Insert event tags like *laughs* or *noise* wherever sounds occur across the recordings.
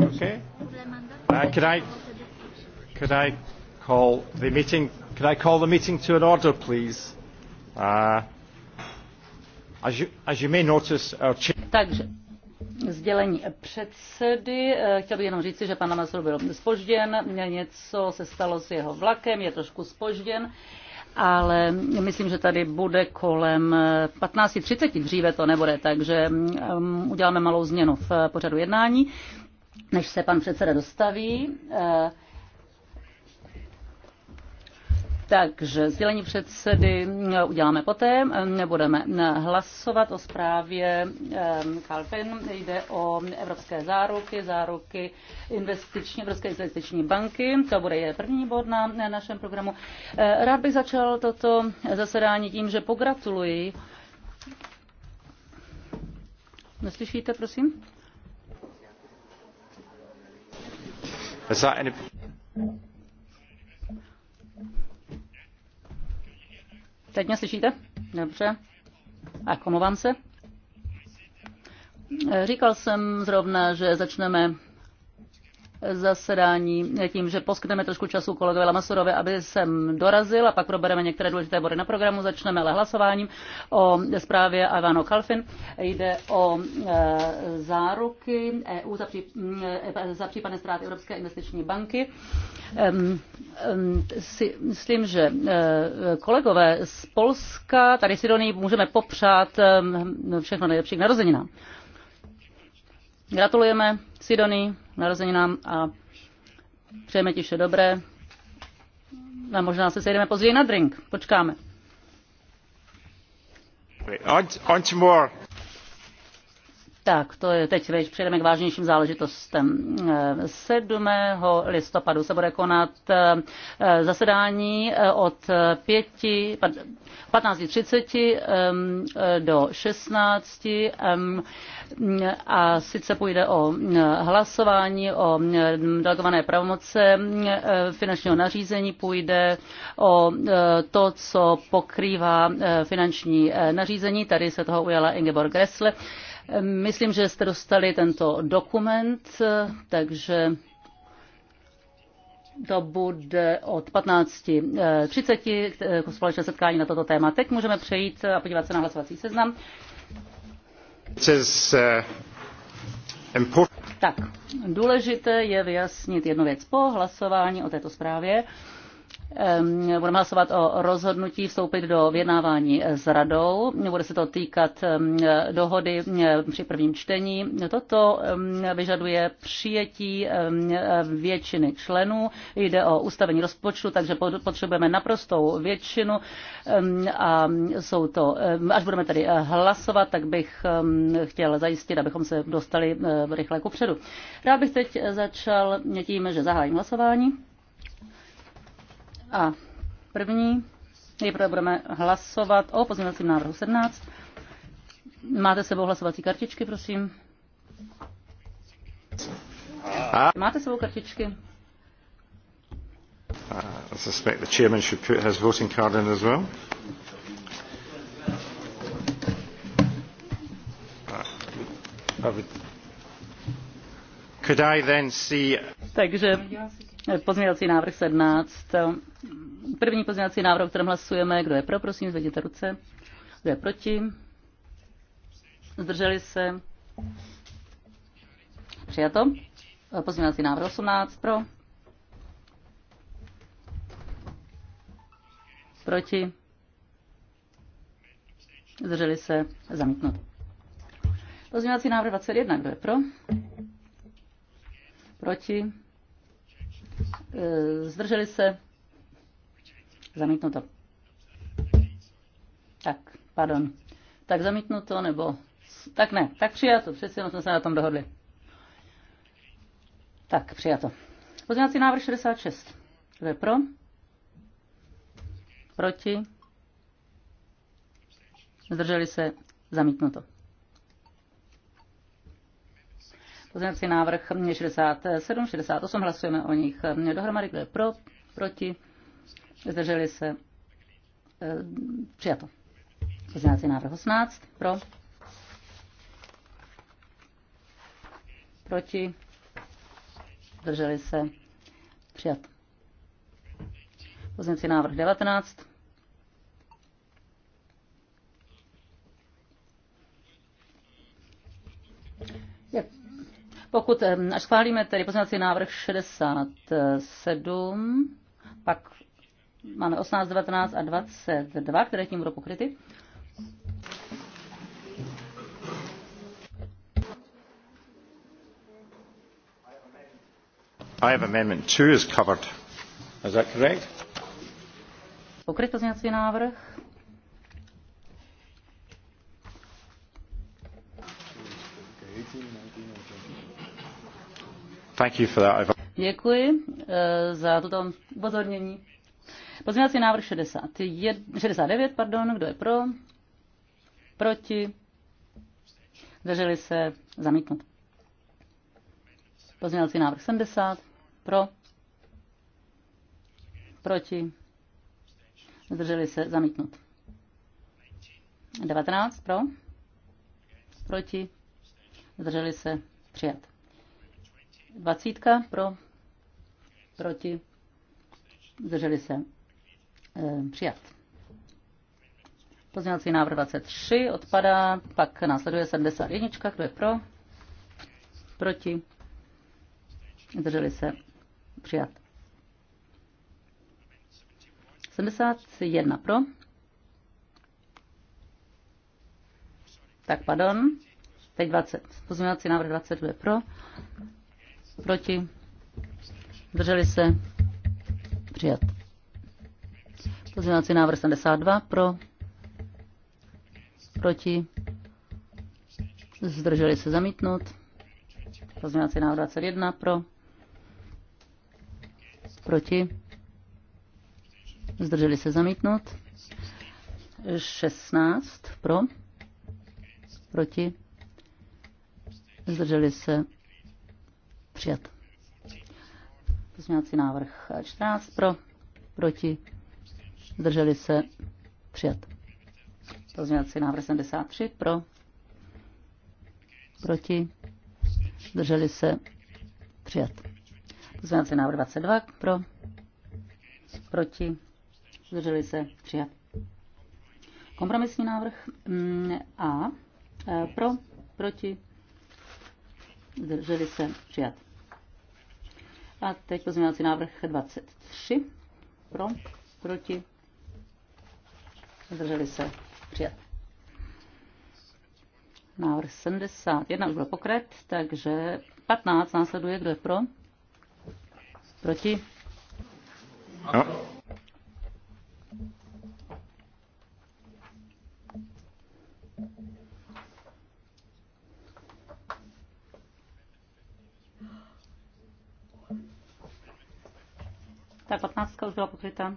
Okay. Uh, could I, could I call the meeting? Could I call the meeting to an order, please? Uh, as you, as you may notice, our Takže sdělení předsedy. Eh, chtěl bych jenom říci, že pan Lamassoure byl spožděn, něco se stalo s jeho vlakem, je trošku spožděn ale myslím, že tady bude kolem 15.30, dříve to nebude, takže um, uděláme malou změnu v pořadu jednání, než se pan předseda dostaví. Eh, takže sdělení předsedy eh, uděláme poté. Eh, Budeme eh, hlasovat o zprávě Kalfin. Jde o evropské záruky, záruky investiční, Evropské investiční banky. To bude je první bod na našem programu. Rád bych začal toto zasedání tím, že pogratuluji. Neslyšíte, prosím? Za Teď mě slyšíte? Dobře. Tak, omlouvám se. Říkal jsem zrovna, že začneme zasedání tím, že poskytneme trošku času kolegovi Lamasurovi, aby sem dorazil a pak probereme některé důležité body na programu. Začneme ale hlasováním o zprávě Ivano Kalfin. Jde o e, záruky EU za, pří, e, za případné ztráty Evropské investiční banky. Si, myslím, že e, kolegové z Polska, tady si do ní můžeme popřát všechno nejlepší k narozeninám. Gratulujeme Sidonii, narozeninám a přejeme ti vše dobré. A možná se sejdeme později na drink. Počkáme. Aren't, aren't tak, to je teď, když přejdeme k vážnějším záležitostem. 7. listopadu se bude konat eh, zasedání eh, od 15.30 eh, do 16 a sice půjde o hlasování, o delegované pravomoce finančního nařízení, půjde o to, co pokrývá finanční nařízení. Tady se toho ujala Ingeborg Gressle. Myslím, že jste dostali tento dokument, takže to bude od 15.30 eh, jako společné setkání na toto téma. Teď můžeme přejít a podívat se na hlasovací seznam. Tak, důležité je vyjasnit jednu věc po hlasování o této zprávě budeme hlasovat o rozhodnutí vstoupit do vyjednávání s radou. Bude se to týkat dohody při prvním čtení. Toto vyžaduje přijetí většiny členů. Jde o ustavení rozpočtu, takže potřebujeme naprostou většinu a jsou to, až budeme tady hlasovat, tak bych chtěl zajistit, abychom se dostali eh, rychle kupředu. Rád bych teď začal tím, že zahájím hlasování. A první, nejprve budeme hlasovat o pozměňovacím návrhu 17. Máte sebou hlasovací kartičky, prosím? Máte sebou kartičky? I suspect the chairman should put his voting card in as well. I would... Could I then see... Takže Pozměňovací návrh 17. První pozměňovací návrh, o kterém hlasujeme. Kdo je pro, prosím, zvedněte ruce. Kdo je proti? Zdrželi se? Přijato. Pozměňovací návrh 18 pro. Proti? Zdrželi se? Zamítnut. Pozměňovací návrh 21. Kdo je pro? Proti? Eh, zdrželi se? Zamítnuto. Tak, pardon. Tak zamítnuto, nebo... Tak ne, tak přijato, přeci jenom jsme se na tom dohodli. Tak, přijato. Pozměňovací návrh 66. Kdo je pro? Proti? Zdrželi se? Zamítnuto. Pozměňovací návrh 67, 68, hlasujeme o nich eh, dohromady, kdo je pro, proti, zdrželi se, eh, přijato. Pozměňovací návrh 18, pro, proti, zdrželi se, přijat. Pozměňovací návrh 19, Jak pokud až schválíme tedy pozměňovací návrh 67, pak máme 18, 19 a 22, které tím budou pokryty. I have amendment two is covered. Is that correct? Pokryt pozměňovací návrh Děkuji eh, za toto upozornění. Pozměňovací návrh 60, 69, pardon, kdo je pro? Proti? Zdrželi se zamítnout. Pozměňovací návrh 70, pro? Proti? Zdrželi se zamítnout. 19 pro? Proti? Zdrželi se přijat. Dvacítka pro, proti, zdrželi se, e, přijat. Pozměňovací návrh 23 odpadá, pak následuje 71, kdo je pro, proti, zdrželi se, přijat. 71 pro. Tak pardon, teď 20. Pozměňovací návrh 22 pro, Proti? Drželi se? Přijat. Pozměňovací návrh 72 pro. Proti? Zdrželi se zamítnout. Pozměňovací návrh 21 pro. Proti? Zdrželi se zamítnout. 16 pro. Proti? Zdrželi se Přijat. Pozměňovací návrh 14 pro, proti, zdrželi se, přijat. Pozměňovací návrh 73 pro, proti, zdrželi se, přijat. Pozměňovací návrh 22 pro, proti, zdrželi se, přijat. Kompromisní návrh mm, A e, pro, proti, zdrželi se, přijat. A teď pozměňovací návrh 23. Pro, proti, zdrželi se, přijat. Návrh 71 už byl pokret, takže 15 následuje, kdo je pro, proti. No. Ta 15 už byla pokryta.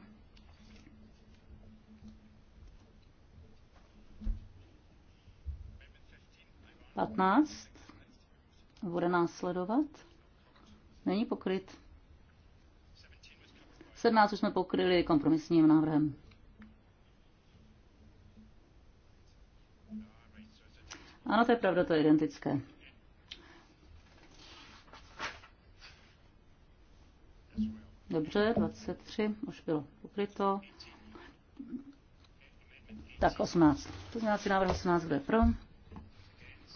Patnáct bude následovat. Není pokryt. 17 už jsme pokryli kompromisním návrhem. Ano, to je pravda, to je identické. Dobře, 23 už bylo pokryto. Tak 18. Pozměňovací návrh 18, kdo je pro?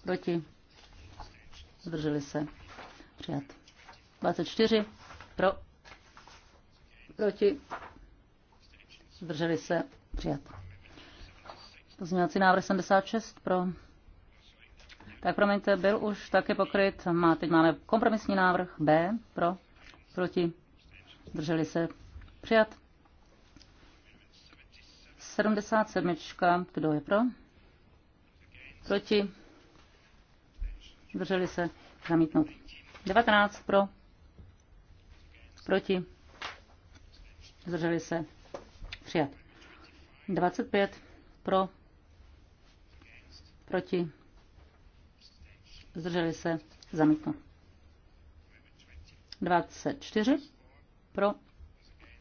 Proti? Zdrželi se. Přijat. 24. Pro. Proti. Zdrželi se. Přijat. Pozměňovací návrh 76 pro. Tak promiňte, byl už taky pokryt. Má, teď máme kompromisní návrh B pro. Proti zdrželi se, přijat. 77. Kdo je pro? Proti? Zdrželi se? Zamítnout. 19. Pro? Proti? Zdrželi se? Přijat. 25. Pro? Proti? Zdrželi se? Zamítnout. 24. Pro?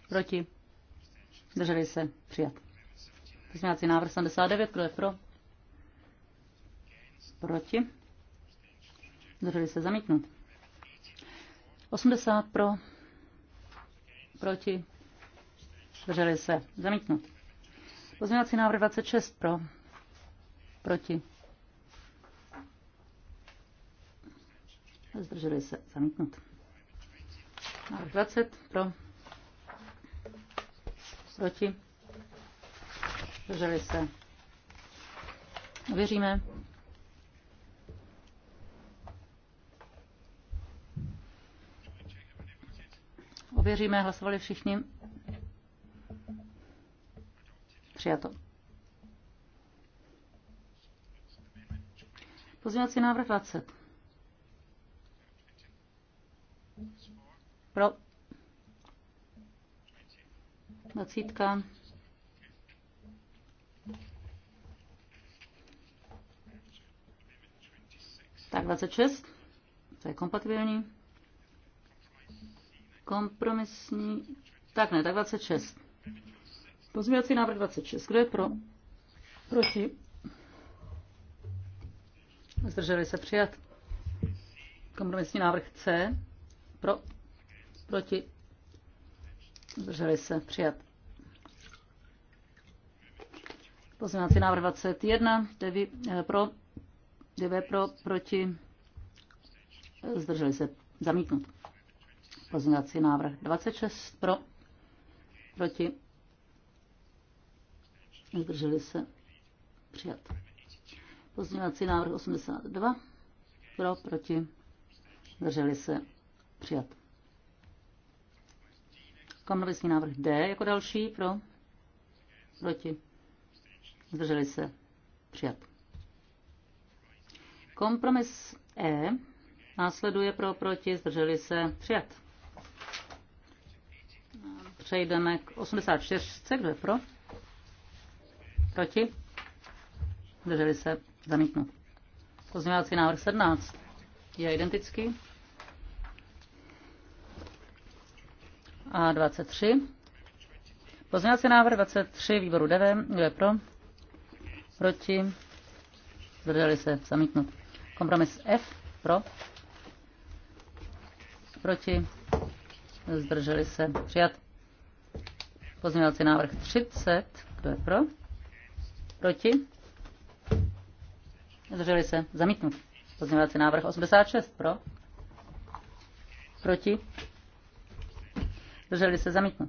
Proti? Drželi se? Přijat. Pozměňovací návrh 79. Kdo je pro? Proti? Drželi se? Zamítnut. 80 pro? Proti? Drželi se? Zamítnut. Pozměňovací návrh 26 pro? Proti? Zdrželi se? Zamítnut. Návrh 20 pro. Proti. Zdrželi se. Věříme. Ověříme, hlasovali všichni. Přijato. Pozměňovací návrh 20. Pro. Dvacítka. Tak 26. To je kompatibilní. Kompromisní. Tak ne, tak 26. Pozměňovací návrh 26. Kdo je pro? Proti? Zdrželi se přijat. Kompromisní návrh C. Pro? proti, zdrželi se, přijat. Pozměňovací návrh 21, 9 eh, pro, 9 pro, proti, zdrželi se, zamítnut. Pozměňovací návrh 26 pro, proti, zdrželi se, přijat. Pozměňovací návrh 82 pro, proti, zdrželi se, přijat. Kompromisní návrh D jako další pro, proti, zdrželi se, přijat. Kompromis E následuje pro, proti, zdrželi se, přijat. Přejdeme k 84. Kdo je pro? Proti? Zdrželi se, zamítnu. Pozměňovací návrh 17 je identický. a 23. Pozměňovací návrh 23 výboru 9. Kdo je pro? Proti? Zdrželi se. zamítnout. Kompromis F. Pro? Proti? Zdrželi se. Přijat. Pozměňovací návrh 30. Kdo je pro? Proti? Zdrželi se. zamítnout. Pozměňovací návrh 86. Pro? Proti? zdrželi se zamítnout.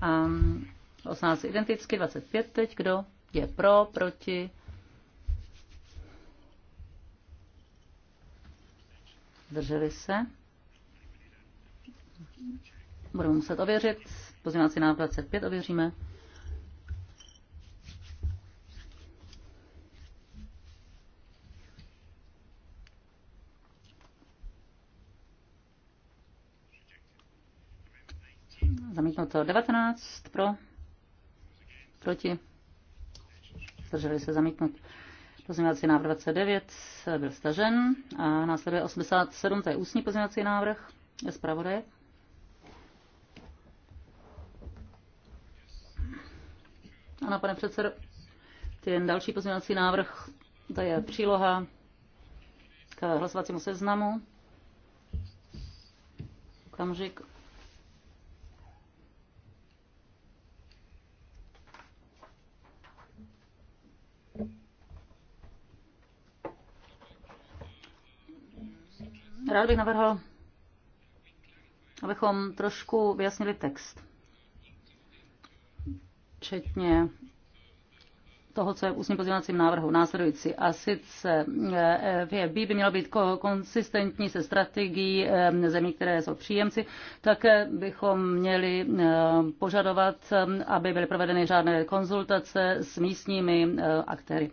A 18 identicky, 25 teď, kdo je pro, proti, zdrželi se. Budeme muset ověřit, pozměňovací návrh 25 ověříme. Přijato 19 pro, proti, zdrželi se zamítnout. Pozměňovací návrh 29 byl stažen a následuje 87, to je ústní pozměňovací návrh zpravodaje. Ano, pane předsedo, ten další pozměňovací návrh, to je příloha k hlasovacímu seznamu. Okamžik. Rád bych navrhl, abychom trošku vyjasnili text, včetně toho, co je v ústním pozivacím návrhu následující. A sice eh, eh, VFB by mělo být konsistentní se strategií eh, zemí, které jsou příjemci. Také bychom měli požadovat, aby byly provedeny řádné konzultace s místními aktéry.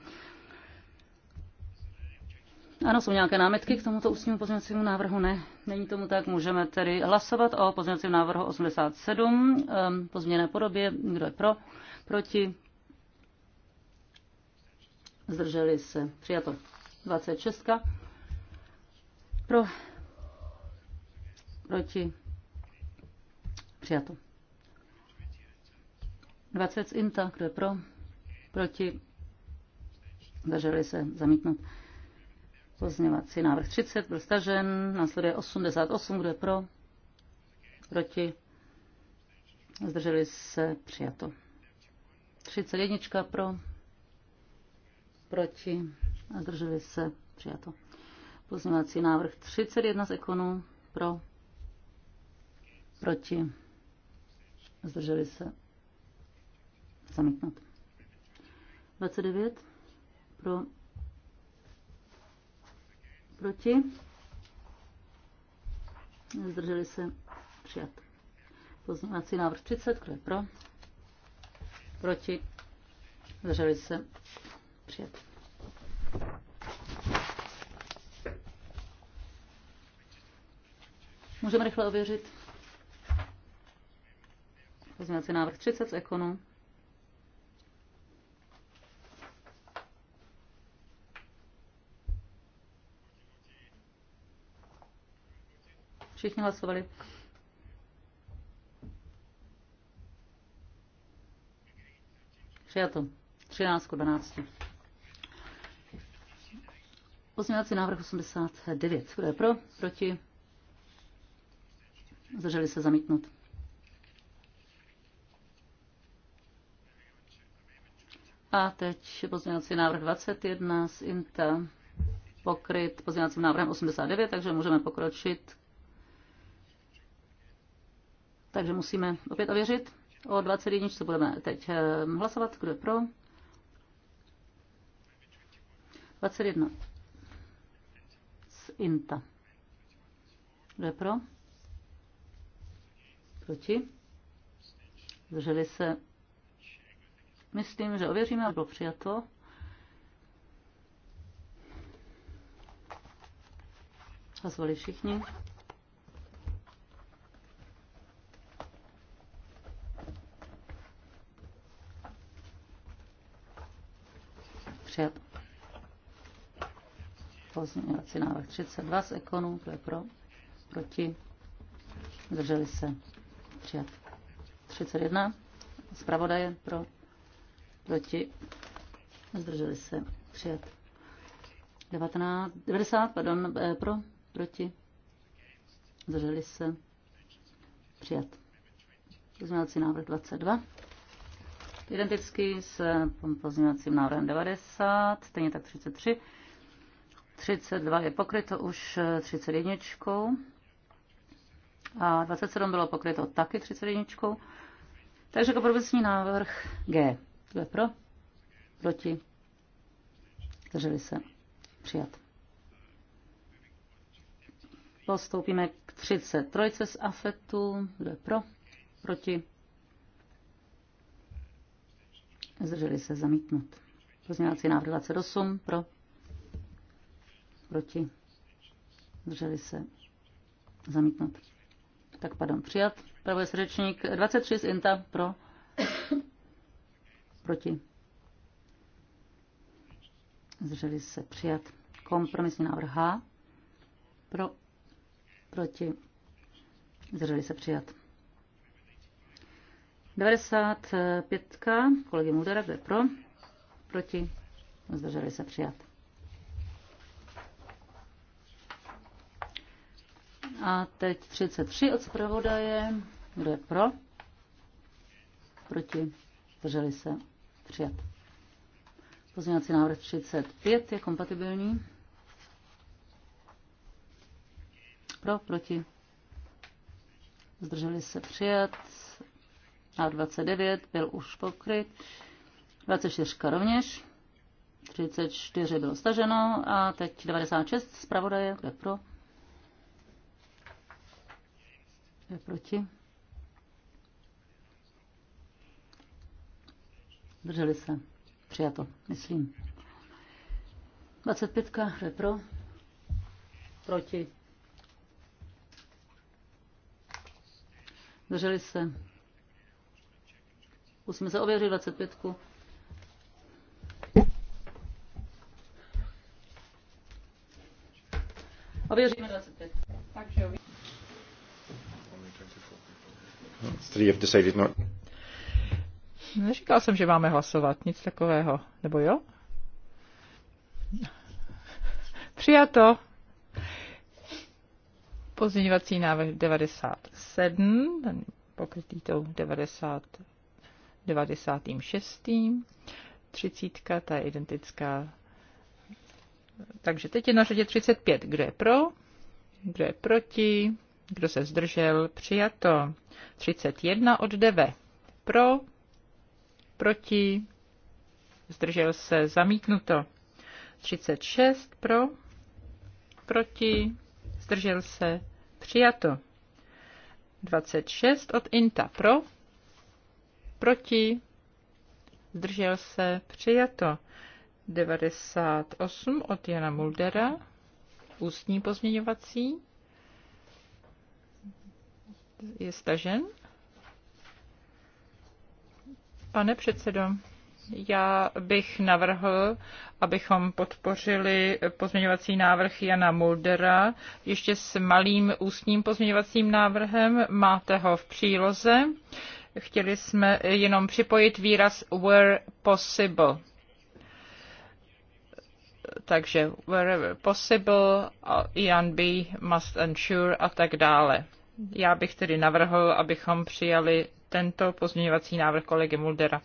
Ano, jsou nějaké námitky k tomuto ústnímu pozměňovacímu návrhu? Ne, není tomu tak. Můžeme tedy hlasovat o pozměňovacím návrhu 87 ehm, po změné podobě. Kdo je pro? Proti? Zdrželi se. Přijato. 26. Pro? Proti? Přijato. 20 z INTA. Kdo je pro? Proti? Zdrželi se. Zamítnout. Pozměvací návrh 30 byl stažen, následuje 88, kdo je pro, proti, zdrželi se, přijato. 31 pro, proti, zdrželi se, přijato. Pozměvací návrh 31 z ekonu, pro, proti, zdrželi se, zamítnout. 29 pro, Proti? Zdrželi se? Přijat. Pozměňovací návrh 30. Kdo je pro? Proti? Zdrželi se? Přijat. Můžeme rychle ověřit. Pozměňovací návrh 30 z ekonu. Všichni hlasovali. Přijato. 13 k 12. Pozměňovací návrh 89. Kdo je pro? Proti? Zdrželi se zamítnout. A teď pozměňovací návrh 21 z INTA pokryt pozměňovacím návrhem 89, takže můžeme pokročit takže musíme opět ověřit. O 21 budeme teď eh, hlasovat. Kdo je pro? 21. Z INTA. Kdo je pro? Proti? Zdrželi se. Myslím, že ověříme, bylo přijato. Hlasovali všichni. přijat. Pozměňovací návrh 32 z ekonu, to je pro, proti, zdrželi se, přijat. 31 zpravodaje pro, proti, zdrželi se, přijat. 19, 90, pardon, eh, pro, proti, zdrželi se, přijat. Pozměňovací návrh 22 identický s pozměňovacím návrhem 90, stejně tak 33. 32 je pokryto už 31. A 27 bylo pokryto taky 31. Takže kompromisní návrh G. Kdo je pro? Proti? Zdrželi se. Přijat. Postoupíme k 33 z AFETu. Kdo je pro? Proti? Zdrželi se zamítnout. Pozměňovací návrh 28 pro. Proti. Zdrželi se zamítnout. Tak pardon, přijat. Pravý srdečník 23 z INTA pro. Proti. Zdrželi se přijat. Kompromisní návrh H. Pro. Proti. Zdrželi se přijat. 95. Kolegy Mudara kdo je pro? Proti? Zdrželi se přijat. A teď 33 od zpravodaje. Kdo je pro? Proti? Zdrželi se přijat. Pozměňovací návrh 35 je kompatibilní. Pro, proti? Zdrželi se přijat a 29 byl už pokryt, 24 rovněž, 34 bylo staženo a teď 96 zpravodaje, kde pro, kde proti. Drželi se. Přijato, myslím. 25. Kde pro? Proti. Drželi se. Musíme se ověřit 25. Ověříme 25. Takže ověříme. Neříkal jsem, že máme hlasovat, nic takového. Nebo jo? Přijato. Pozměňovací návrh 97, ten pokrytý tou 90 96. Třicítka, ta je identická. Takže teď je na řadě 35. Kdo je pro? Kdo je proti? Kdo se zdržel? Přijato. 31 od 9. Pro? Proti? Zdržel se? Zamítnuto. 36 pro? Proti? Zdržel se? Přijato. 26 od INTA pro? Proti? Zdržel se? Přijato. 98 od Jana Muldera. Ústní pozměňovací. Je stažen? Pane předsedo, já bych navrhl, abychom podpořili pozměňovací návrh Jana Muldera ještě s malým ústním pozměňovacím návrhem. Máte ho v příloze. Chtěli jsme jenom připojit výraz where possible. Takže wherever possible, ENB must ensure a tak dále. Já bych tedy navrhl, abychom přijali tento pozměňovací návrh kolegy Muldera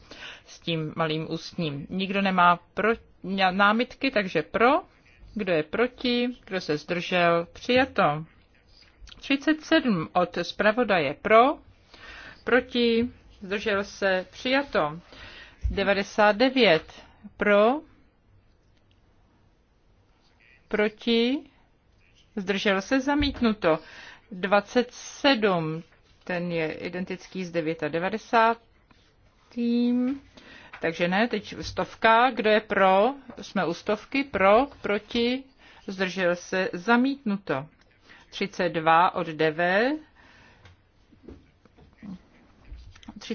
s tím malým ústním. Nikdo nemá pro, námitky, takže pro, kdo je proti, kdo se zdržel, přijato. 37 od zpravodaje pro, proti, zdržel se, přijato. 99 pro, proti, zdržel se, zamítnuto. 27, ten je identický s 99. Tým. Takže ne, teď stovka, kdo je pro, jsme u stovky, pro, proti, zdržel se, zamítnuto. 32 od 9,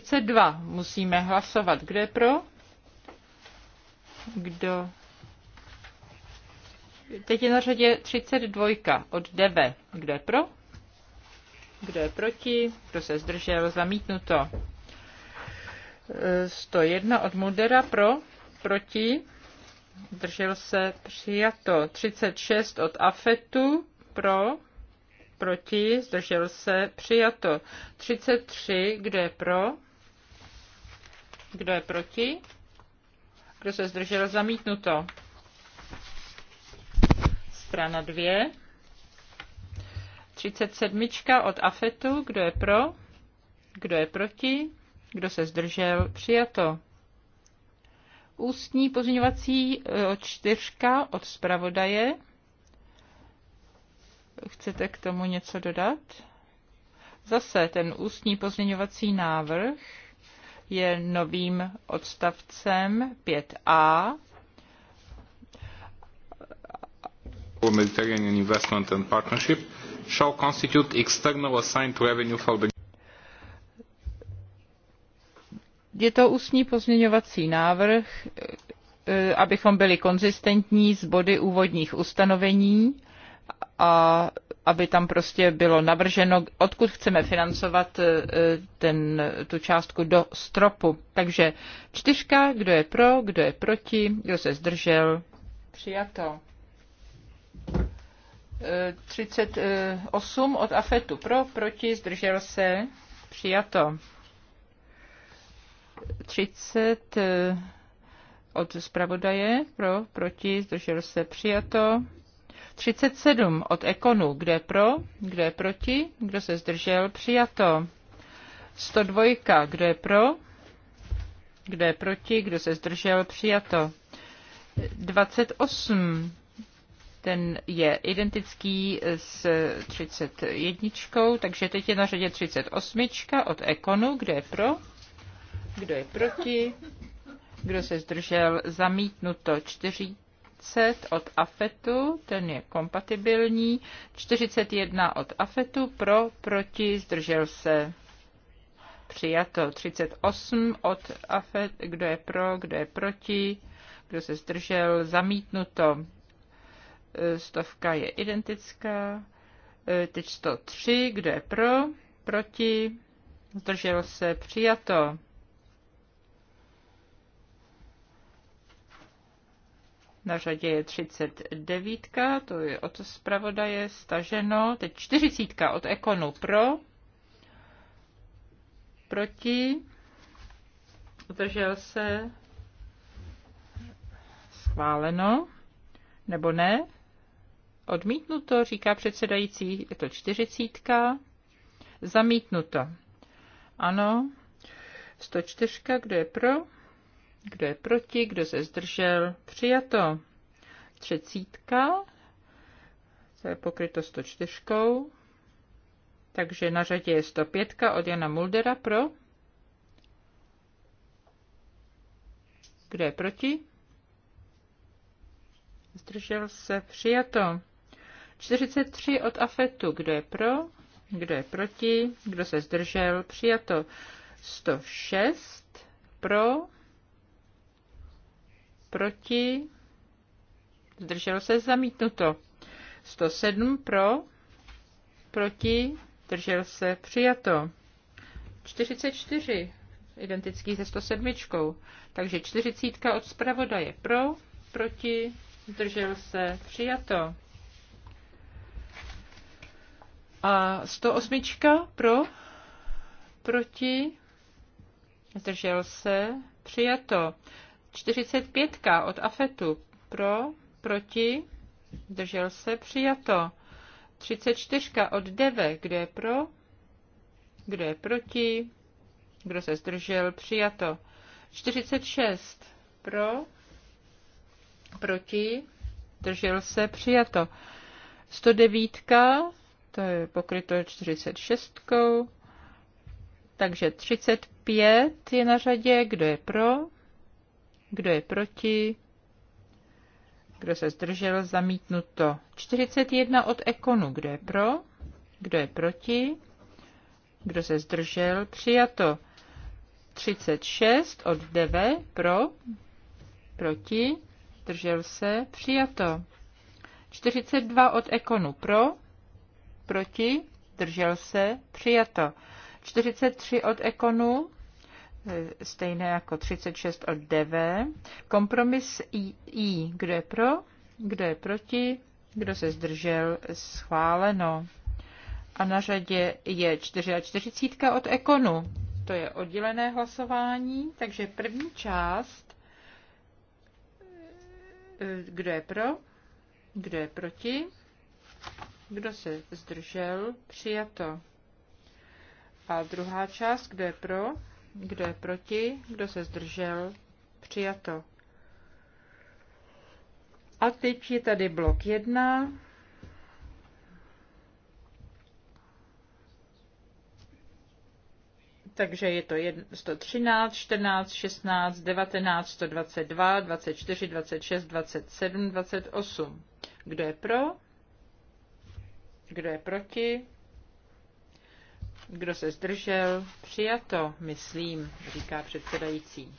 32 musíme hlasovat. Kdo je pro? Kdo? Teď je na řadě 32 od Debe. Kdo je pro? Kdo je proti? Kdo se zdržel? Zamítnuto. 101 e, od Mudera pro, proti, držel se přijato. 36 od Afetu pro, proti, zdržel se, přijato. 33, kdo je pro, kdo je proti, kdo se zdržel, zamítnuto. Strana 2. 37 od AFETu, kdo je pro, kdo je proti, kdo se zdržel, přijato. Ústní pozměňovací e, čtyřka od zpravodaje. Chcete k tomu něco dodat? Zase ten ústní pozměňovací návrh je novým odstavcem 5a. Mediterranean Investment and Partnership shall constitute external assigned revenue for the Je to ústní pozměňovací návrh, eh, abychom byli konzistentní s body úvodních ustanovení a aby tam prostě bylo navrženo, odkud chceme financovat e, ten, tu částku do stropu. Takže čtyřka, kdo je pro, kdo je proti, kdo se zdržel, přijato. 38 e, od AFETu pro, proti, zdržel se, přijato. 30 e, od zpravodaje pro, proti, zdržel se, přijato. 37 od Ekonu. Kdo je pro? Kdo je proti? Kdo se zdržel? Přijato. 102. Kdo je pro? Kdo je proti? Kdo se zdržel? Přijato. 28. Ten je identický s 31, takže teď je na řadě 38 od Ekonu. Kdo je pro? Kdo je proti? Kdo se zdržel? Zamítnuto. 4, 20 od AFETu, ten je kompatibilní, 41 od AFETu, pro, proti, zdržel se. Přijato 38 od AFET, kdo je pro, kdo je proti, kdo se zdržel, zamítnuto. E, stovka je identická. E, teď 103, kdo je pro, proti, zdržel se, přijato. Na řadě je 39, to je od zpravodaje staženo. Teď 40 od Ekonu pro, proti, udržel se, schváleno, nebo ne? Odmítnuto, říká předsedající, je to 40. Zamítnuto. Ano, 104, kdo je pro? Kdo je proti? Kdo se zdržel? Přijato. Třicítka. To je pokryto 104. Takže na řadě je 105 od Jana Muldera pro. Kdo je proti? Zdržel se přijato. 43 od Afetu. Kdo je pro? Kdo je proti? Kdo se zdržel? Přijato. 106 pro proti, zdrželo se zamítnuto. 107 pro, proti, Držel se přijato. 44, identický se 107. Takže 40 od zpravodaje pro, proti, zdržel se přijato. A 108 pro, proti, zdržel se přijato. 45 od Afetu pro, proti, držel se, přijato. 34 od Deve, kdo je pro, kdo je proti, kdo se zdržel, přijato. 46 pro, proti, držel se, přijato. 109, to je pokryto 46, takže 35 je na řadě, kdo je pro, kdo je proti? Kdo se zdržel? Zamítnuto. 41 od Ekonu. Kdo je pro? Kdo je proti? Kdo se zdržel? Přijato. 36 od Deve. Pro? Proti? Zdržel se? Přijato. 42 od Ekonu. Pro? Proti? držel se? Přijato. 43 od Ekonu. Eh, stejné jako 36 od DV. Kompromis I, I. Kdo je pro? Kdo je proti? Kdo se zdržel? Schváleno. A na řadě je 44 od Ekonu. To je oddělené hlasování, takže první část. Eh, kdo je pro? Kdo je proti? Kdo se zdržel? Přijato. A druhá část, kdo je pro? Kdo je proti? Kdo se zdržel? Přijato. A teď je tady blok 1. takže je to 113, 14, 16, 19, 122, 24, 26, 27, 28. Kdo je pro? Kdo je proti? Kdo se zdržel? Přijato, myslím, říká předsedající.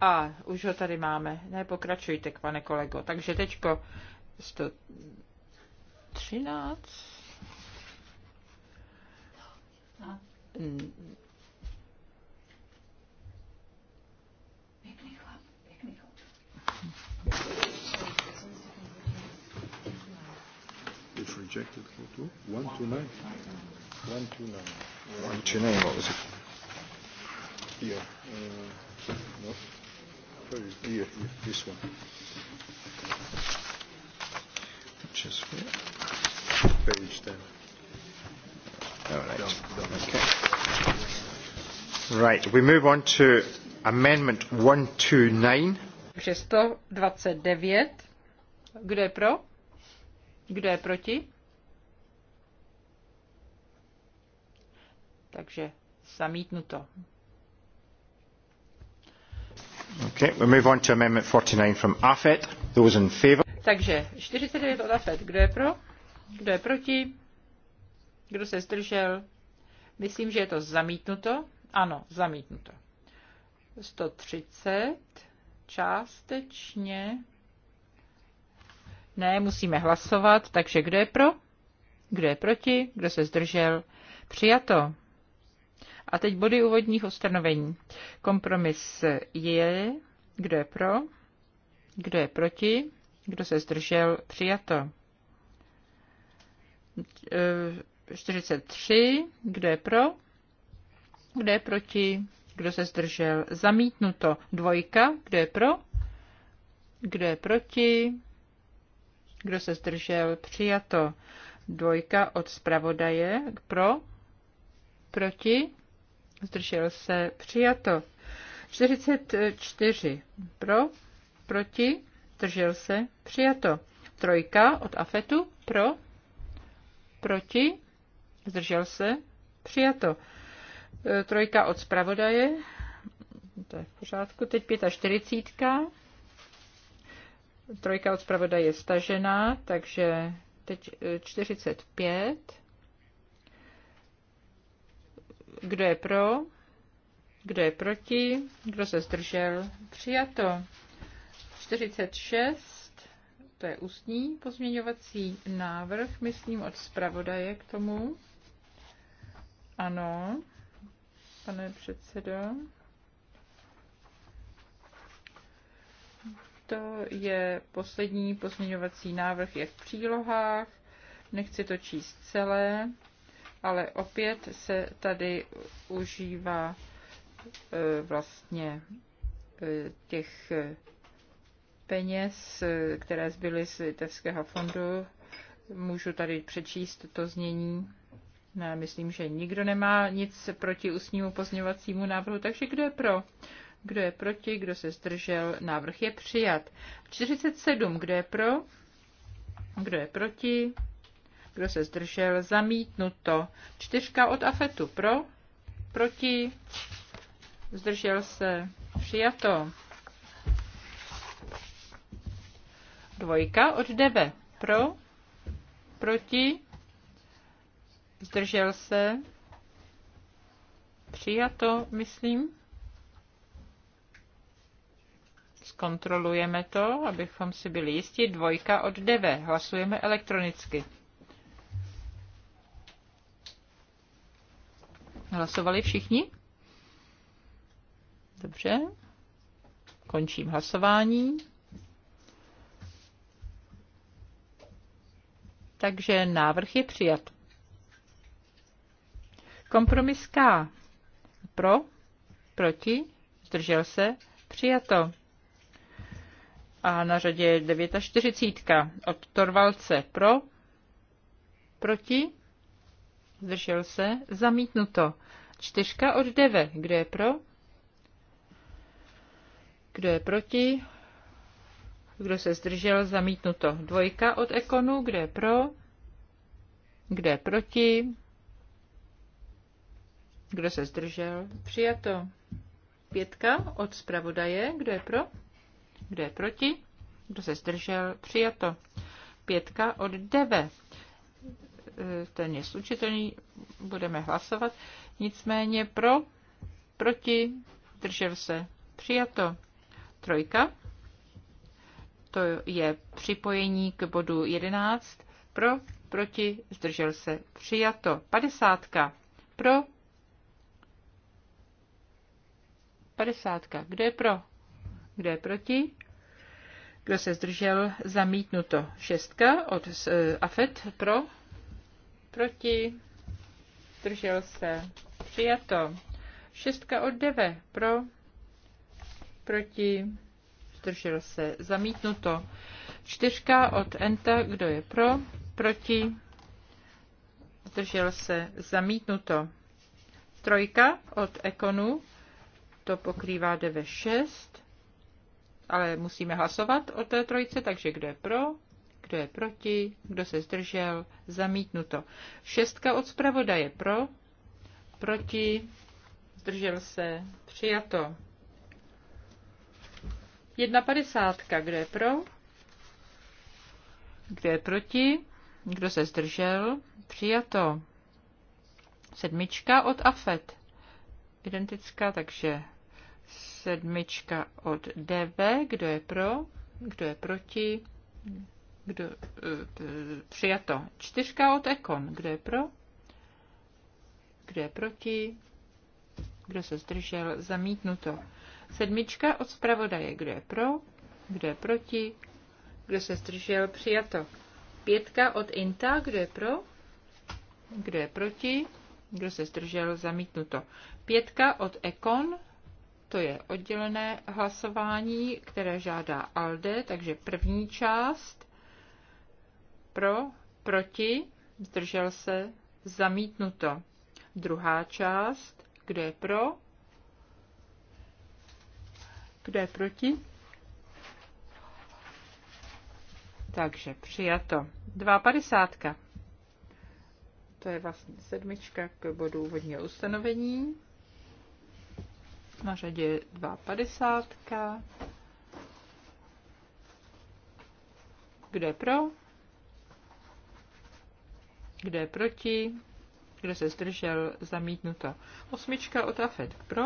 A už ho tady máme. Ne, pokračujte, pane kolego. Takže teďko 113. rejected. Two, one, two, nine. One, two, nine. One, two, nine. What was it? Here. Uh, no. Where is here, here? This one. Just here. Page 10. All right. Okay. Right. We move on to amendment 129. 629. Kdo je pro? Kdo je proti? Takže zamítnuto. Okay, we move on to amendment 49 from AFET. Those in favor. Takže 49 od AFET. Kdo je pro? Kdo je proti? Kdo se zdržel? Myslím, že je to zamítnuto. Ano, zamítnuto. 130 částečně. Ne, musíme hlasovat. Takže kdo je pro? Kdo je proti? Kdo se zdržel? Přijato. A teď body úvodních ustanovení. Kompromis je, kdo je pro, kdo je proti, kdo se zdržel, přijato. 43, e, kdo je pro, kdo je proti, kdo se zdržel, zamítnuto. Dvojka, kdo je pro, kdo je proti, kdo se zdržel, přijato. Dvojka od zpravodaje, pro, proti, zdržel se, přijato. 44 pro, proti, zdržel se, přijato. Trojka od Afetu, pro, proti, zdržel se, přijato. E, trojka od zpravodaje, to je v pořádku, teď 45. Trojka od zpravodaje je stažená, takže teď 45 e, kdo je pro? Kdo je proti? Kdo se zdržel? Přijato. 46, to je ústní pozměňovací návrh, myslím, od zpravodaje k tomu. Ano, pane předsedo. To je poslední pozměňovací návrh, je v přílohách. Nechci to číst celé ale opět se tady užívá e, vlastně e, těch e, peněz, které zbyly z litevského fondu. Můžu tady přečíst to znění. Ne, no, myslím, že nikdo nemá nic proti ústnímu pozněvacímu návrhu, takže kdo je pro? Kdo je proti? Kdo se zdržel? Návrh je přijat. 47. Kdo je pro? Kdo je proti? Kdo se zdržel? Zamítnuto. Čtyřka od Afetu. Pro? Proti? Zdržel se? Přijato. Dvojka od Debe. Pro? Proti? Zdržel se? Přijato, myslím. Zkontrolujeme to, abychom si byli jistí. Dvojka od Deve. Hlasujeme elektronicky. Hlasovali všichni? Dobře. Končím hlasování. Takže návrh je přijat. Kompromis K. Pro, proti, zdržel se, přijato. A na řadě je 49. Od Torvalce pro, proti, zdržel se, zamítnuto. Čtyřka od deve, kdo je pro, kdo je proti, kdo se zdržel, zamítnuto. Dvojka od ekonu, kdo je pro, kdo je proti, kdo se zdržel, přijato. Pětka od zpravodaje, kdo je pro, kdo je proti, kdo se zdržel, přijato. Pětka od deve, ten je slučitelný, budeme hlasovat. Nicméně pro, proti, držel se, přijato. Trojka, to je připojení k bodu 11, pro, proti, zdržel se, přijato. Padesátka, pro, padesátka, kdo je pro, kdo je proti, kdo se zdržel? Zamítnuto. Šestka od eh, AFET pro proti, zdržel se, přijato. Šestka od deve, pro, proti, zdržel se, zamítnuto. Čtyřka od enta, kdo je pro, proti, zdržel se, zamítnuto. Trojka od ekonu, to pokrývá deve šest, ale musíme hlasovat o té trojce, takže kdo je pro, kdo je proti, kdo se zdržel, zamítnuto. Šestka od zpravodaje pro, proti, zdržel se, přijato. Jedna padesátka, kdo je pro, kdo je proti, kdo se zdržel, přijato. Sedmička od AFET, identická, takže sedmička od DV, kdo je pro, kdo je proti, kdo, eh, přijato. Čtyřka od Ekon. Kdo je pro? Kdo je proti? Kdo se zdržel? Zamítnuto. Sedmička od zpravodaje. Kdo je pro? Kdo je proti? Kdo se zdržel? Přijato. Pětka od Inta. Kdo je pro? Kdo je proti? Kdo se zdržel? Zamítnuto. Pětka od Ekon. To je oddělené hlasování, které žádá ALDE, takže první část pro, proti, zdržel se, zamítnuto. Druhá část, kdo je pro, kdo je proti. Takže přijato. 2,50. To je vlastně sedmička k bodu úvodního ustanovení. Na řadě je 2,50. Kdo je pro? Kdo je proti? Kdo se zdržel? Zamítnuto. Osmička od AFED. Pro?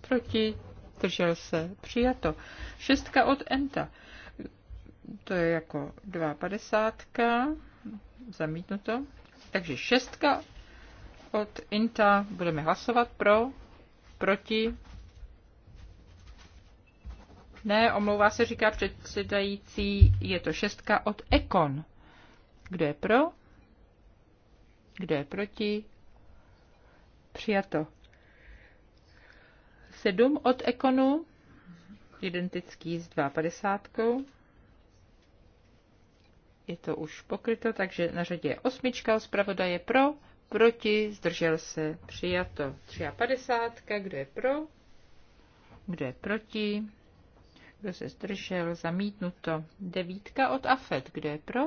Proti? Zdržel se? Přijato. Šestka od ENTA. To je jako 2,50. Zamítnuto. Takže šestka od INTA. Budeme hlasovat pro, proti. Ne, omlouvá se, říká předsedající, je to šestka od EKON. Kdo je pro? Kdo je proti? Přijato. sedm od Ekonu, identický s 2,50. Je to už pokryto, takže na řadě je osmička, zpravodaje pro, proti, zdržel se, přijato. padesátka kdo je pro, kdo je proti, kdo se zdržel, zamítnuto. Devítka od AFET, kdo je pro,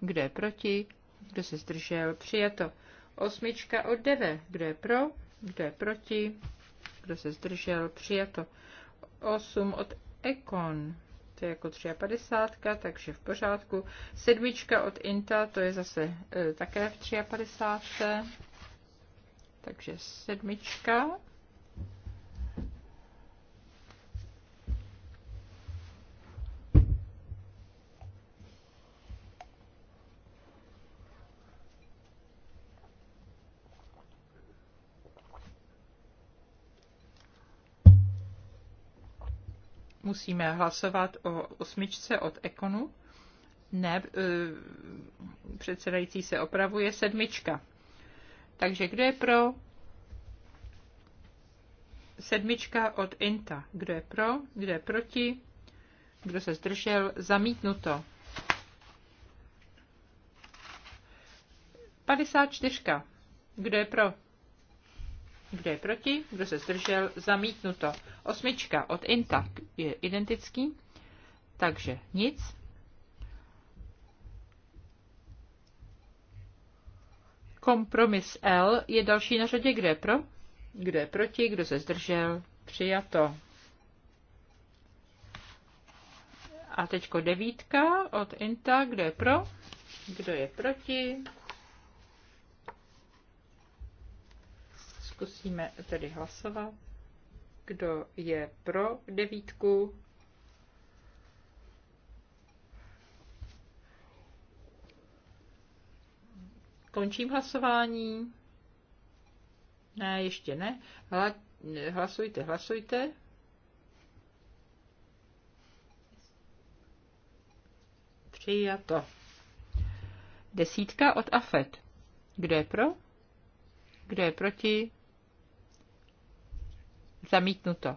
kdo je proti, kdo se zdržel? Přijato. Osmička od Deve. Kdo je pro? Kdo je proti? Kdo se zdržel? Přijato. Osm od Ekon. To je jako 53, takže v pořádku. Sedmička od Inta, to je zase e, také v 53. Takže sedmička musíme hlasovat o osmičce od Ekonu. Ne, e, předsedající se opravuje sedmička. Takže kdo je pro? Sedmička od Inta. Kdo je pro? Kdo je proti? Kdo se zdržel? Zamítnuto. 54. Kdo je pro? Kdo je proti? Kdo se zdržel? Zamítnuto. Osmička od Inta je identický, takže nic. Kompromis L je další na řadě, Kdo je pro, Kdo je proti, kdo se zdržel, přijato. A teďko devítka od Inta, kdo je pro, kdo je proti, Zkusíme tedy hlasovat. Kdo je pro devítku? Končím hlasování. Ne, ještě ne. Hla, hlasujte, hlasujte. Přijato. Desítka od AFET. Kdo je pro? Kdo je proti? Zamítnuto.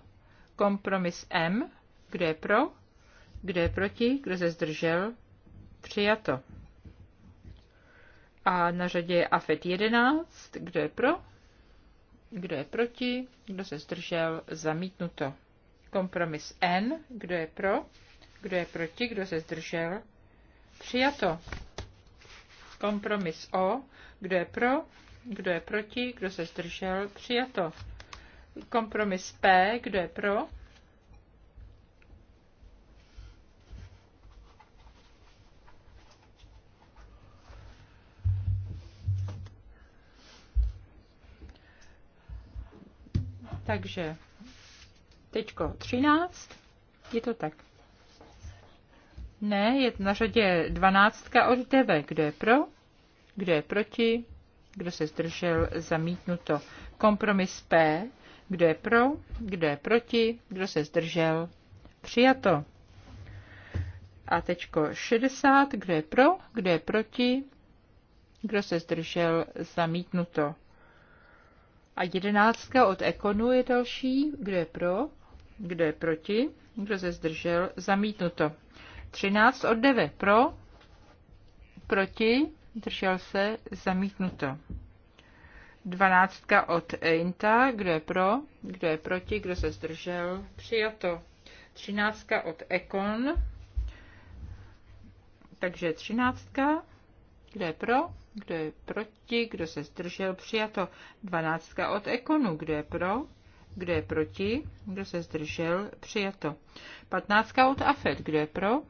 Kompromis M. Kdo je pro? Kdo je proti? Kdo se zdržel? Přijato. A na řadě je AFET 11. Kdo je pro? Kdo je proti? Kdo se zdržel? Zamítnuto. Kompromis N. Kdo je pro? Kdo je proti? Kdo se zdržel? Přijato. Kompromis O. Kdo je pro? Kdo je proti? Kdo se zdržel? Přijato. Kompromis P, kdo je pro? Takže teďko 13, je to tak? Ne, je na řadě 12 od 9. Kdo je pro? Kdo je proti? Kdo se zdržel? Zamítnuto. Kompromis P. Kdo je pro? Kdo je proti? Kdo se zdržel? Přijato. A tečko 60. Kdo je pro? Kdo je proti? Kdo se zdržel? Zamítnuto. A jedenáctka od Ekonu je další. Kdo je pro? Kdo je proti? Kdo se zdržel? Zamítnuto. Třináct od 9. Pro? Proti? Držel se? Zamítnuto. Dvanáctka od Einta, kdo je pro, kdo je proti, kdo se zdržel, přijato. Třináctka od Ekon, takže třináctka, kdo je pro, kdo je proti, kdo se zdržel, přijato. Dvanáctka od Ekonu, kdo je pro, kdo je proti, kdo se zdržel, přijato. Patnáctka od Afet, kdo je pro,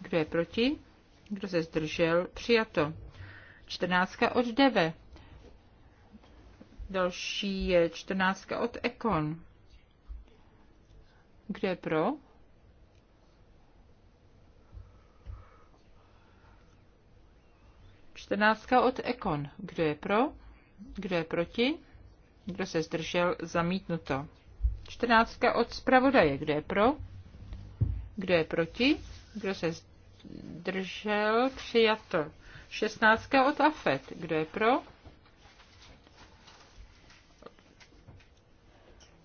kdo je proti, kdo se zdržel, přijato. Čtrnáctka od Deve, Další je čtrnáctka od Ekon. Kde je pro? Čtrnáctka od Ekon. Kdo je pro? Kdo je proti? Kdo se zdržel? Zamítnuto. Čtrnáctka od zpravodaje. Kdo je pro? Kdo je proti? Kdo se zdržel? Přijato. Šestnáctka od AFET. Kdo je pro?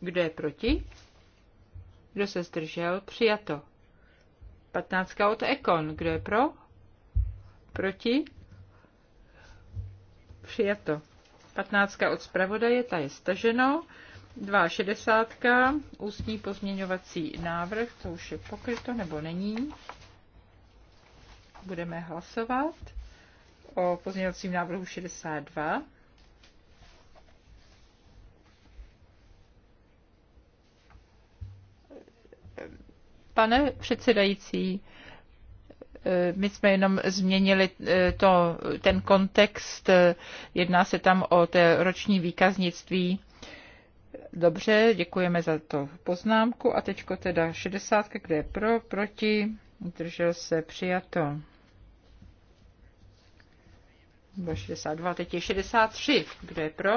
Kdo je proti? Kdo se zdržel? Přijato. Patnáctka od Ekon. Kdo je pro? Proti? Přijato. Patnáctka od zpravodaje, ta je staženo. šedesátka. ústní pozměňovací návrh, to už je pokryto nebo není. Budeme hlasovat o pozměňovacím návrhu 62. Pane předsedající, eh, my jsme jenom změnili eh, to, ten kontext, jedná se tam o té roční výkaznictví. Dobře, děkujeme za to poznámku a teďko teda 60, kde je pro, proti, držel se přijato. 62, teď je 63, kde je pro,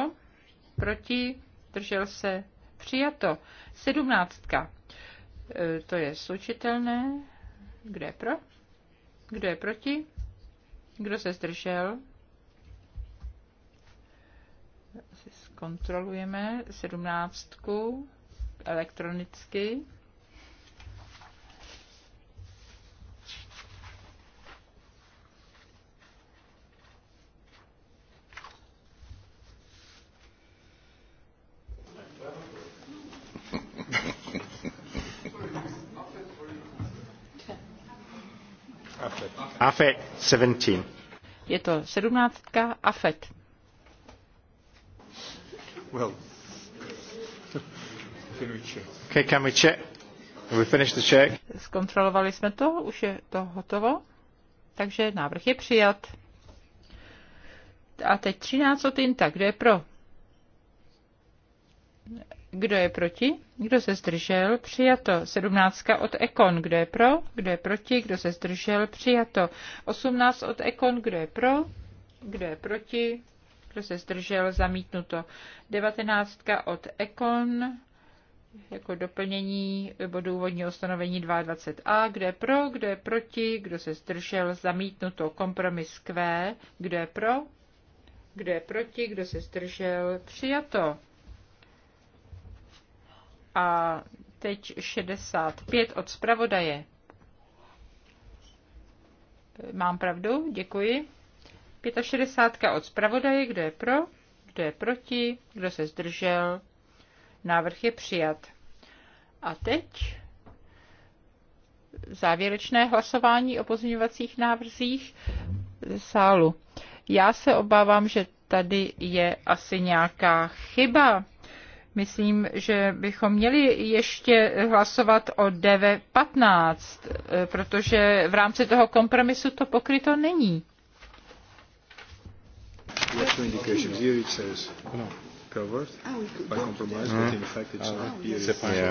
proti, držel se přijato. 17. E, to je slučitelné. Kdo je pro? Kdo je proti? Kdo se zdržel? Zkontrolujeme sedmnáctku elektronicky. AFET 17. Je to sedmnáctka AFET. Well, *laughs* can we check? Okay, can we check? We finished the check. Zkontrolovali jsme to, už je to hotovo. Takže návrh je přijat. A teď 13 otinta. Kdo je pro? Kdo je proti? Kdo se zdržel? Přijato. 17 od Ekon. Kdo je pro? Kdo je proti? Kdo se zdržel? Přijato. 18 od Ekon. Kdo je pro? Kdo je proti? Kdo se zdržel? Zamítnuto. 19 od Ekon jako doplnění bodu úvodního ustanovení 22a, kde je pro, kde je proti, kdo se zdržel, zamítnuto kompromis Q, kde je pro, kde je proti, kdo se zdržel, přijato. A teď 65 od zpravodaje. Mám pravdu, děkuji. 65 od zpravodaje, kdo je pro, kdo je proti, kdo se zdržel. Návrh je přijat. A teď závěrečné hlasování o pozměňovacích návrzích sálu. Já se obávám, že tady je asi nějaká chyba. Myslím, že bychom měli ještě hlasovat o DV15, eh, protože v rámci toho kompromisu to pokryto není. No. No. Ah, mm-hmm.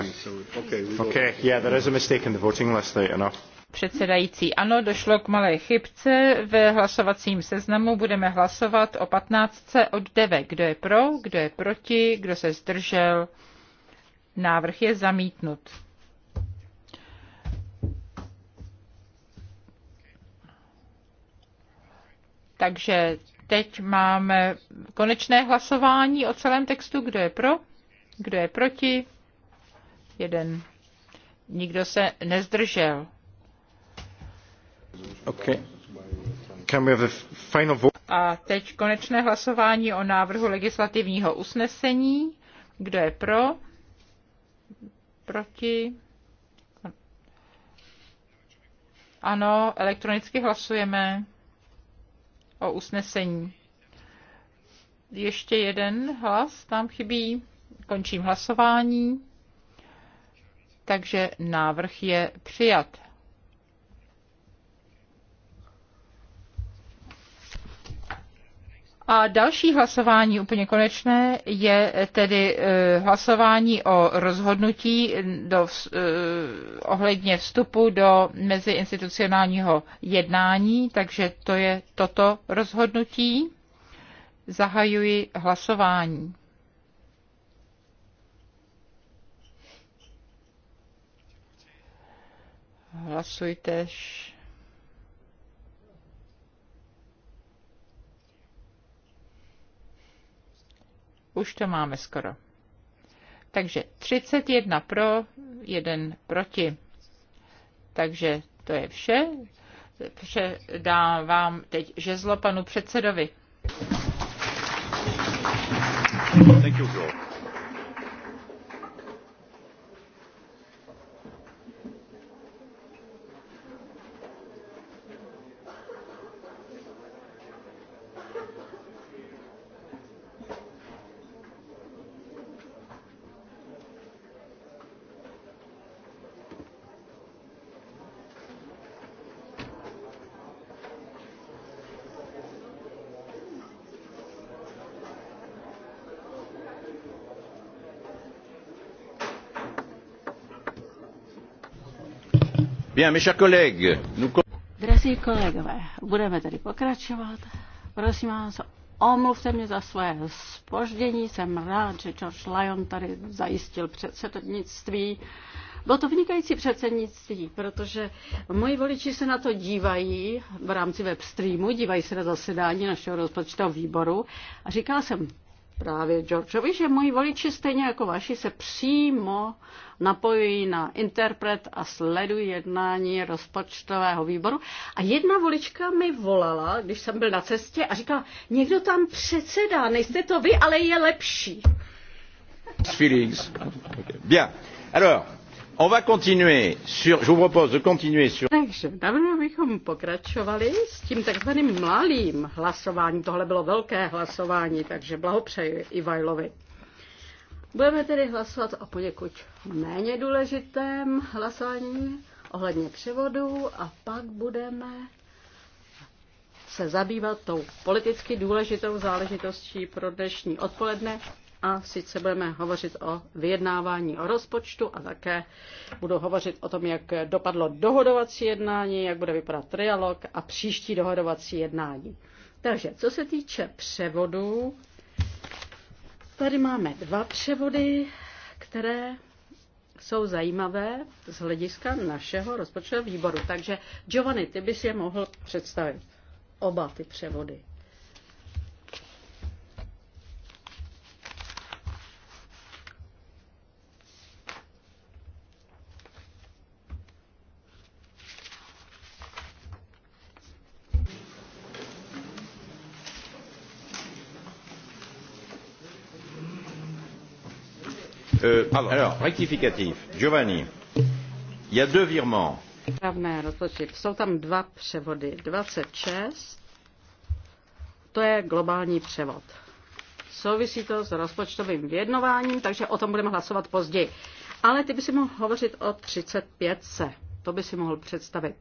ah, okay, yeah, there is a mistake in the voting list, enough. Předsedající, ano, došlo k malé chybce. V hlasovacím seznamu budeme hlasovat o 15 od 9. Kdo je pro, kdo je proti, kdo se zdržel. Návrh je zamítnut. Takže teď máme konečné hlasování o celém textu. Kdo je pro? Kdo je proti? Jeden. Nikdo se nezdržel. A teď konečné hlasování o návrhu legislativního usnesení. Kdo je pro? Proti? Ano, elektronicky hlasujeme o usnesení. Ještě jeden hlas tam chybí. Končím hlasování. Takže návrh je přijat. A další hlasování úplně konečné je tedy eh, hlasování o rozhodnutí do, eh, ohledně vstupu do meziinstitucionálního jednání, takže to je toto rozhodnutí. Zahajuji hlasování. Hlasujte. Š... Už to máme skoro. Takže 31 pro, 1 proti. Takže to je vše. Předám vám teď žezlo panu předsedovi. Thank you, Drazí kolegové, budeme tedy pokračovat. Prosím vás, omluvte mě za své spoždění. Jsem rád, že George Lyon tady zajistil předsednictví. Bylo to vynikající předsednictví, protože moji voliči se na to dívají v rámci webstreamu, dívají se na zasedání našeho rozpočtového výboru a říkala jsem, právě Georgeovi, že moji voliči stejně jako vaši se přímo napojují na interpret a sledují jednání rozpočtového výboru. A jedna volička mi volala, když jsem byl na cestě a říkala, někdo tam předsedá, nejste to vy, ale je lepší. Feelings. Bien. Alors, je vous propose de continuer sur... Takže navrhuji, abychom pokračovali s tím takzvaným malým hlasováním. Tohle bylo velké hlasování, takže blahopřeji Ivajlovi. Budeme tedy hlasovat o poněkud méně důležitém hlasování ohledně převodu a pak budeme se zabývat tou politicky důležitou záležitostí pro dnešní odpoledne, a sice budeme hovořit o vyjednávání o rozpočtu a také budu hovořit o tom, jak dopadlo dohodovací jednání, jak bude vypadat trialog a příští dohodovací jednání. Takže, co se týče převodů, tady máme dva převody, které jsou zajímavé z hlediska našeho rozpočtového výboru. Takže Giovanni, ty bys je mohl představit. Oba ty převody. Pardon, alors, rectificatif. Giovanni, il y a deux virements. Jsou tam dva převody. 26, to je globální převod. Souvisí to s rozpočtovým vědnováním, takže o tom budeme hlasovat později. Ale ty by si mohl hovořit o 35. Se. To by si mohl představit.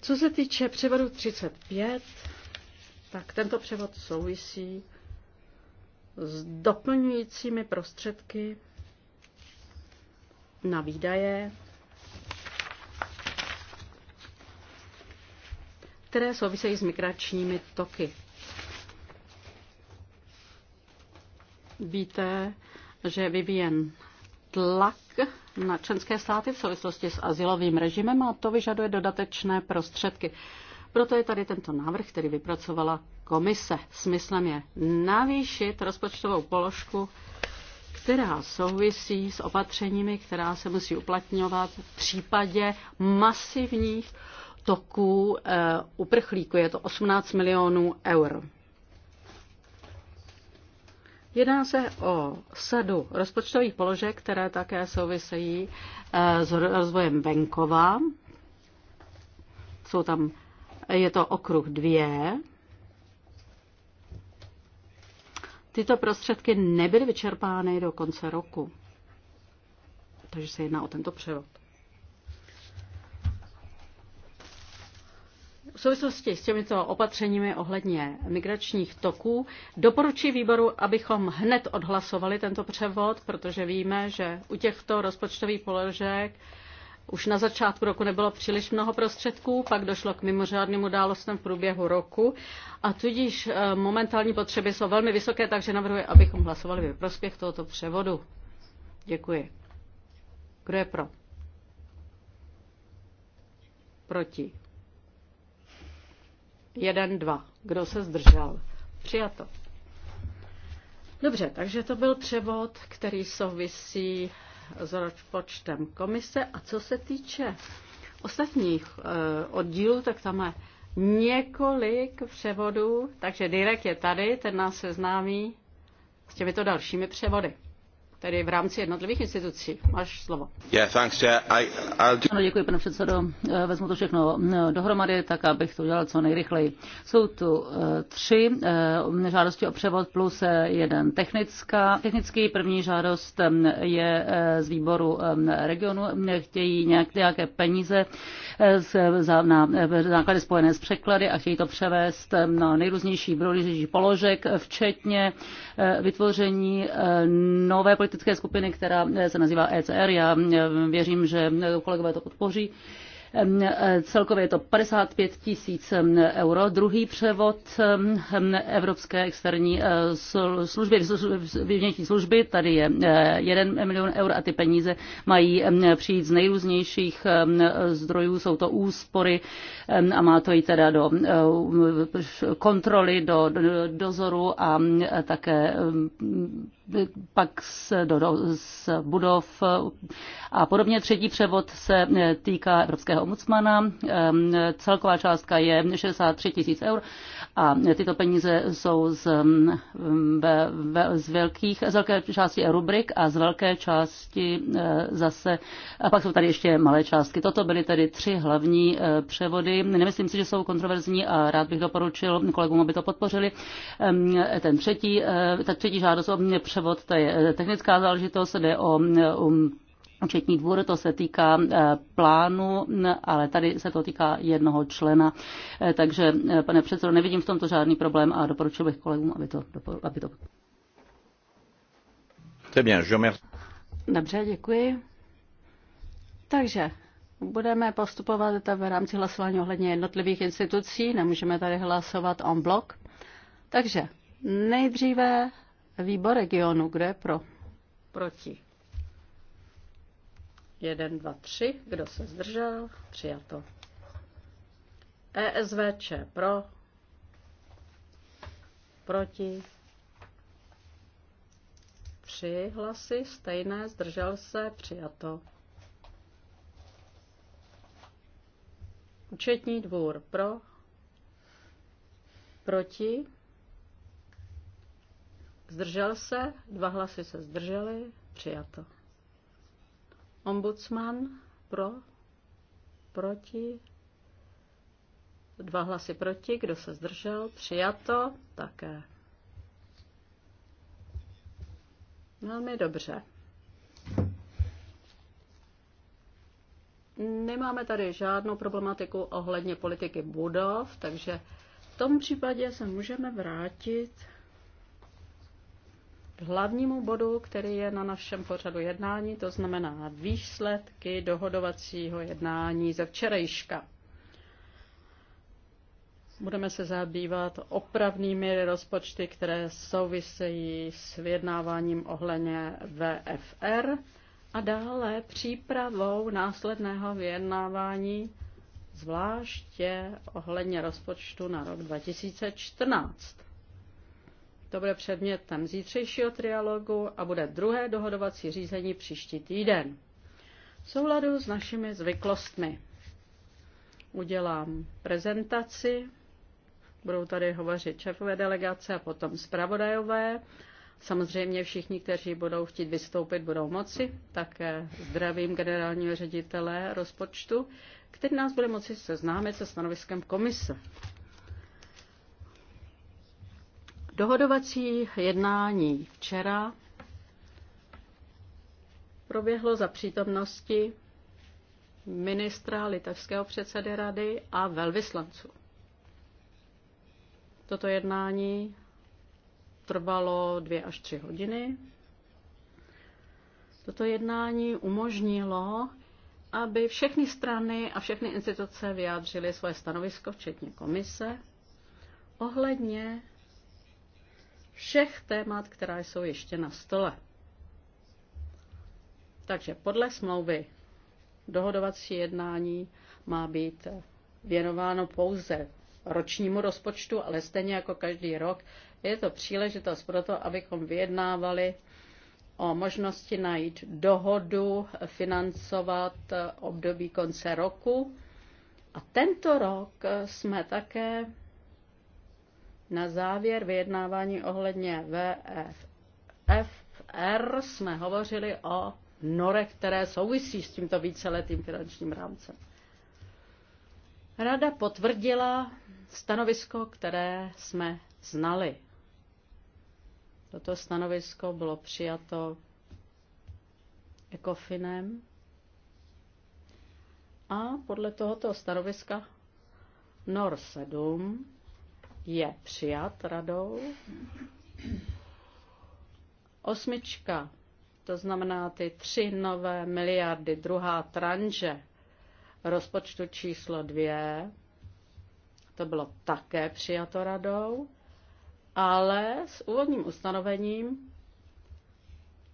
Co se týče převodu 35, tak tento převod souvisí s doplňujícími prostředky na výdaje, které souvisejí s migračními toky. Víte, že je vyvíjen tlak na členské státy v souvislosti s asilovým režimem a to vyžaduje dodatečné prostředky. Proto je tady tento návrh, který vypracovala komise. Smyslem je navýšit rozpočtovou položku, která souvisí s opatřeními, která se musí uplatňovat v případě masivních toků e, uprchlíků. Je to 18 milionů eur. Jedná se o sadu rozpočtových položek, které také souvisejí eh, s rozvojem venkova. Jsou tam je to okruh 2. Tyto prostředky nebyly vyčerpány do konce roku. Takže se jedná o tento převod. V souvislosti s těmito opatřeními ohledně migračních toků doporučuji výboru, abychom hned odhlasovali tento převod, protože víme, že u těchto rozpočtových položek už na začátku roku nebylo příliš mnoho prostředků, pak došlo k mimořádným událostem v průběhu roku a tudíž eh, momentální potřeby jsou velmi vysoké, takže navrhuji, abychom hlasovali ve prospěch tohoto převodu. Děkuji. Kdo je pro? Proti. Jeden, dva. Kdo se zdržel? Přijato. Dobře, takže to byl převod, který souvisí s rozpočtem komise. A co se týče ostatních eh, oddílů, tak tam je několik převodů, takže Direk je tady, ten nás seznámí s těmito dalšími převody tedy v rámci jednotlivých institucí. Máš slovo. Yeah, thanks, yeah. I, I'll ano, děkuji, pane předsedo. Eh, vezmu to všechno eh, dohromady, tak abych to udělal co nejrychleji. Jsou tu eh, tři žádosti o převod plus jeden technická. Technický první žádost je z výboru regionu. Chtějí nějak, nějaké peníze z, za, na náklady spojené s překlady a chtějí to převést na nejrůznější, nejrůznější položek, včetně vytvoření nové politické skupiny, která eh, se nazývá ECR. Já eh, věřím, že eh, kolegové to podpoří. Celkově je to 55 tisíc euro. Druhý převod Evropské externí služby, vyvnější služby, tady je 1 milion euro a ty peníze mají přijít z nejrůznějších zdrojů, jsou to úspory a má to i teda do kontroly, do dozoru a také pak z, do, z budov a podobně. Třetí převod se týká Evropského ombudsmana. Ehm, celková částka je 63 tisíc eur a tyto peníze jsou z, ehm, z, velkých, z velké části rubrik a z velké části eh, zase, a pak jsou tady ještě malé částky. Toto byly tedy tři hlavní eh, převody. Nemyslím si, že jsou kontroverzní a rád bych doporučil kolegům, aby to podpořili. Ehm, ten třetí, eh, ta třetí žádost o mě převod, to je eh, technická záležitost, jde o eh, Učetní um, dvůr, to se týká eh, plánu, mm, ale tady se to týká jednoho člena. Takže, pane předsedo, nevidím v tomto žádný problém a doporučil bych kolegům, aby to, aby to Dobře, děkuji. Takže budeme postupovat v rámci hlasování ohledně jednotlivých institucí, nemůžeme tady hlasovat on blok. Takže nejdříve Výbor regionu, kde je pro? Proti. 1, 2, 3. Kdo se zdržel? Přijato. ESVČ pro. Proti. 3 hlasy stejné, zdržel se, přijato. Účetní dvůr pro, proti, Zdržel se? Dva hlasy se zdrželi. Přijato. Ombudsman pro? Proti? Dva hlasy proti. Kdo se zdržel? Přijato. Také. Velmi dobře. Nemáme tady žádnou problematiku ohledně politiky budov, takže v tom případě se můžeme vrátit hlavnímu bodu, který je na našem pořadu jednání, to znamená výsledky dohodovacího jednání ze včerejška. Budeme se zabývat opravnými rozpočty, které souvisejí s vyjednáváním ohledně VFR a dále přípravou následného vyjednávání zvláště ohledně rozpočtu na rok 2014. To bude předmětem zítřejšího trialogu a bude druhé dohodovací řízení příští týden. V souladu s našimi zvyklostmi udělám prezentaci, budou tady hovořit šéfové delegace a potom zpravodajové. Samozřejmě všichni, kteří budou chtít vystoupit, budou moci. Také zdravím generálního ředitele rozpočtu, který nás bude moci seznámit se stanoviskem komise. Dohodovací jednání včera proběhlo za přítomnosti ministra litevského předsedy rady a velvyslanců. Toto jednání trvalo dvě až tři hodiny. Toto jednání umožnilo, aby všechny strany a všechny instituce vyjádřily svoje stanovisko, včetně komise, ohledně všech témat, která jsou ještě na stole. Takže podle smlouvy dohodovací jednání má být věnováno pouze ročnímu rozpočtu, ale stejně jako každý rok je to příležitost pro to, abychom vyjednávali o možnosti najít dohodu financovat období konce roku. A tento rok jsme také na závěr vyjednávání ohledně VFR jsme hovořili o norech, které souvisí s tímto víceletým finančním rámcem. Rada potvrdila stanovisko, které jsme znali. Toto stanovisko bylo přijato ECOFINem a podle tohoto stanoviska NOR 7 je přijat radou. Osmička, to znamená ty tři nové miliardy, druhá tranže rozpočtu číslo dvě, to bylo také přijato radou, ale s úvodním ustanovením,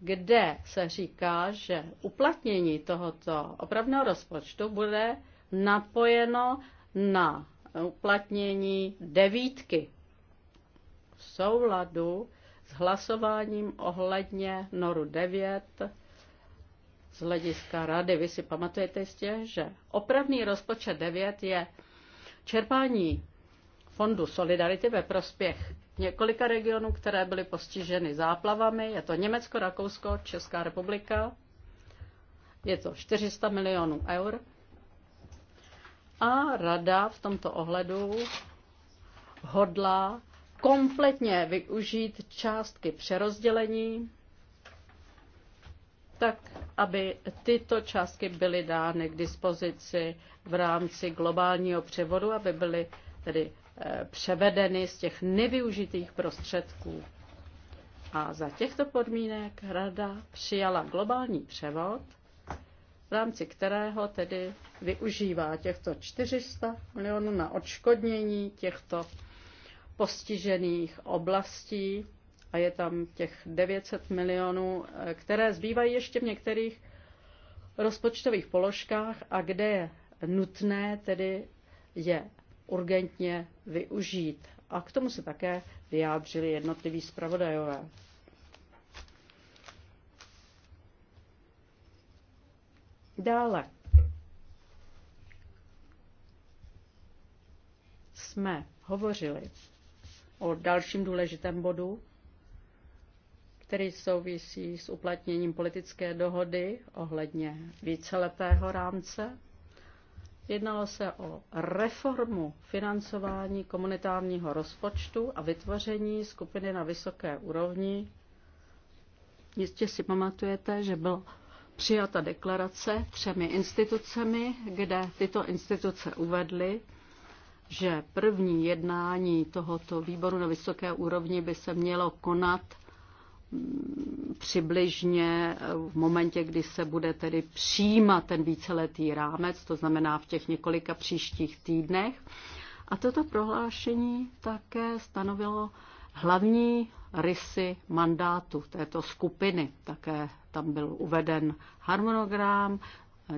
kde se říká, že uplatnění tohoto opravného rozpočtu bude napojeno na uplatnění devítky v souladu s hlasováním ohledně NORu 9 z hlediska rady. Vy si pamatujete jistě, že opravný rozpočet 9 je čerpání fondu Solidarity ve prospěch několika regionů, které byly postiženy záplavami. Je to Německo, Rakousko, Česká republika. Je to 400 milionů eur a rada v tomto ohledu hodlá kompletně využít částky přerozdělení, tak aby tyto částky byly dány k dispozici v rámci globálního převodu, aby byly tedy eh, převedeny z těch nevyužitých prostředků. A za těchto podmínek Rada přijala globální převod – v rámci kterého tedy využívá těchto 400 milionů na odškodnění těchto postižených oblastí a je tam těch 900 milionů, které zbývají ještě v některých rozpočtových položkách a kde je nutné tedy je urgentně využít. A k tomu se také vyjádřili jednotliví zpravodajové. Dále jsme hovořili o dalším důležitém bodu, který souvisí s uplatněním politické dohody ohledně víceletého rámce. Jednalo se o reformu financování komunitárního rozpočtu a vytvoření skupiny na vysoké úrovni. Jistě si pamatujete, že byl přijata deklarace třemi institucemi, kde tyto instituce uvedly, že první jednání tohoto výboru na vysoké úrovni by se mělo konat mm, přibližně eh, v momentě, kdy se bude tedy přijímat ten víceletý rámec, to znamená v těch několika příštích týdnech. A toto prohlášení také stanovilo hlavní rysy mandátu této skupiny. Také tam byl uveden harmonogram,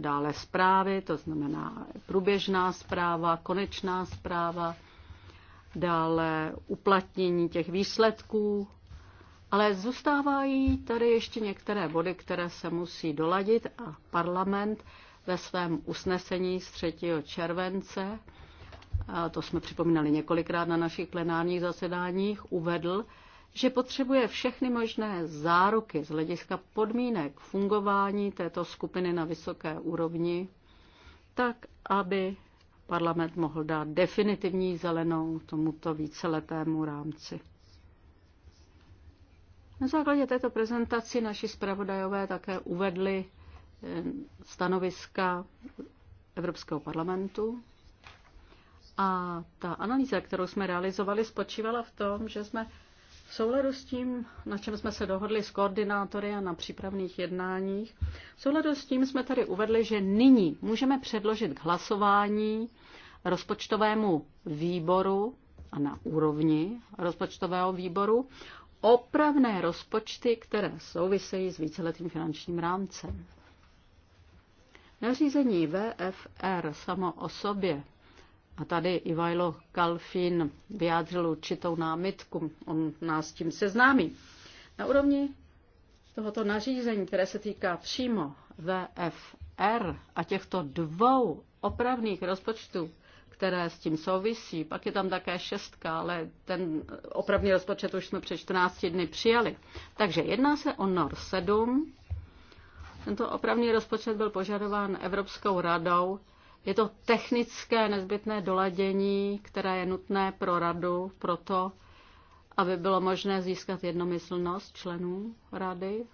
dále zprávy, to znamená průběžná zpráva, konečná zpráva, dále uplatnění těch výsledků, ale zůstávají tady ještě některé body, které se musí doladit a parlament ve svém usnesení z 3. července, to jsme připomínali několikrát na našich plenárních zasedáních, uvedl, že potřebuje všechny možné záruky z hlediska podmínek fungování této skupiny na vysoké úrovni, tak aby parlament mohl dát definitivní zelenou tomuto víceletému rámci. Na základě této prezentaci naši zpravodajové také uvedli eh, stanoviska Evropského parlamentu. A ta analýza, kterou jsme realizovali, spočívala v tom, že jsme v souladu s tím, na čem jsme se dohodli s koordinátory a na přípravných jednáních, v souladu s tím jsme tady uvedli, že nyní můžeme předložit k hlasování rozpočtovému výboru a na úrovni rozpočtového výboru opravné rozpočty, které souvisejí s víceletým finančním rámcem. Nařízení VFR samo o sobě a tady Ivajlo Kalfin vyjádřil určitou námitku. On nás tím seznámí. Na úrovni tohoto nařízení, které se týká přímo VFR a těchto dvou opravných rozpočtů, které s tím souvisí, pak je tam také šestka, ale ten opravný rozpočet už jsme před 14 dny přijali. Takže jedná se o NOR 7. Tento opravný rozpočet byl požadován Evropskou radou je to technické nezbytné doladění, které je nutné pro radu, proto, aby bylo možné získat jednomyslnost členů rady.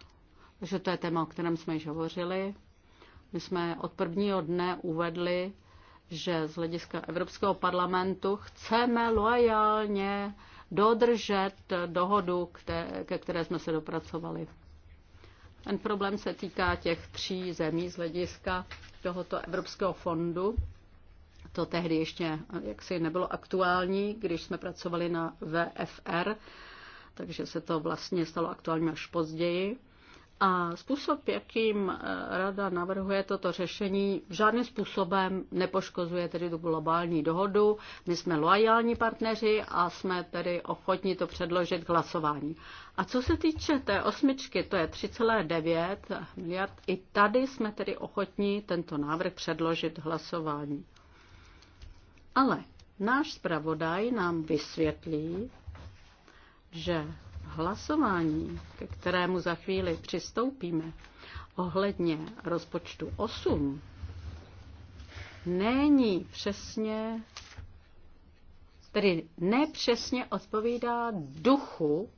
Takže to je téma, o kterém jsme již hovořili. My jsme od prvního dne uvedli, že z hlediska Evropského parlamentu chceme loajálně dodržet dohodu, ke které jsme se dopracovali. Ten problém se týká těch tří zemí z hlediska tohoto Evropského fondu. To tehdy ještě eh, jaksi nebylo aktuální, když jsme pracovali na VFR, takže se to vlastně stalo aktuálním až později. A způsob, jakým eh, Rada navrhuje toto řešení, žádným způsobem nepoškozuje tedy tu globální dohodu. My jsme loajální partneři a jsme tedy ochotni to předložit k hlasování. A co se týče té osmičky, to je 3,9 miliard, i tady jsme tedy ochotni tento návrh předložit hlasování. Ale náš zpravodaj nám vysvětlí, že hlasování, ke kterému za chvíli přistoupíme, ohledně rozpočtu 8, není přesně, tedy nepřesně odpovídá duchu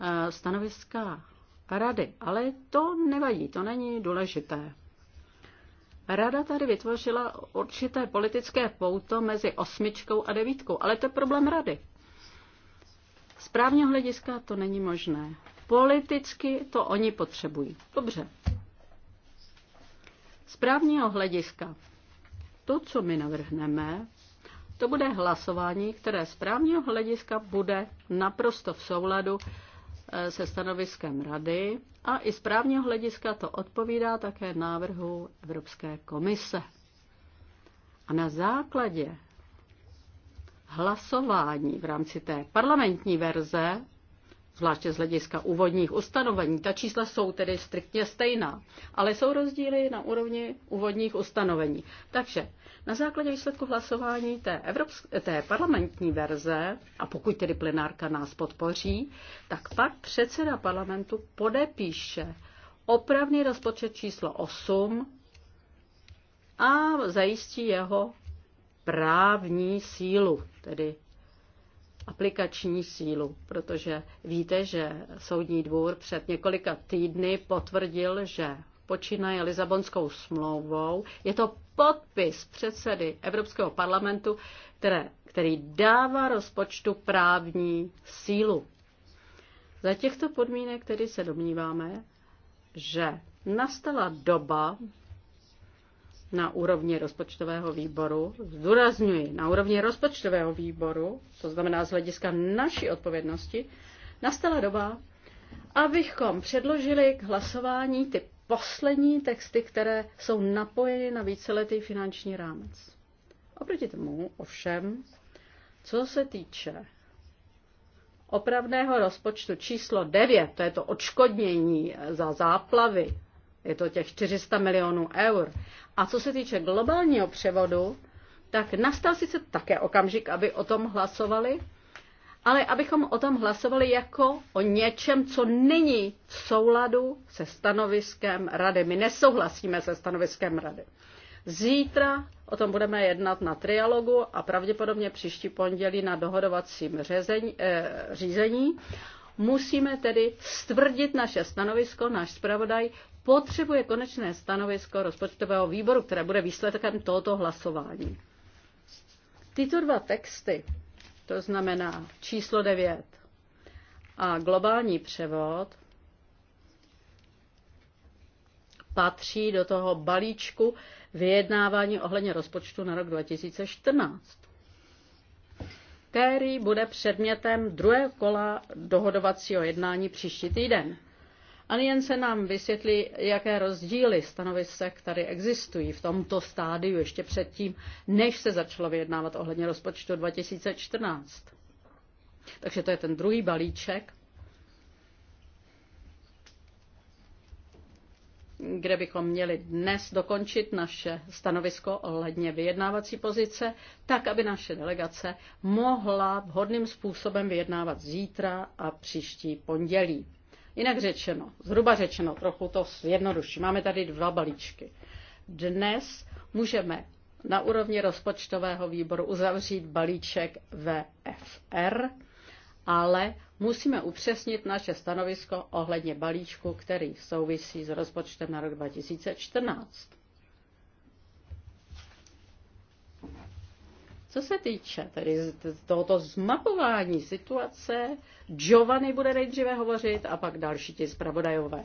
eh, stanoviska rady. Ale to nevadí, to není důležité. Rada tady vytvořila určité politické pouto mezi osmičkou a devítkou, ale to je problém rady. Z právního hlediska to není možné. Politicky to oni potřebují. Dobře. Z právního hlediska to, co my navrhneme, to bude hlasování, které z právního hlediska bude naprosto v souladu eh, se stanoviskem Rady a i z právního hlediska to odpovídá také návrhu Evropské komise. A na základě hlasování v rámci té parlamentní verze, zvláště z hlediska úvodních ustanovení, ta čísla jsou tedy striktně stejná, ale jsou rozdíly na úrovni úvodních ustanovení. Takže na základě výsledku hlasování té, evropsk- té parlamentní verze, a pokud tedy plenárka nás podpoří, tak pak předseda parlamentu podepíše opravný rozpočet číslo 8 a zajistí jeho právní sílu, tedy aplikační sílu, protože víte, že Soudní dvůr před několika týdny potvrdil, že počínaje Lizabonskou smlouvou. Je to podpis předsedy Evropského parlamentu, které, který dává rozpočtu právní sílu. Za těchto podmínek tedy se domníváme, že nastala doba na úrovni rozpočtového výboru, zdůrazňuji, na úrovni rozpočtového výboru, to znamená z hlediska naší odpovědnosti, nastala doba, abychom předložili k hlasování ty poslední texty, které jsou napojeny na víceletý finanční rámec. Oproti tomu ovšem, co se týče opravného rozpočtu číslo 9, to je to odškodnění za záplavy je to těch 400 milionů eur. A co se týče globálního převodu, tak nastal sice také okamžik, aby o tom hlasovali, ale abychom o tom hlasovali jako o něčem, co není v souladu se stanoviskem rady. My nesouhlasíme se stanoviskem rady. Zítra o tom budeme jednat na trialogu a pravděpodobně příští pondělí na dohodovacím řezení, eh, řízení. Musíme tedy stvrdit naše stanovisko, náš zpravodaj potřebuje konečné stanovisko rozpočtového výboru, které bude výsledkem tohoto hlasování. Tyto dva texty, to znamená číslo 9 a globální převod, patří do toho balíčku vyjednávání ohledně rozpočtu na rok 2014, který bude předmětem druhého kola dohodovacího jednání příští týden. A jen se nám vysvětlí, jaké rozdíly stanovisek tady existují v tomto stádiu ještě předtím, než se začalo vyjednávat ohledně rozpočtu 2014. Takže to je ten druhý balíček, kde bychom měli dnes dokončit naše stanovisko ohledně vyjednávací pozice, tak aby naše delegace mohla vhodným způsobem vyjednávat zítra a příští pondělí. Jinak řečeno, zhruba řečeno, trochu to jednodušší, máme tady dva balíčky. Dnes můžeme na úrovni rozpočtového výboru uzavřít balíček VFR, ale musíme upřesnit naše stanovisko ohledně balíčku, který souvisí s rozpočtem na rok 2014. Co se týče tedy z tohoto zmapování situace, Giovanni bude nejdříve hovořit a pak další ti zpravodajové.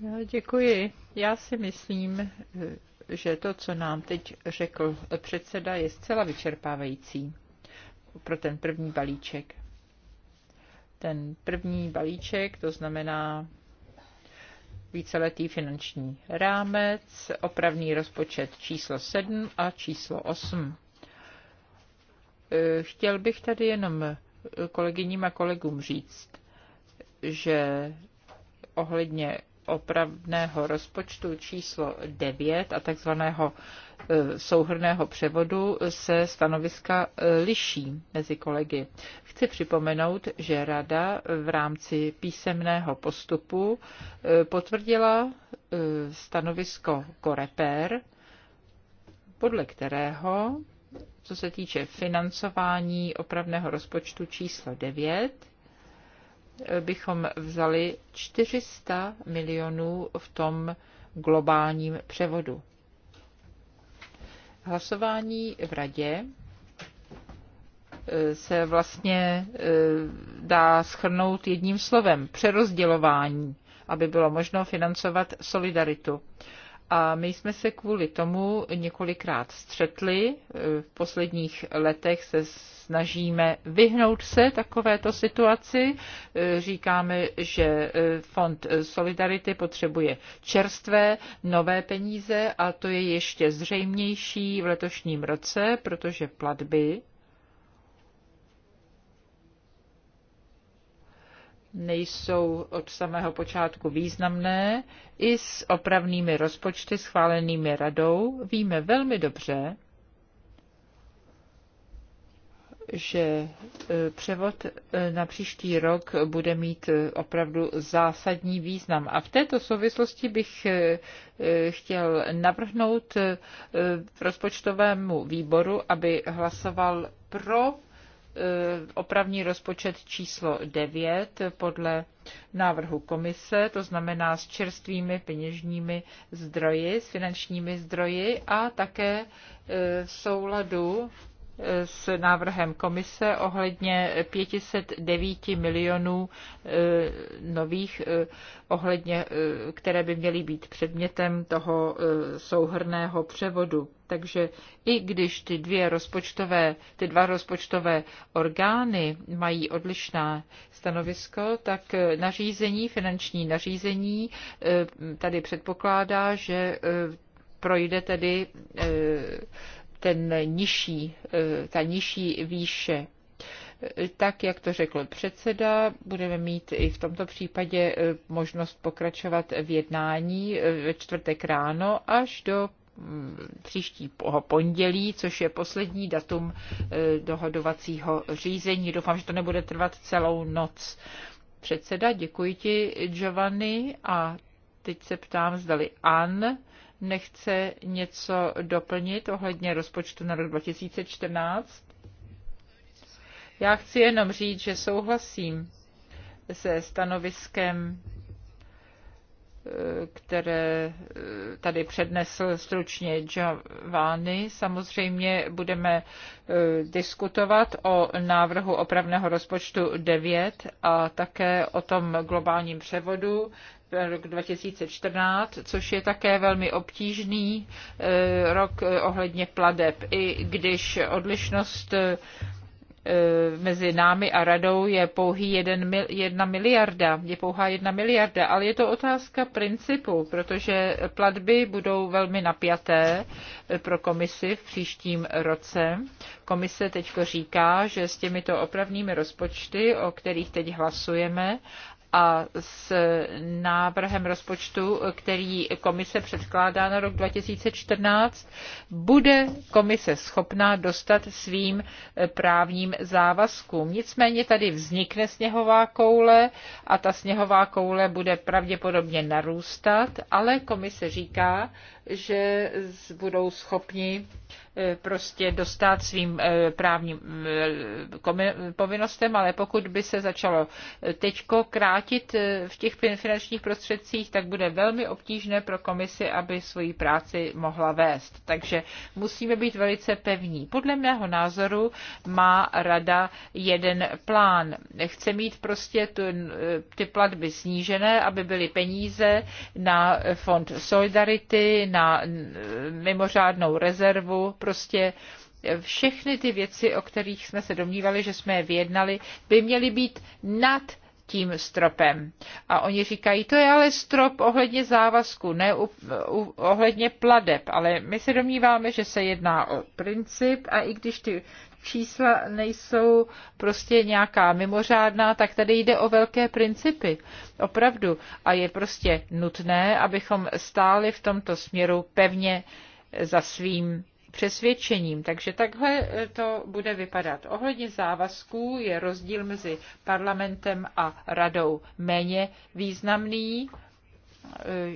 No, děkuji. Já si myslím, že to, co nám teď řekl předseda, je zcela vyčerpávající pro ten první balíček. Ten první balíček, to znamená víceletý finanční rámec, opravný rozpočet číslo 7 a číslo 8. Eh, chtěl bych tady jenom eh, kolegyním a kolegům říct, že ohledně opravného rozpočtu číslo 9 a takzvaného e, souhrného převodu se stanoviska e, liší mezi kolegy. Chci připomenout, že Rada v rámci písemného postupu e, potvrdila stanovisko Koreper, podle kterého, co se týče financování opravného rozpočtu číslo 9, bychom vzali 400 milionů v tom globálním převodu. Hlasování v radě eh, se vlastně eh, dá schrnout jedním slovem přerozdělování, aby bylo možno financovat solidaritu. A my jsme se kvůli tomu několikrát střetli. Eh, v posledních letech se snažíme vyhnout se takovéto situaci. E, říkáme, že e, Fond Solidarity potřebuje čerstvé, nové peníze a to je ještě zřejmější v letošním roce, protože platby nejsou od samého počátku významné, i s opravnými rozpočty schválenými radou víme velmi dobře, že e, převod e, na příští rok bude mít e, opravdu zásadní význam. A v této souvislosti bych chtěl navrhnout rozpočtovému výboru, aby hlasoval pro opravní rozpočet číslo 9 podle návrhu komise, to znamená s čerstvými peněžními zdroji, s finančními zdroji a také v souladu s návrhem komise ohledně 509 milionů e, nových, e, ohledně, e, které by měly být předmětem toho souhrného převodu. Takže i když ty, dvě rozpočtové, ty dva rozpočtové orgány mají odlišná stanovisko, tak nařízení, finanční nařízení tady předpokládá, že projde tedy ten nižší, eh, ta nižší výše tak, jak to řekl předseda, budeme mít i v tomto případě eh, možnost pokračovat v jednání eh, ve čtvrtek ráno až do mm, příštího pondělí, což je poslední datum dohodovacího řízení. Doufám, že to nebude trvat celou noc. Předseda, děkuji ti, Giovanni, a teď se ptám, zdali Ann nechce něco doplnit ohledně rozpočtu na rok 2014? Já chci jenom říct, že souhlasím se stanoviskem, eh, které eh, tady přednesl stručně Giovanni. Samozřejmě budeme eh, diskutovat o návrhu opravného rozpočtu 9 a také o tom globálním převodu rok 2014, což je také velmi obtížný eh, rok eh, ohledně pladeb, i když odlišnost eh, mezi námi a radou je pouhý jeden, jedna miliarda, je pouhá jedna miliarda, ale je to otázka principu, protože platby budou velmi napjaté pro komisi v příštím roce. Komise teď říká, že s těmito opravnými rozpočty, o kterých teď hlasujeme, a s návrhem rozpočtu, který komise předkládá na rok 2014, bude komise schopná dostat svým právním závazkům. Nicméně tady vznikne sněhová koule a ta sněhová koule bude pravděpodobně narůstat, ale komise říká, že budou schopni eh, prostě dostat svým eh, právním eh, povinnostem, ale pokud by se začalo teďko krátit v těch finančních prostředcích, tak bude velmi obtížné pro komisi, aby svoji práci mohla vést. Takže musíme být velice pevní. Podle mého názoru má rada jeden plán. Chce mít prostě tu, ty platby snížené, aby byly peníze na fond Solidarity, na mimořádnou rezervu, prostě všechny ty věci, o kterých jsme se domnívali, že jsme je vyjednali, by měly být nad tím stropem. A oni říkají, to je ale strop ohledně závazku, ne u, u, ohledně pladeb, ale my se domníváme, že se jedná o princip a i když ty čísla nejsou prostě nějaká mimořádná, tak tady jde o velké principy. Opravdu. A je prostě nutné, abychom stáli v tomto směru pevně za svým přesvědčením. Takže takhle e, to bude vypadat. Ohledně závazků je rozdíl mezi parlamentem a radou méně významný Eh,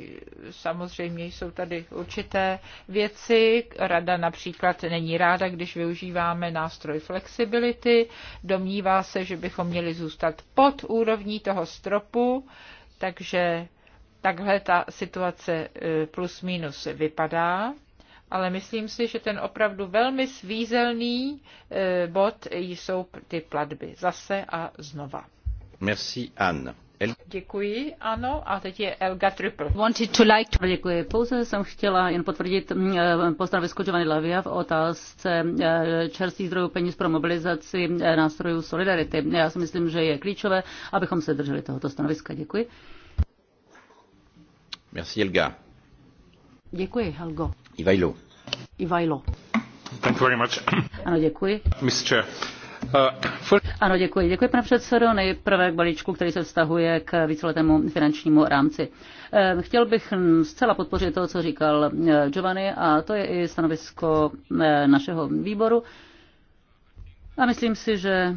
samozřejmě jsou tady určité věci. Rada například není ráda, když využíváme nástroj flexibility. Domnívá se, že bychom měli zůstat pod úrovní toho stropu, takže takhle ta situace eh, plus minus vypadá. Ale myslím si, že ten opravdu velmi svízelný eh, bod jsou ty platby zase a znova. Merci, Anne. Děkuji, ano, a teď je Elga Triple. Wanted to like to... Děkuji, pouze jsem chtěla jen potvrdit mm, eh, postanovisko Giovanni Lavia v otázce eh, čerstvých zdrojů peněz pro mobilizaci eh, nástrojů Solidarity. Já si myslím, že je klíčové, abychom se drželi tohoto stanoviska. Děkuji. Merci, Elga. Děkuji, Helgo. Ivailo. Ivailo. Thank you very much. Ano, děkuji. Mr. Ano, děkuji. Děkuji, pane předsedo. Nejprve k balíčku, který se vztahuje k víceletému finančnímu rámci. Ehm, chtěl bych zcela podpořit to, co říkal eh, Giovanni, a to je i stanovisko eh, našeho výboru. A myslím si, že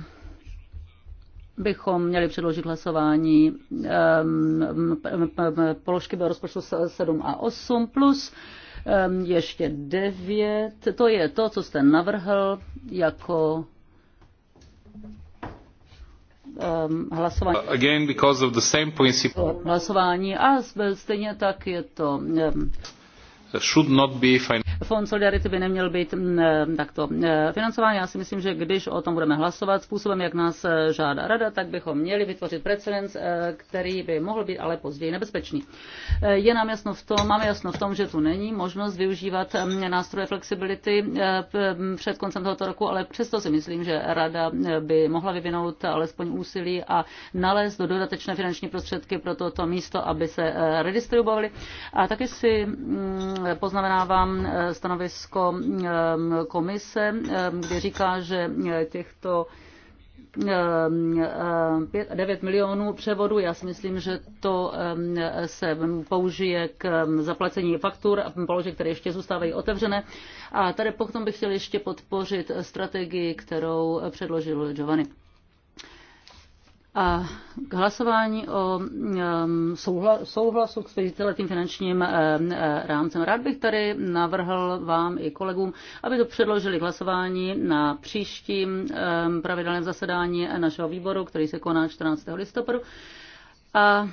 bychom měli předložit hlasování ehm, položky do rozpočtu 7 a 8 plus ehm, ještě 9. To je to, co jste navrhl jako Um, hlasování. Uh, hlasování a stejně tak je to. Um, should not be Fond Solidarity by neměl být mm, eh, takto eh, financován. Já si myslím, že když o tom budeme hlasovat způsobem, jak nás eh, žádá rada, tak bychom měli vytvořit precedens, který by mohl být ale později nebezpečný. Je nám jasno v tom, máme jasno v tom, že tu není možnost využívat mm, nástroje flexibility mm, před koncem tohoto roku, ale přesto si myslím, že rada by mohla vyvinout alespoň úsilí a nalézt do dodatečné finanční prostředky pro toto místo, aby se redistribuovaly. A taky si poznamenávám stanovisko ehm, komise, ehm, kde říká, že eh, těchto 9 ehm, milionů převodu. Já si myslím, že to se použije k zaplacení faktur a položek, které ještě zůstávají otevřené. A tady potom bych chtěl ještě podpořit strategii, kterou předložil Giovanni. A k hlasování o um, souhlasu k tím finančním eh, eh, rámcem. Rád bych tady navrhl vám i kolegům, aby to předložili k hlasování na příštím eh, pravidelném zasedání našeho výboru, který se koná 14. listopadu. A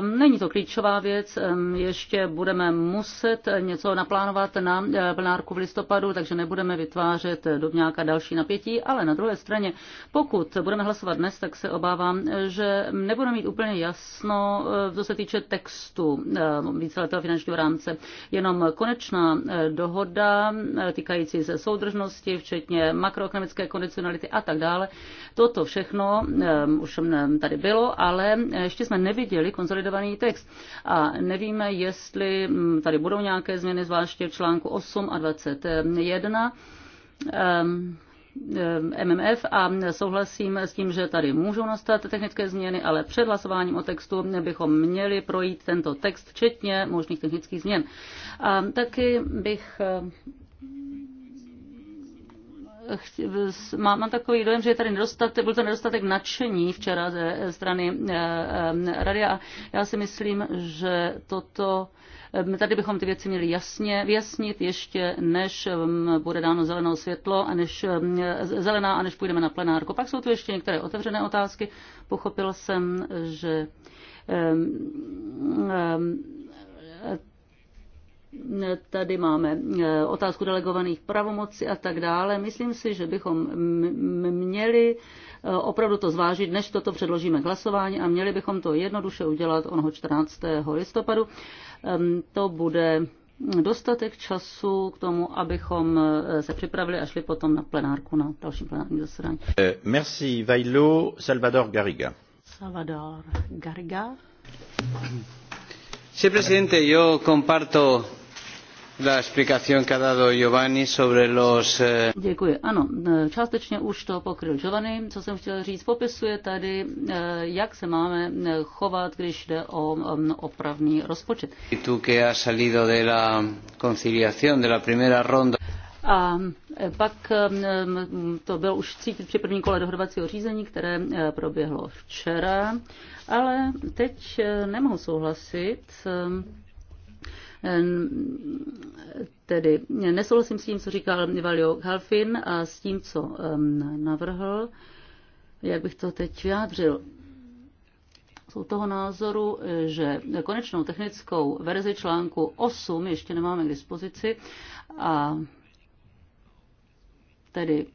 není to klíčová věc, ještě budeme muset něco naplánovat na e, plenárku v listopadu, takže nebudeme vytvářet do nějaká další napětí, ale na druhé straně, pokud budeme hlasovat dnes, tak se obávám, že nebudeme mít úplně jasno, e, co se týče textu e, víceletého finančního rámce. Jenom konečná dohoda týkající se soudržnosti, včetně makroekonomické kondicionality a tak dále. Toto všechno už tady bylo, ale ještě jsme neviděli konsolidovaný text a nevíme, jestli mm, tady budou nějaké změny, zvláště v článku 8 a 21. MMF a souhlasím s tím, že tady můžou nastat technické změny, ale před hlasováním o textu bychom měli projít tento text, včetně možných technických změn. A taky bych má, mám takový dojem, že je tady nedostatek, byl to nedostatek nadšení včera ze strany eh, eh, radia. Já si myslím, že toto eh, Tady bychom ty věci měli jasně vyjasnit ještě, než mm, bude dáno zelenou světlo a než mm, zelená a než půjdeme na plenárku. Pak jsou tu ještě některé otevřené otázky. Pochopil jsem, že tady máme e, otázku delegovaných pravomocí a tak dále. Myslím si, že bychom měli e, opravdu to zvážit, než toto předložíme k hlasování a měli bychom to jednoduše udělat onoho 14. listopadu. To bude dostatek času k tomu, abychom e, se připravili a šli potom na plenárku, na další plenární zasedání. Eh, merci, Vajlo, Salvador Garriga. Salvador Garriga. Sí, presidente, yo comparto la explicación que ha dado Giovanni sobre los... Eh, Děkuji. Ano, částečně už to pokryl Giovanni. Co jsem chtěl říct, popisuje tady, eh, jak se máme eh, chovat, když jde o mm, opravný rozpočet. Y tú que has salido de la conciliación de la primera ronda. A pak mm, to bylo už cítit při první kole dohodovacího řízení, které proběhlo včera, ale teď nemohu souhlasit Tedy nesouhlasím s tím, co říkal Valio Halfin a s tím, co navrhl. Jak bych to teď vyjádřil? jsou toho názoru, že konečnou technickou verzi článku 8 ještě nemáme k dispozici a tedy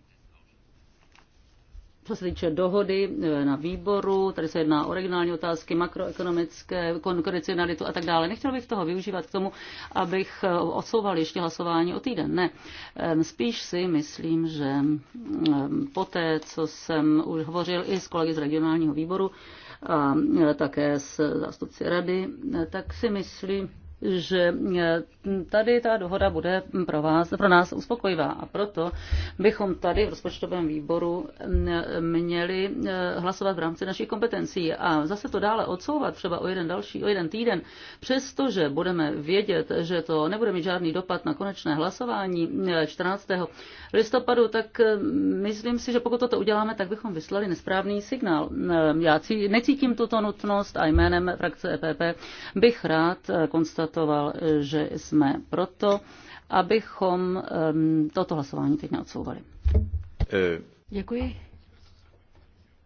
co se týče dohody e, na výboru, tady se jedná o regionální otázky, makroekonomické konkurencionalitu a tak dále. Nechtěl bych toho využívat k tomu, abych e, odsouval ještě hlasování o týden. Ne. Spíš si myslím, že poté, co jsem už hovořil i s kolegy z regionálního výboru a e, také s zástupci rady, tak si myslím, že eh, tady ta dohoda bude pro, vás, pro nás uspokojivá a proto bychom tady v rozpočtovém výboru eh, měli eh, hlasovat v rámci našich kompetencí a zase to dále odsouvat třeba o jeden další, o jeden týden, přestože budeme vědět, že to nebude mít žádný dopad na konečné hlasování 14. listopadu, tak myslím si, že pokud toto uděláme, tak bychom vyslali nesprávný signál. Já necítím tuto nutnost a jménem frakce EPP bych rád konstatoval, konstatoval, eh, že jsme proto, abychom ehm, toto hlasování teď neodsouvali. Eh. Děkuji.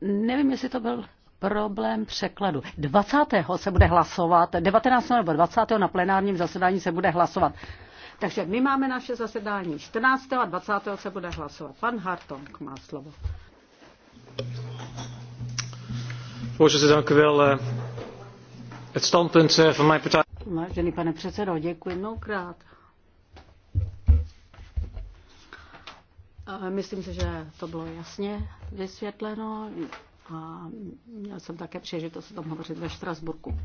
Nevím, jestli to byl problém překladu. 20. se bude hlasovat, 19. nebo 20. na plenárním zasedání se bude hlasovat. Takže my máme naše zasedání 14. a 20. se bude hlasovat. Pan Hartong má slovo. Voorzitter, dank u wel. Eh, het standpunt van mijn partij. Vážený pane předsedo, děkuji mnohokrát. Myslím si, že to bylo jasně vysvětleno a měl jsem také příležitost o tom hovořit ve Štrasburku.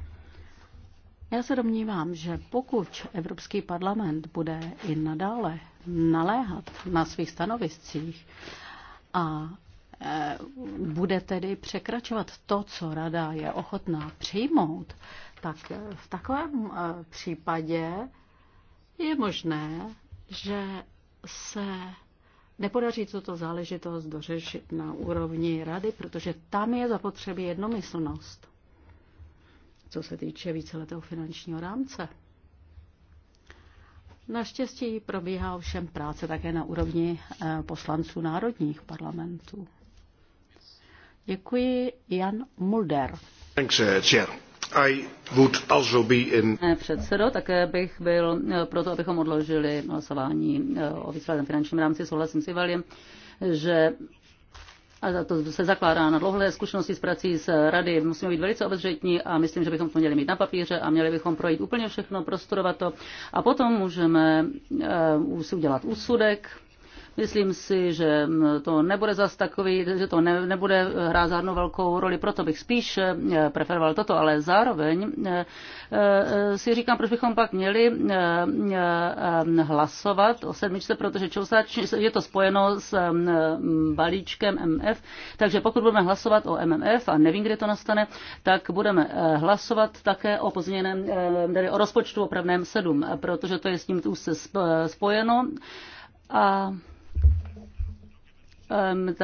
Já se domnívám, že pokud Evropský parlament bude i nadále naléhat na svých stanoviscích a e, bude tedy překračovat to, co Rada je ochotná přijmout, tak eh, v takovém eh, případě je možné, že se nepodaří tuto záležitost dořešit na úrovni rady, protože tam je zapotřebí jednomyslnost, co se týče víceletého finančního rámce. Naštěstí probíhá ovšem práce také na úrovni eh, poslanců národních parlamentů. Děkuji, Jan Mulder. Thanks, uh, i would also be in... Předsedo, také bych byl eh, proto, abychom odložili hlasování eh, o výsledném finančním rámci, souhlasím s Ivaliem, že a to se zakládá na dlouhé zkušenosti s prací s rady. Musíme být velice obezřetní a myslím, že bychom to měli mít na papíře a měli bychom projít úplně všechno, prostudovat to a potom můžeme uh, si udělat úsudek Myslím si, že to nebude zas takový, že to ne, nebude hrát žádnou velkou roli, proto bych spíš eh, preferoval toto, ale zároveň eh, eh, si říkám, proč bychom pak měli hlasovat o sedmičce, protože je to spojeno s balíčkem MF, takže pokud budeme hlasovat o MMF a nevím, kdy to nastane, tak budeme hlasovat také o pozměněném, tedy o rozpočtu opravném 7, protože to je s tím úzce spojeno. A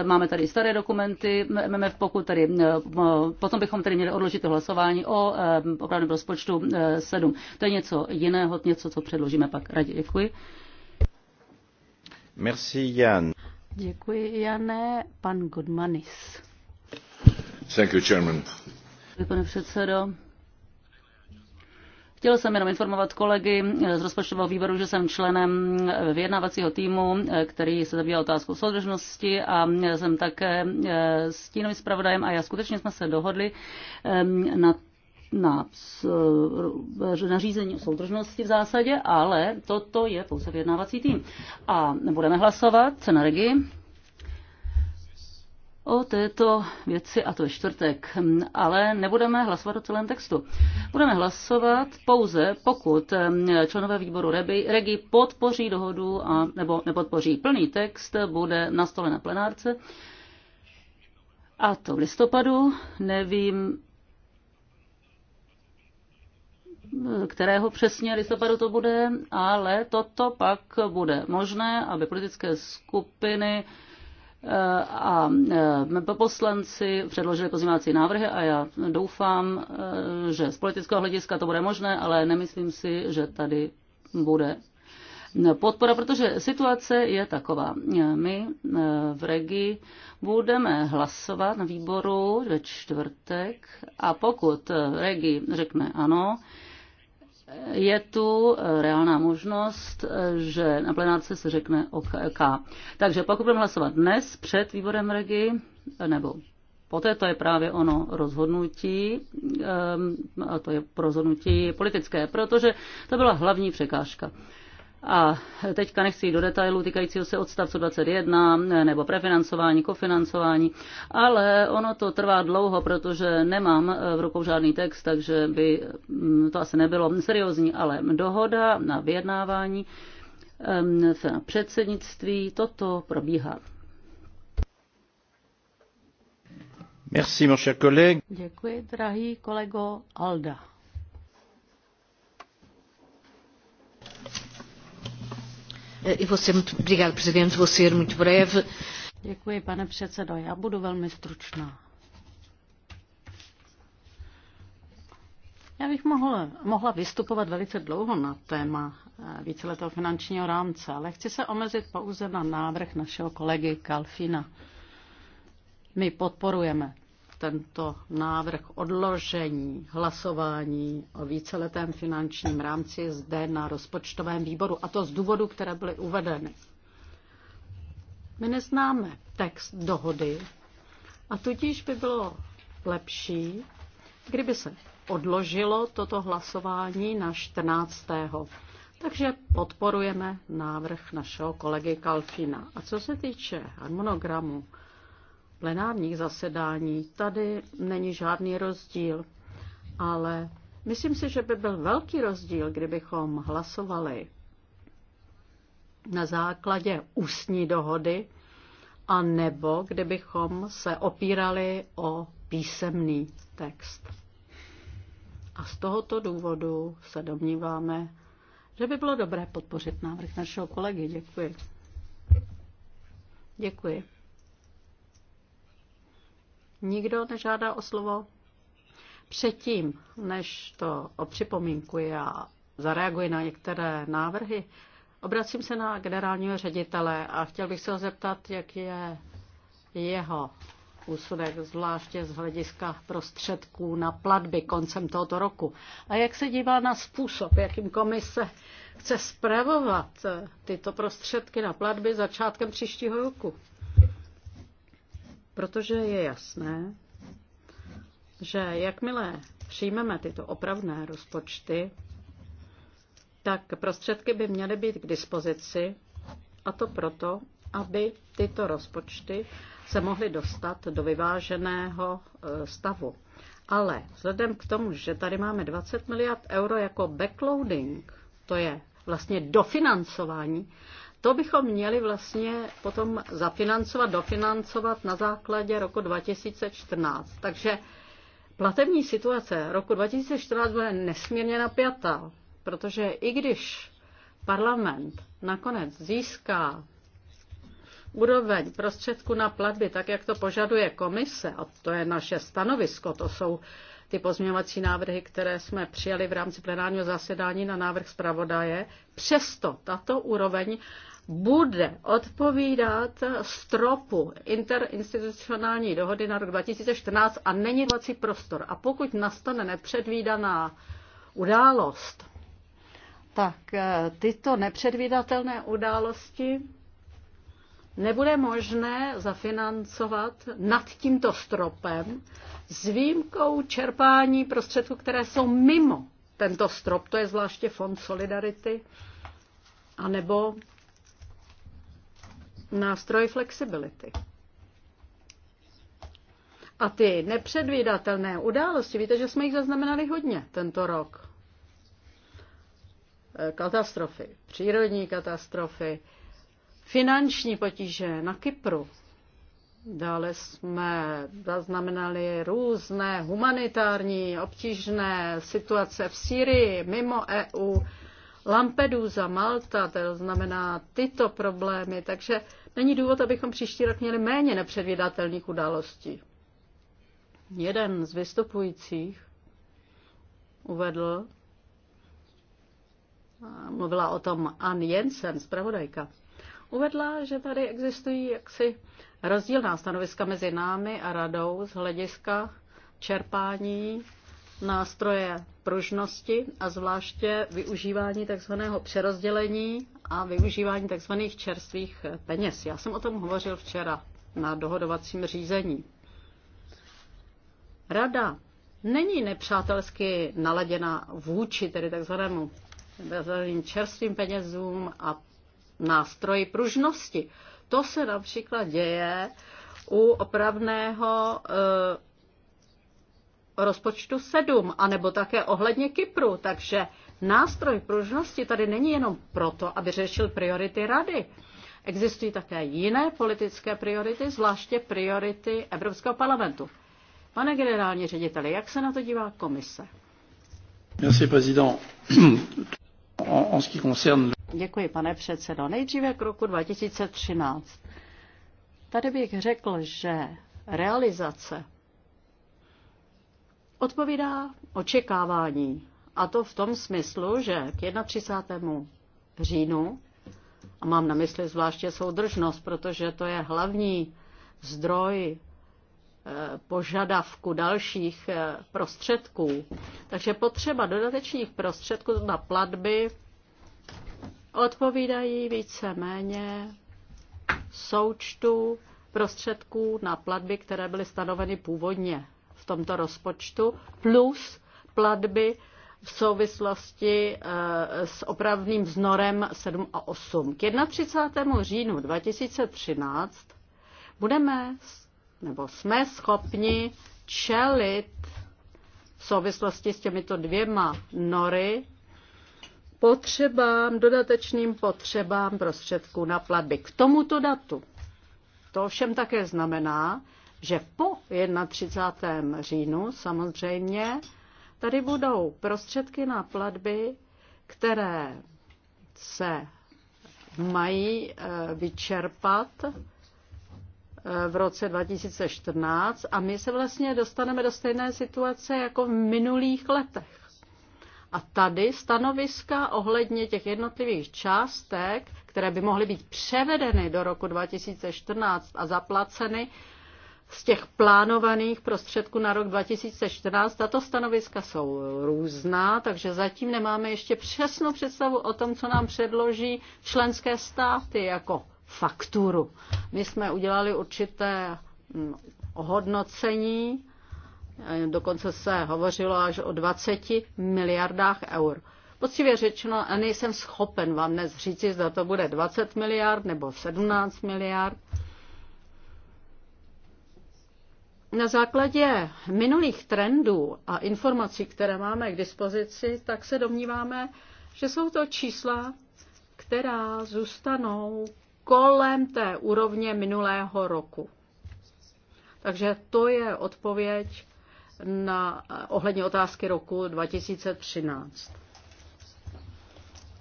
Máme tady staré dokumenty MMF, pokud tady, potom bychom tady měli odložit hlasování o opravdu rozpočtu 7. E, to je něco jiného, něco, co předložíme pak radě. Děkuji. Merci, Jan. Děkuji, Jane. Pan Godmanis. Thank you, Chairman. Pane předsedo, Chtěl jsem jenom informovat kolegy eh, z rozpočtového výboru, že jsem členem eh, vyjednávacího týmu, eh, který se zabývá otázkou soudržnosti a jsem také stínovým zpravodajem a já skutečně jsme se dohodli na na nařízení o soudržnosti v zásadě, ale toto je pouze vyjednávací tým. A budeme hlasovat na regi o této věci, a to je čtvrtek, ale nebudeme hlasovat o celém textu. Budeme hlasovat pouze, pokud členové výboru Regi podpoří dohodu a, nebo nepodpoří plný text, bude na stole na plenárce. A to v listopadu, nevím, kterého přesně listopadu to bude, ale toto pak bude možné, aby politické skupiny Eh, a eh, poslanci předložili pozměňovací návrhy a já doufám, eh, že z politického hlediska to bude možné, ale nemyslím si, že tady bude podpora, protože situace je taková. My v Regi budeme hlasovat na výboru ve čtvrtek a pokud Regi řekne ano, je tu eh, reálná možnost, eh, že na plenárce se řekne OK. Takže pokud budeme hlasovat dnes před výborem regi, eh, nebo poté, to je právě ono rozhodnutí, a to je rozhodnutí politické, protože to byla hlavní překážka. A teďka nechci jít do detailů týkajícího se odstavcu 21 nebo prefinancování, kofinancování, ale ono to trvá dlouho, protože nemám v rukou žádný text, takže by mm, to asi nebylo seriózní, ale dohoda na vyjednávání na předsednictví, toto probíhá. Merci, mon cher collègue. Děkuji, drahý kolego Alda. Eh, obrigada, Presidente. Vou ser muito breve. Děkuji, pane předsedo. Já budu velmi stručná. Já bych mohla, mohla vystupovat velice dlouho na téma eh, víceletého finančního rámce, ale chci se omezit pouze na návrh našeho kolegy Kalfina. My podporujeme tento návrh odložení hlasování o víceletém finančním rámci zde na rozpočtovém výboru, a to z důvodu, které byly uvedeny. My neznáme text dohody a tudíž by bylo lepší, kdyby se odložilo toto hlasování na 14. Takže podporujeme návrh našeho kolegy Kalfina. A co se týče harmonogramu, plenárních zasedání, tady není žádný rozdíl, ale myslím si, že by byl velký rozdíl, kdybychom hlasovali na základě ústní dohody, a nebo kdybychom se opírali o písemný text. A z tohoto důvodu se domníváme, že by bylo dobré podpořit návrh našeho kolegy. Děkuji. Děkuji. Nikdo nežádá o slovo? Předtím, než to opřipomínkuji a zareaguji na některé návrhy, obracím se na generálního ředitele a chtěl bych se ho zeptat, jak je jeho úsudek, zvláště z hlediska prostředků na platby koncem tohoto roku. A jak se dívá na způsob, jakým komise chce spravovat tyto prostředky na platby začátkem příštího roku? protože je jasné, že jakmile přijmeme tyto opravné rozpočty, tak prostředky by měly být k dispozici, a to proto, aby tyto rozpočty se mohly dostat do vyváženého e, stavu. Ale vzhledem k tomu, že tady máme 20 miliard euro jako backloading, to je vlastně dofinancování, to bychom měli vlastně potom zafinancovat, dofinancovat na základě roku 2014. Takže platební situace roku 2014 bude nesmírně napjatá, protože i když parlament nakonec získá úroveň prostředku na platby, tak jak to požaduje komise, a to je naše stanovisko, to jsou ty pozměňovací návrhy, které jsme přijali v rámci plenárního zasedání na návrh zpravodaje, přesto tato úroveň bude odpovídat stropu interinstitucionální dohody na rok 2014 a není vací prostor. A pokud nastane nepředvídaná událost, tak eh, tyto nepředvídatelné události nebude možné zafinancovat nad tímto stropem s výjimkou čerpání prostředků, které jsou mimo tento strop, to je zvláště Fond Solidarity, anebo nástroj flexibility. A ty nepředvídatelné události, víte, že jsme jich zaznamenali hodně tento rok. Eh, katastrofy, přírodní katastrofy, finanční potíže na Kypru. Dále jsme zaznamenali různé humanitární obtížné situace v Syrii, mimo EU, Lampedusa, Malta, to znamená tyto problémy. Takže Není důvod, abychom příští rok měli méně nepředvídatelných událostí. Jeden z vystupujících uvedl, mluvila o tom Ann Jensen, zpravodajka, uvedla, že tady existují jaksi rozdílná stanoviska mezi námi a radou z hlediska čerpání nástroje pružnosti a zvláště využívání takzvaného přerozdělení a využívání takzvaných čerstvých peněz. Já jsem o tom hovořil včera na dohodovacím řízení. Rada není nepřátelsky naladěna vůči tedy takzvanému čerstvým penězům a nástroji pružnosti. To se například děje u opravného e, rozpočtu 7, anebo také ohledně Kypru. Takže nástroj pružnosti tady není jenom proto, aby řešil priority rady. Existují také jiné politické priority, zvláště priority Evropského parlamentu. Pane generální řediteli, jak se na to dívá komise? Merci, président. En ce qui concerne... Děkuji, pane předsedo. Nejdříve k roku 2013. Tady bych řekl, že realizace odpovídá očekávání. A to v tom smyslu, že k 31. říjnu, a mám na mysli zvláště soudržnost, protože to je hlavní zdroj eh, požadavku dalších eh, prostředků. Takže potřeba dodatečných prostředků na platby odpovídají více-méně součtu prostředků na platby, které byly stanoveny původně v tomto rozpočtu plus platby v souvislosti eh, s opravným vznorem 7 a 8. K 31. říjnu 2013 budeme nebo jsme schopni čelit v souvislosti s těmito dvěma nory potřebám, dodatečným potřebám prostředků na platby. K tomuto datu. To ovšem také znamená, že po 31. říjnu samozřejmě tady budou prostředky na platby, které se mají eh, vyčerpat eh, v roce 2014 a my se vlastně dostaneme do stejné situace jako v minulých letech. A tady stanoviska ohledně těch jednotlivých částek, které by mohly být převedeny do roku 2014 a zaplaceny, z těch plánovaných prostředků na rok 2014. Tato stanoviska jsou různá, takže zatím nemáme ještě přesnou představu o tom, co nám předloží členské státy jako fakturu. My jsme udělali určité mm, ohodnocení, eh, dokonce se hovořilo až o 20 miliardách eur. Poctivě řečeno, nejsem schopen vám dnes říci, zda to bude 20 miliard nebo 17 miliard na základě minulých trendů a informací, které máme k dispozici, tak se domníváme, že jsou to čísla, která zůstanou kolem té úrovně minulého roku. Takže to je odpověď na ohledně otázky roku 2013.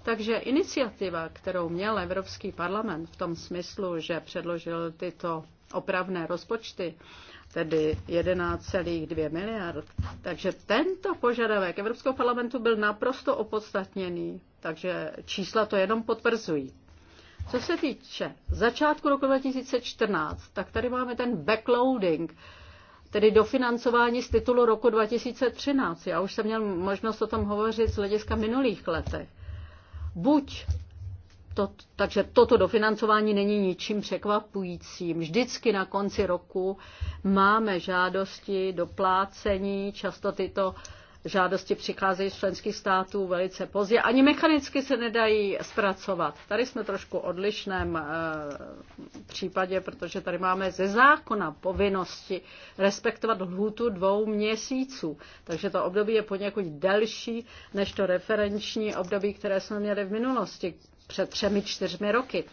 Takže iniciativa, kterou měl Evropský parlament v tom smyslu, že předložil tyto opravné rozpočty, tedy 11,2 miliard. Takže tento požadavek Evropského parlamentu byl naprosto opodstatněný, takže čísla to jenom potvrzují. Co se týče začátku roku 2014, tak tady máme ten backloading, tedy dofinancování z titulu roku 2013. Já už jsem měl možnost o tom hovořit z hlediska minulých letech. Buď to, takže toto dofinancování není ničím překvapujícím. Vždycky na konci roku máme žádosti doplácení, často tyto žádosti přicházejí z členských států velice pozdě. Ani mechanicky se nedají zpracovat. Tady jsme trošku odlišném e, případě, protože tady máme ze zákona povinnosti respektovat lhůtu dvou měsíců. Takže to období je poněkud delší než to referenční období, které jsme měli v minulosti, před třemi, čtyřmi roky.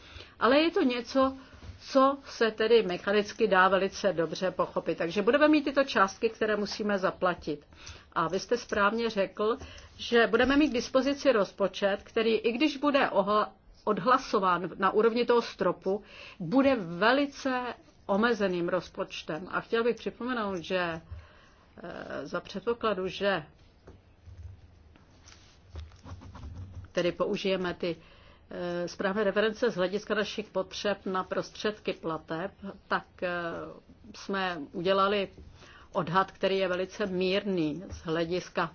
Ale je to něco, co se tedy mechanicky dá velice dobře pochopit. Takže budeme mít tyto částky, které musíme zaplatit. A vy jste správně řekl, že budeme mít k dispozici rozpočet, který i když bude odhlasován na úrovni toho stropu, bude velice omezeným rozpočtem. A chtěl bych připomenout, že e, za předpokladu, že tedy použijeme ty Eh, správné reference z hlediska našich potřeb na prostředky plateb, tak eh, jsme udělali odhad, který je velice mírný z hlediska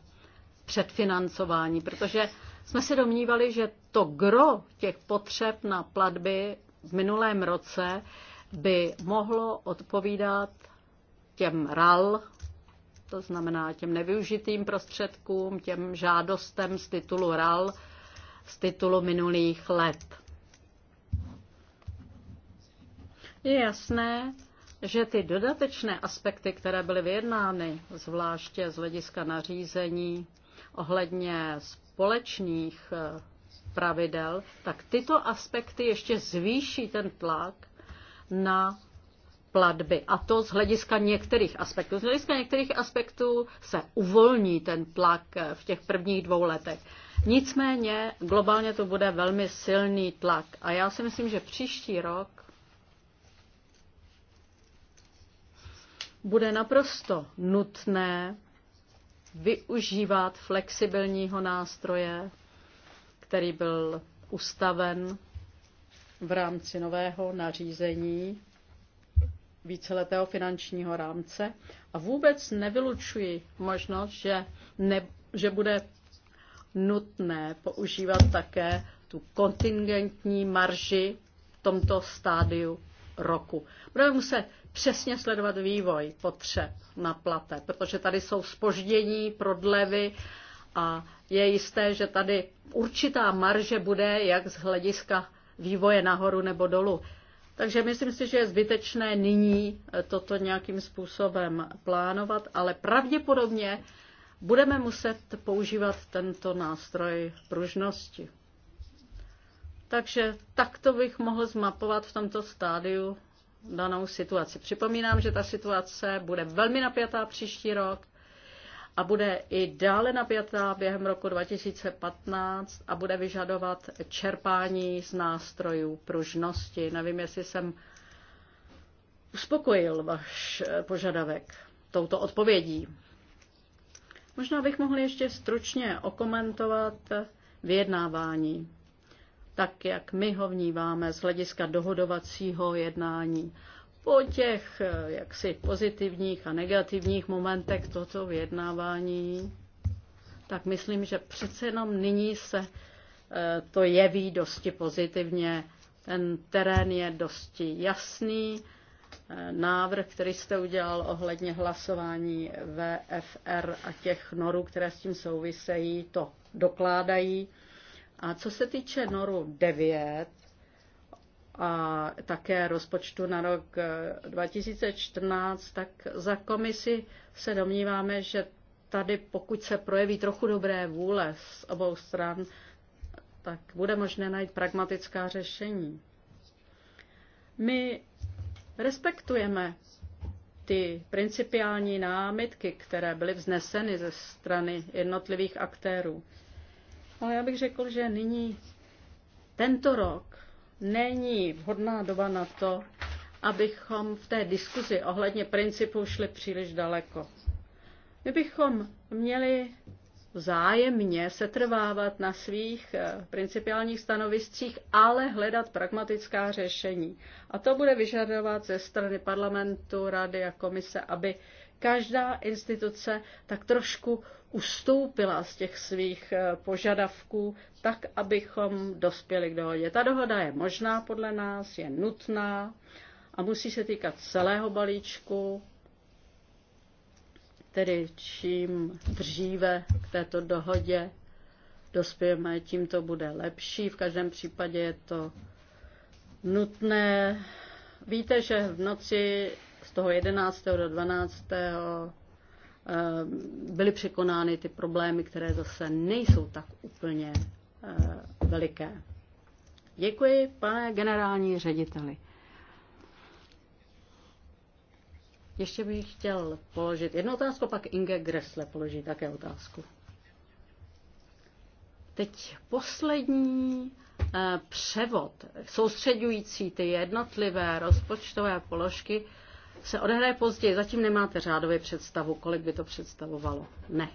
předfinancování, protože jsme si domnívali, že to gro těch potřeb na platby v minulém roce by mohlo odpovídat těm RAL, to znamená těm nevyužitým prostředkům, těm žádostem z titulu RAL, z titulu minulých let. Je jasné, že ty dodatečné aspekty, které byly vyjednány, zvláště z hlediska nařízení ohledně společných eh, pravidel, tak tyto aspekty ještě zvýší ten tlak na platby. A to z hlediska některých aspektů. Z hlediska některých aspektů se uvolní ten tlak eh, v těch prvních dvou letech. Nicméně globálně to bude velmi silný tlak a já si myslím, že příští rok bude naprosto nutné využívat flexibilního nástroje, který byl ustaven v rámci nového nařízení víceletého finančního rámce a vůbec nevylučuji možnost, že, ne, že bude nutné používat také tu kontingentní marži v tomto stádiu roku. Budeme muset přesně sledovat vývoj potřeb na plate, protože tady jsou spoždění, prodlevy a je jisté, že tady určitá marže bude jak z hlediska vývoje nahoru nebo dolů. Takže myslím si, že je zbytečné nyní toto nějakým způsobem plánovat, ale pravděpodobně budeme muset používat tento nástroj pružnosti. Takže takto bych mohl zmapovat v tomto stádiu danou situaci. Připomínám, že ta situace bude velmi napjatá příští rok a bude i dále napjatá během roku 2015 a bude vyžadovat čerpání z nástrojů pružnosti. Nevím, jestli jsem uspokojil váš požadavek touto odpovědí. Možná bych mohl ještě stručně okomentovat vyjednávání, tak jak my ho vníváme z hlediska dohodovacího jednání. Po těch eh, jaksi pozitivních a negativních momentech toto vyjednávání, tak myslím, že přece jenom nyní se eh, to jeví dosti pozitivně. Ten terén je dosti jasný, návrh, který jste udělal ohledně hlasování VFR a těch norů, které s tím souvisejí, to dokládají. A co se týče noru 9 a také rozpočtu na rok 2014, eh, tak za komisi se domníváme, že tady, pokud se projeví trochu dobré vůle z obou stran, tak bude možné najít pragmatická řešení. My Respektujeme ty principiální námitky, které byly vzneseny ze strany jednotlivých aktérů. Ale já bych řekl, že nyní tento rok není vhodná doba na to, abychom v té diskuzi ohledně principu šli příliš daleko. My bychom měli zájemně setrvávat na svých eh, principiálních stanoviscích, ale hledat pragmatická řešení. A to bude vyžadovat ze strany parlamentu, rady a komise, aby každá instituce tak trošku ustoupila z těch svých eh, požadavků, tak abychom dospěli k dohodě. Ta dohoda je možná podle nás, je nutná a musí se týkat celého balíčku tedy čím dříve k této dohodě dospějeme, tím to bude lepší. V každém případě je to nutné. Víte, že v noci z toho 11. do 12. Eh, byly překonány ty problémy, které zase nejsou tak úplně eh, veliké. Děkuji, pane generální řediteli. Ještě bych chtěl položit jednu otázku, pak Inge Gressle položí také otázku. Teď poslední eh, převod, soustředující ty jednotlivé rozpočtové položky, se odehraje později. Zatím nemáte řádově představu, kolik by to představovalo. Ne.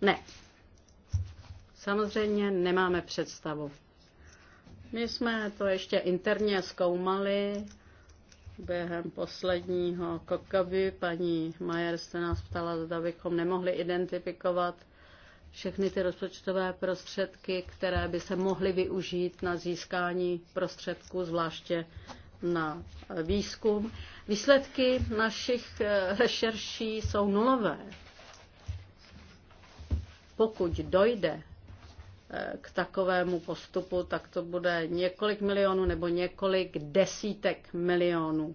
Ne. Samozřejmě nemáme představu. My jsme to ještě interně zkoumali během posledního kokaby. Paní Majer se nás ptala, zda bychom nemohli identifikovat všechny ty rozpočtové prostředky, které by se mohly využít na získání prostředků, zvláště na výzkum. Výsledky našich eh, rešerší jsou nulové. Pokud dojde Eh, k takovému postupu, tak to bude několik milionů nebo několik desítek milionů.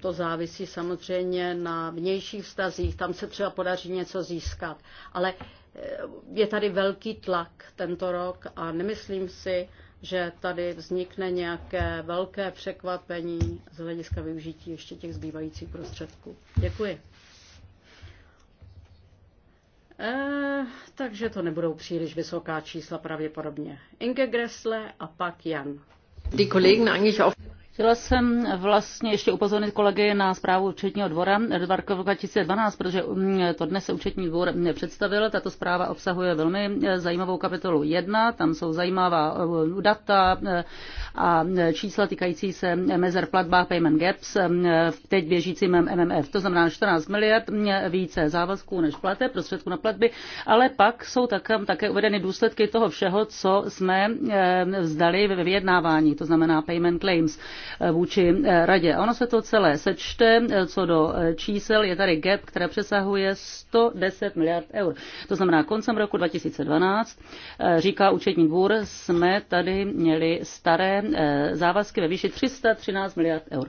To závisí samozřejmě na vnějších vztazích, tam se třeba podaří něco získat. Ale eh, je tady velký tlak tento rok a nemyslím si, že tady vznikne nějaké velké překvapení z hlediska využití ještě těch zbývajících prostředků. Děkuji. E, takže to nebudou příliš vysoká čísla pravděpodobně. Inge Gressle a pak Jan. Chtěla jsem vlastně ještě upozornit kolegy na zprávu účetního dvora 2012, protože mm, to dnes se účetní dvor představil. Tato zpráva obsahuje velmi eh, zajímavou kapitolu 1, tam jsou zajímavá eh, data eh, a čísla týkající se mezer platba payment gaps v teď běžícím MMF. To znamená 14 miliard mm, více závazků než platé prostředků na platby, ale pak jsou také, také uvedeny důsledky toho všeho, co jsme vzdali ve vyjednávání, to znamená payment claims Eh, vůči eh, radě. A ono se to celé sečte, eh, co do čísel je tady gap, která přesahuje 110 miliard eur. To znamená, koncem roku 2012, říká účetní dvůr, jsme tady měli staré závazky ve výši 313 miliard eur.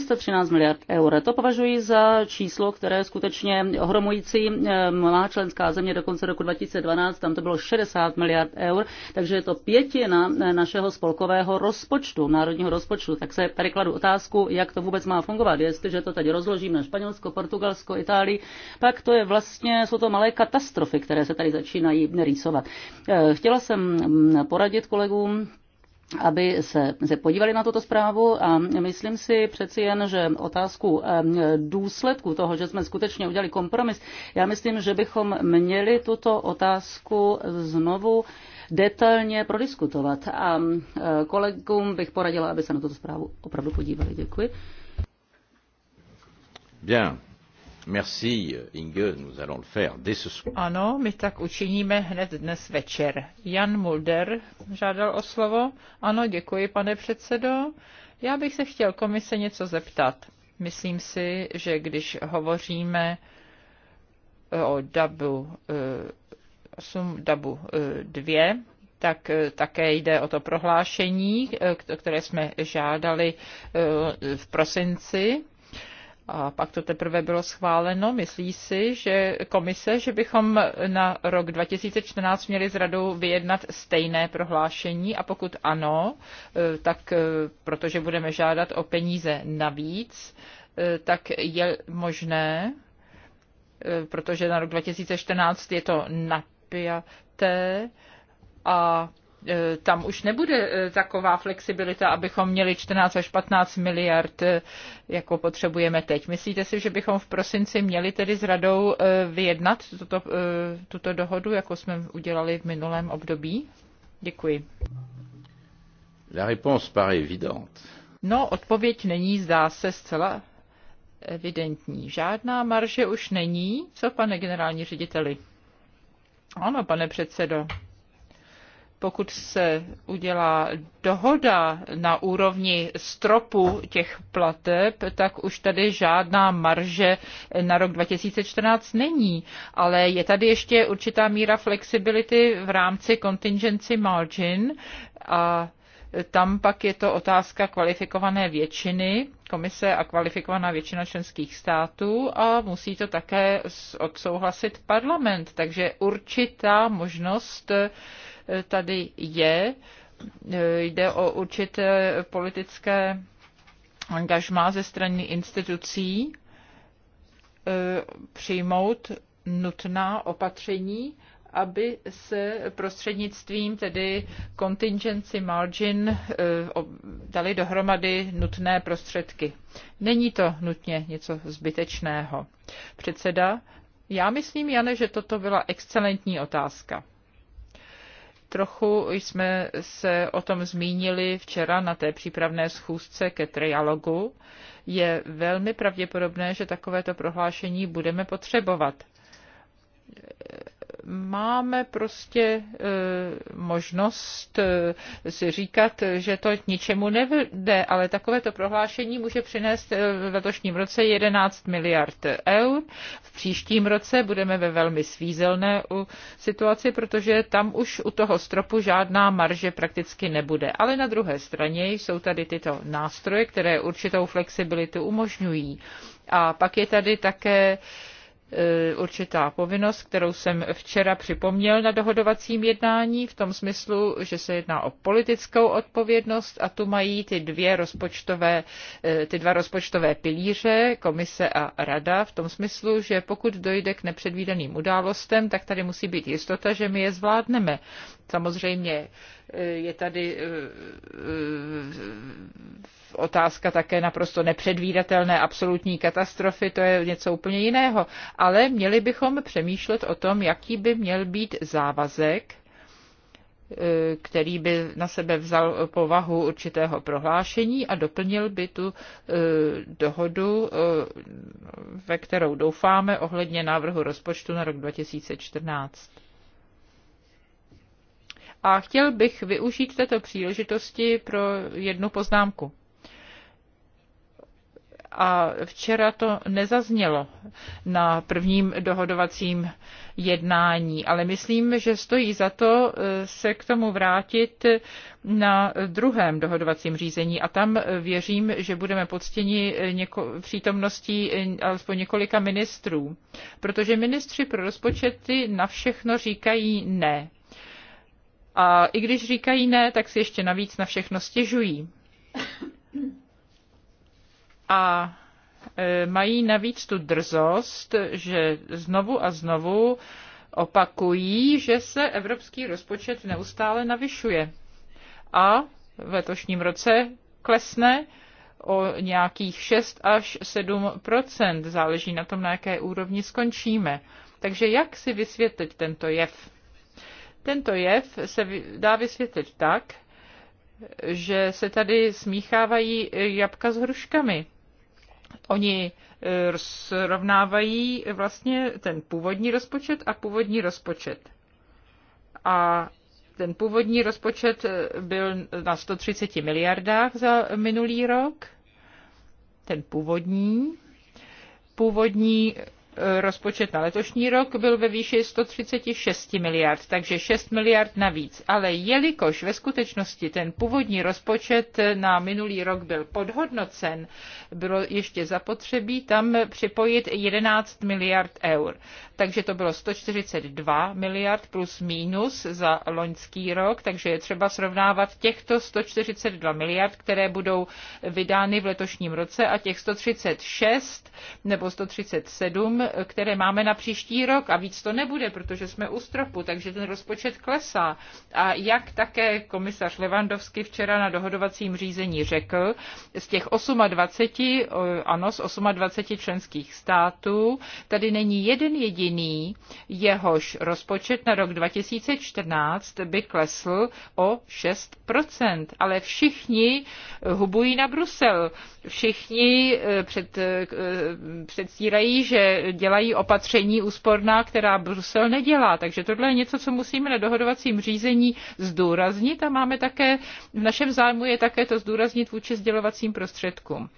313 miliard eur. To považuji za číslo, které je skutečně ohromující. Má ehm, členská země do konce roku 2012, tam to bylo 60 miliard eur, takže je to pětina našeho spolkového rozpočtu, národního rozpočtu. Tak se tady kladu otázku, jak to vůbec má fungovat. Jestliže to teď rozložím na Španělsko, Portugalsko, Itálii, pak to je vlastně, jsou to malé katastrofy, které se tady začínají rýsovat. Ehm, chtěla jsem poradit kolegům, aby se, se podívali na tuto zprávu a myslím si přeci jen, že otázku důsledku toho, že jsme skutečně udělali kompromis, já myslím, že bychom měli tuto otázku znovu detailně prodiskutovat. A kolegům bych poradila, aby se na tuto zprávu opravdu podívali. Děkuji. Bien. Merci, Inge, nous allons le faire dès ce soir. Ano, my tak učiníme hned dnes večer. Jan Mulder žádal o slovo. Ano, děkuji, pane předsedo. Já bych se chtěl komise něco zeptat. Myslím si, že když hovoříme eh, o DABu eh, DABu 2, eh, tak také jde o to prohlášení, které jsme žádali v prosinci a pak to teprve bylo schváleno. Myslí si, že komise, že bychom na rok 2014 měli s radou vyjednat stejné prohlášení a pokud ano, e, tak e, protože budeme žádat o peníze navíc, e, tak je možné, protože na rok 2014 je to napjaté a E, tam už nebude e, taková flexibilita, abychom měli 14 až 15 miliard, e, jako potřebujeme teď. Myslíte si, že bychom v prosinci měli tedy s radou vyjednat tuto, tuto dohodu, jako jsme udělali v minulém období? Děkuji. La réponse paraît évidente. No, odpověď není, zdá se, zcela evidentní. Žádná marže už není, co pane generální řediteli? Ano, pane předsedo, pokud se udělá dohoda na úrovni stropu těch plateb, tak už tady žádná marže na rok 2014 není, ale je tady ještě určitá míra flexibility v rámci contingency margin a tam pak je to otázka kvalifikované většiny, komise a kvalifikovaná většina členských států a musí to také odsouhlasit parlament. Takže určitá možnost tady je. Jde o určité politické angažmá ze strany institucí e, přijmout nutná opatření, aby se prostřednictvím tedy contingency margin e, dali dohromady nutné prostředky. Není to nutně něco zbytečného. Předseda, já myslím, Jane, že toto byla excelentní otázka. Trochu jsme se o tom zmínili včera na té přípravné schůzce ke trialogu. Je velmi pravděpodobné, že takovéto prohlášení budeme potřebovat máme prostě eh, možnost eh, si říkat, že to ničemu nevede, ale takovéto prohlášení může přinést eh, v letošním roce 11 miliard eur. V příštím roce budeme ve velmi svízelné situaci, protože tam už u toho stropu žádná marže prakticky nebude. Ale na druhé straně jsou tady tyto nástroje, které určitou flexibilitu umožňují. A pak je tady také e, Eh, určitá povinnost, kterou jsem včera připomněl na dohodovacím jednání, v tom smyslu, že se jedná o politickou odpovědnost a tu mají ty, dvě rozpočtové, eh, ty dva rozpočtové pilíře, komise a rada, v tom smyslu, že pokud dojde k nepředvídaným událostem, tak tady musí být jistota, že my je zvládneme. Samozřejmě je tady eh, eh, otázka také naprosto nepředvídatelné absolutní katastrofy, to je něco úplně jiného. Ale měli bychom přemýšlet o tom, jaký by měl být závazek, eh, který by na sebe vzal povahu určitého prohlášení a doplnil by tu dohodu, ve kterou doufáme ohledně návrhu rozpočtu na rok 2014. A chtěl bych využít této příležitosti pro jednu poznámku. A včera to nezaznělo na prvním dohodovacím jednání, ale myslím, že stojí za to eh, se k tomu vrátit na druhém dohodovacím řízení a tam eh, věřím, že budeme poctěni eh, něko- přítomností alespoň několika ministrů, protože ministři pro rozpočety na všechno říkají ne. A i když říkají ne, tak si ještě navíc na všechno stěžují. A e, mají navíc tu drzost, že znovu a znovu opakují, že se evropský rozpočet neustále navyšuje. A v letošním roce klesne o nějakých 6 až 7 záleží na tom, na jaké úrovni skončíme. Takže jak si vysvětlit tento jev? Tento jev se dá vysvětlit tak, že se tady smíchávají jabka s hruškami. Oni e, srovnávají vlastně ten původní rozpočet a původní rozpočet. A ten původní rozpočet e, byl na 130 miliardách za minulý rok, ten původní. Původní rozpočet na letošní rok byl ve výši 136 miliard, takže 6 miliard navíc. Ale jelikož ve skutečnosti ten původní rozpočet na minulý rok byl podhodnocen, bylo ještě zapotřebí tam připojit 11 miliard eur. Takže to bylo 142 miliard plus minus za loňský rok, takže je třeba srovnávat těchto 142 miliard, které budou vydány v letošním roce a těch 136 nebo 137 které máme na příští rok a víc to nebude, protože jsme u stropu, takže ten rozpočet klesá. A jak také komisař Levandovský včera na dohodovacím řízení řekl, z těch 28, eh, ano, z 28 členských států, tady není jeden jediný, jehož rozpočet na rok 2014 by klesl o 6%, ale všichni eh, hubují na Brusel. Všichni eh, před, předstírají, že dělají opatření úsporná, která Brusel nedělá. Takže tohle je něco, co musíme na dohodovacím řízení zdůraznit a máme také, v našem zájmu je také to zdůraznit vůči sdělovacím prostředkům.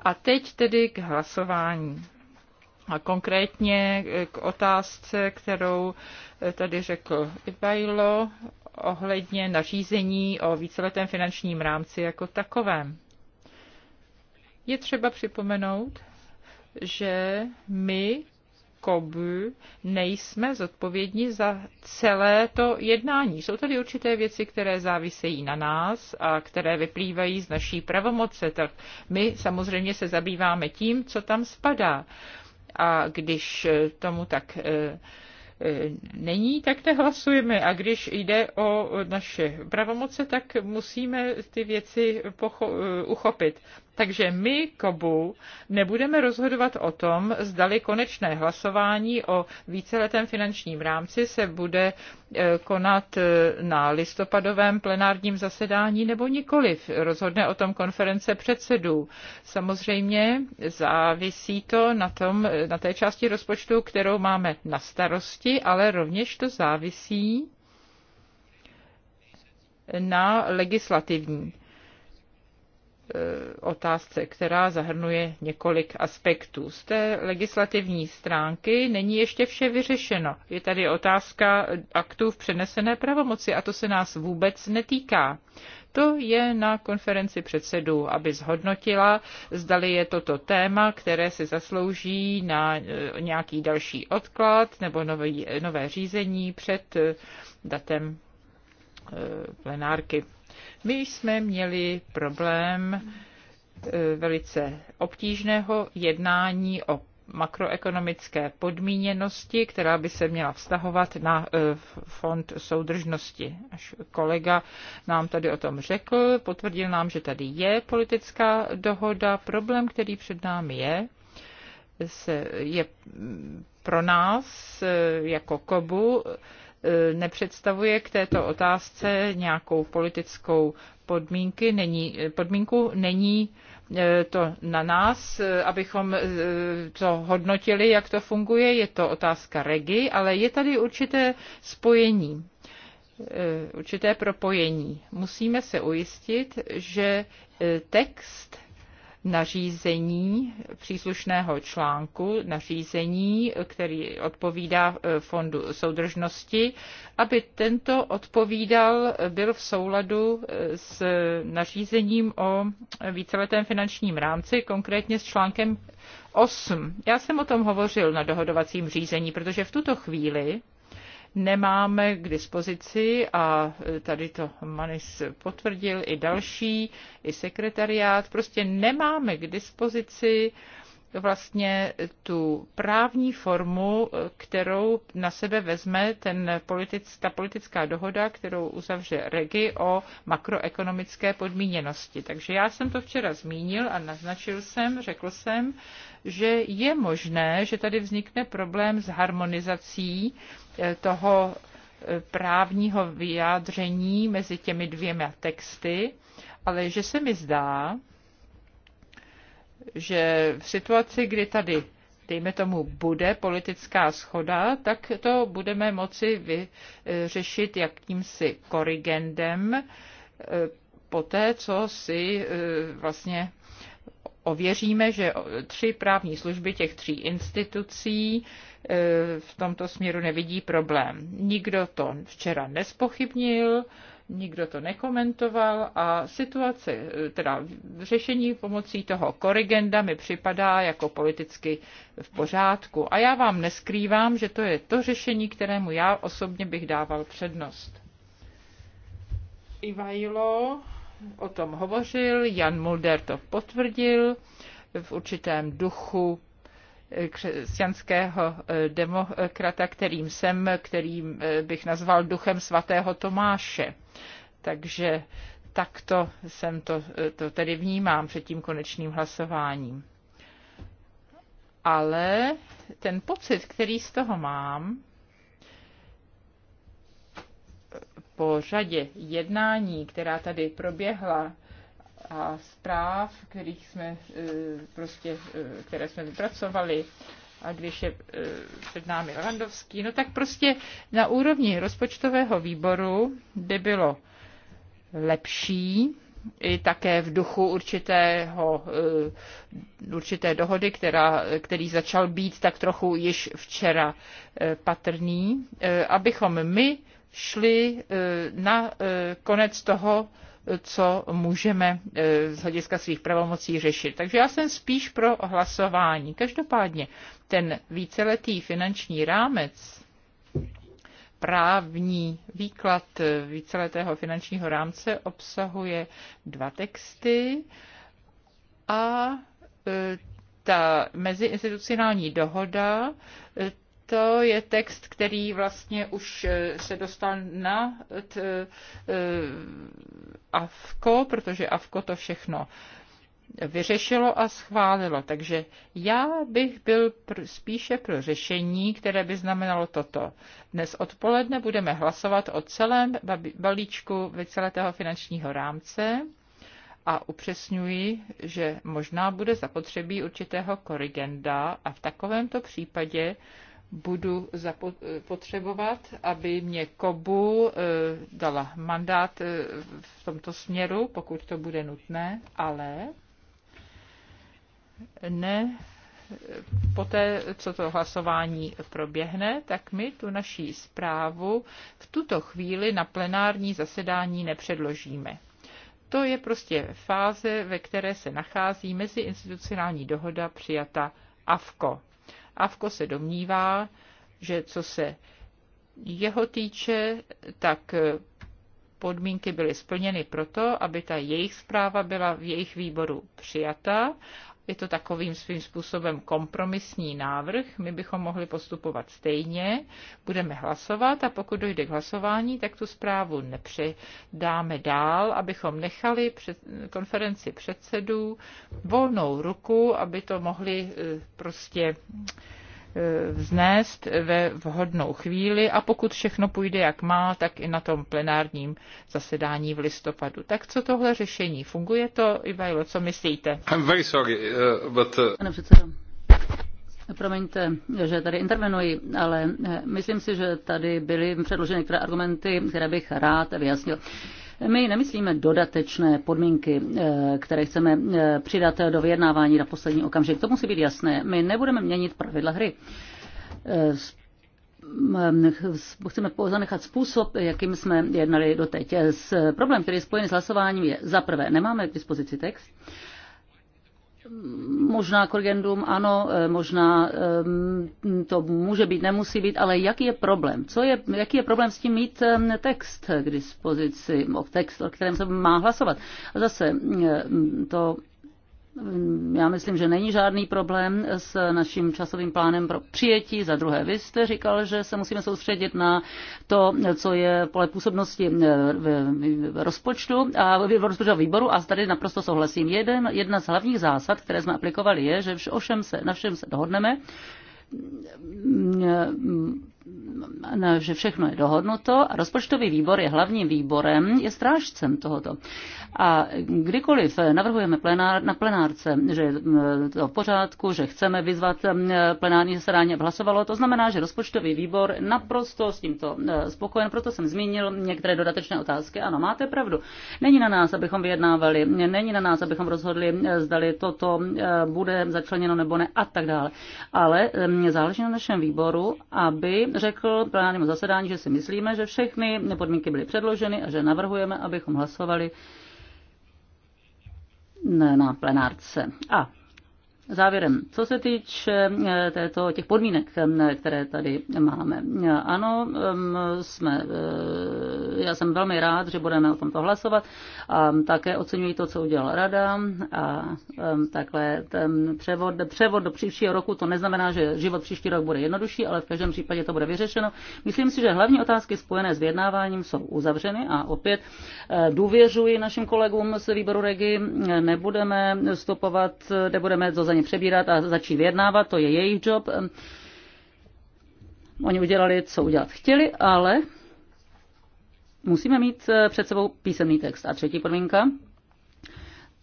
A teď tedy k hlasování. A konkrétně k otázce, kterou tady řekl Ibajlo ohledně nařízení o víceletém finančním rámci jako takovém. Je třeba připomenout, že my Kobu nejsme zodpovědní za celé to jednání. Jsou tady určité věci, které závisejí na nás a které vyplývají z naší pravomoce, tak my samozřejmě se zabýváme tím, co tam spadá. A když tomu tak eh, eh, není, tak nehlasujeme. A když jde o naše pravomoce, tak musíme ty věci eh, uchopit. Takže my, Kobu, nebudeme rozhodovat o tom, zdali konečné hlasování o víceletém finančním rámci se bude e, konat e, na listopadovém plenárním zasedání nebo nikoliv. Rozhodne o tom konference předsedů. Samozřejmě závisí to na, tom, e, na té části rozpočtu, kterou máme na starosti, ale rovněž to závisí na legislativní Eh, otázce, která zahrnuje několik aspektů. Z té legislativní stránky není ještě vše vyřešeno. Je tady otázka aktů v přenesené pravomoci a to se nás vůbec netýká. To je na konferenci předsedů, aby zhodnotila, zdali je toto téma, které si zaslouží na eh, nějaký další odklad nebo nové, nové řízení před eh, datem plenárky my jsme měli problém e, velice obtížného jednání o makroekonomické podmíněnosti, která by se měla vztahovat na e, fond soudržnosti. Až kolega nám tady o tom řekl, potvrdil nám, že tady je politická dohoda. Problém, který před námi je, se, je pro nás e, jako KOBU E, nepředstavuje k této otázce nějakou politickou podmínky, není, podmínku. Není e, to na nás, e, abychom to hodnotili, jak to funguje. Je to otázka regi, ale je tady určité spojení určité propojení. Musíme se ujistit, že text nařízení příslušného článku, nařízení, který odpovídá e, Fondu soudržnosti, aby tento odpovídal, byl v souladu e, s nařízením o víceletém finančním rámci, konkrétně s článkem 8. Já jsem o tom hovořil na dohodovacím řízení, protože v tuto chvíli nemáme k dispozici a tady to Manis potvrdil i další, i sekretariát, prostě nemáme k dispozici uh, vlastně tu právní formu, kterou na sebe vezme ten politic, ta politická dohoda, kterou uzavře Regi o makroekonomické podmíněnosti. Takže já jsem to včera zmínil a naznačil jsem, řekl jsem, že je možné, že tady vznikne problém s harmonizací eh, toho eh, právního vyjádření mezi těmi dvěma texty, ale že se mi zdá, že v situaci, kdy tady, dejme tomu, bude politická schoda, tak to budeme moci vyřešit jakýmsi korigendem eh, po té, co si eh, vlastně ověříme, že tři právní služby těch tří institucí eh, v tomto směru nevidí problém. Nikdo to včera nespochybnil, nikdo to nekomentoval a situace, teda řešení pomocí toho korigenda mi připadá jako politicky v pořádku. A já vám neskrývám, že to je to řešení, kterému já osobně bych dával přednost. Ivajlo o tom hovořil, Jan Mulder to potvrdil v určitém duchu křesťanského eh, demokrata, kterým jsem, kterým eh, bych nazval duchem svatého Tomáše. Takže takto jsem to, eh, to tedy vnímám před tím konečným hlasováním. Ale ten pocit, který z toho mám, po řadě jednání, která tady proběhla a zpráv, kterých jsme e, prostě, e, které jsme vypracovali, a když je e, před námi Levandovský, no tak prostě na úrovni rozpočtového výboru kde bylo lepší, i také v duchu určitého, určité dohody, která, který začal být tak trochu již včera patrný, abychom my šli na konec toho co můžeme eh, z hlediska svých pravomocí řešit. Takže já jsem spíš pro hlasování. Každopádně ten víceletý finanční rámec, právní výklad eh, víceletého finančního rámce obsahuje dva texty a eh, ta meziinstitucionální dohoda, to je text, který vlastně už se dostal na AFKO, protože AFKO to všechno vyřešilo a schválilo. Takže já bych byl pr- spíše pro řešení, které by znamenalo toto. Dnes odpoledne budeme hlasovat o celém balíčku toho finančního rámce a upřesňuji, že možná bude zapotřebí určitého korigenda a v takovémto případě budu potřebovat, aby mě KOBU eh, dala mandát eh, v tomto směru, pokud to bude nutné, ale ne eh, poté, co to hlasování proběhne, tak my tu naší zprávu v tuto chvíli na plenární zasedání nepředložíme. To je prostě fáze, ve které se nachází meziinstitucionální dohoda přijata AFKO. Avko se domnívá, že co se jeho týče, tak podmínky byly splněny proto, aby ta jejich zpráva byla v jejich výboru přijata je to takovým svým způsobem kompromisní návrh. My bychom mohli postupovat stejně. Budeme hlasovat a pokud dojde k hlasování, tak tu zprávu nepředáme dál, abychom nechali před, konferenci předsedů volnou ruku, aby to mohli eh, prostě Eh, vznést ve vhodnou chvíli a pokud všechno půjde jak má, tak i na tom plenárním zasedání v listopadu. Tak co tohle řešení? Funguje to, Ivajlo, co myslíte? I'm very sorry, uh, but, uh... Pane předsedo, Promiňte, že tady intervenuji, ale myslím si, že tady byly předloženy některé argumenty, které bych rád vyjasnil. Uh, my nemyslíme dodatečné podmínky, eh, které chceme eh, přidat do vyjednávání na poslední okamžik. To musí být jasné. My nebudeme měnit pravidla hry eh, chceme zanechat způsob, jakým jsme jednali doteď. S problém, který je spojen s hlasováním, je za prvé, nemáme k dispozici text Možná korgendum, ano, eh, možná eh, to může být, nemusí být, ale jaký je problém? Co je, jaký je problém s tím mít eh, text k dispozici, text, o kterém se má hlasovat? A zase to já myslím, že není žádný problém s naším časovým plánem pro přijetí. Za druhé, vy jste říkal, že se musíme soustředit na to, co je pole působnosti eh, v rozpočtu a v rozpočtovém výboru a tady naprosto souhlasím. Jeden, jedna z hlavních zásad, které jsme aplikovali, je, že ovšem se, na všem se dohodneme že všechno je dohodnuto a rozpočtový výbor je hlavním výborem, je strážcem tohoto. A kdykoliv navrhujeme plenár, na plenárce, že je to v pořádku, že chceme vyzvat plenární zasedání, aby hlasovalo, to znamená, že rozpočtový výbor naprosto s tímto e, spokojen, proto jsem zmínil některé dodatečné otázky. Ano, máte pravdu. Není na nás, abychom vyjednávali, není na nás, abychom rozhodli, e, zdali toto e, bude začleněno nebo ne a tak dále. Ale záleží na našem výboru, aby řekl plenárnímu zasedání, že si myslíme, že všechny podmínky byly předloženy a že navrhujeme, abychom hlasovali na plenárce. A Závěrem, co se týče eh, této, těch podmínek, eh, které tady máme. Ano, jsme, eh, já jsem velmi rád, že budeme o tomto hlasovat a také oceňuji to, co udělala rada a takhle ten převod, převod do příštího roku, to neznamená, že život příští rok bude jednodušší, ale v každém případě to bude vyřešeno. Myslím si, že hlavní otázky spojené s vyjednáváním jsou uzavřeny a opět důvěřuji našim kolegům z výboru Regi, nebudeme stopovat, nebudeme to za ně přebírat a začít vyjednávat, to je jejich job. Oni udělali, co udělat chtěli, ale musíme mít eh, před sebou písemný text. A třetí podmínka,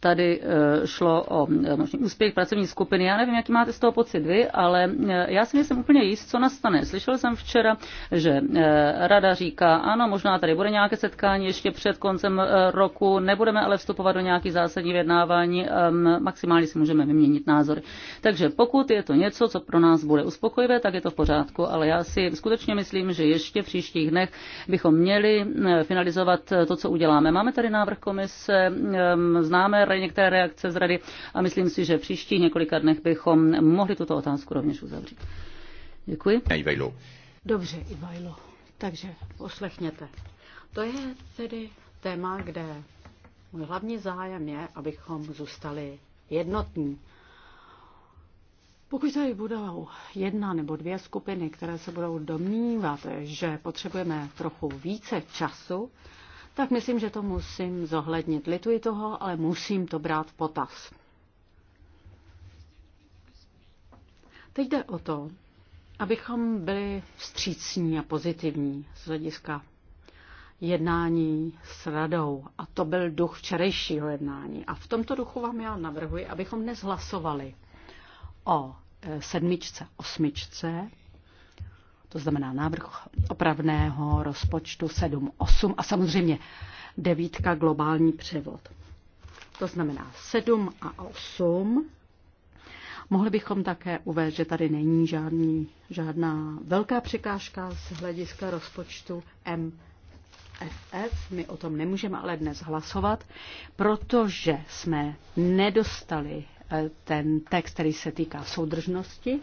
tady eh, šlo o eh, možný úspěch pracovní skupiny. Já nevím, jaký máte z toho pocit vy, ale eh, já si nejsem úplně jist, co nastane. Slyšel jsem včera, že rada říká, ano, možná tady bude nějaké setkání ještě před koncem roku, nebudeme ale vstupovat do nějakých zásadní vyjednávání, ehm, maximálně si můžeme vyměnit názory. Takže pokud je to něco, co pro nás bude uspokojivé, tak je to v pořádku, ale já si skutečně myslím, že ještě v příštích dnech bychom měli finalizovat to, co uděláme. Máme tady návrh komise, ehm, známe tady některé reakce z rady a myslím si, že v příštích několika dnech bychom mohli tuto otázku rovněž uzavřít. Děkuji. Ivajlo. Dobře, Ivajlo. Takže poslechněte. To je tedy téma, kde můj hlavní zájem je, abychom zůstali jednotní. Pokud tady budou jedna nebo dvě skupiny, které se budou domnívat, že potřebujeme trochu více času, tak myslím, že to musím zohlednit. Lituji toho, ale musím to brát v potaz. Teď jde o to, abychom byli vstřícní a pozitivní z hlediska jednání s radou. A to byl duch včerejšího jednání. A v tomto duchu vám já navrhuji, abychom dnes hlasovali o eh, sedmičce, osmičce, to znamená návrh opravného rozpočtu 7, 8 a samozřejmě devítka globální převod. To znamená 7 a 8. Mohli bychom také uvést, že tady není žádný, žádná velká překážka z hlediska rozpočtu MFF. My o tom nemůžeme ale dnes hlasovat, protože jsme nedostali eh, ten text, který se týká soudržnosti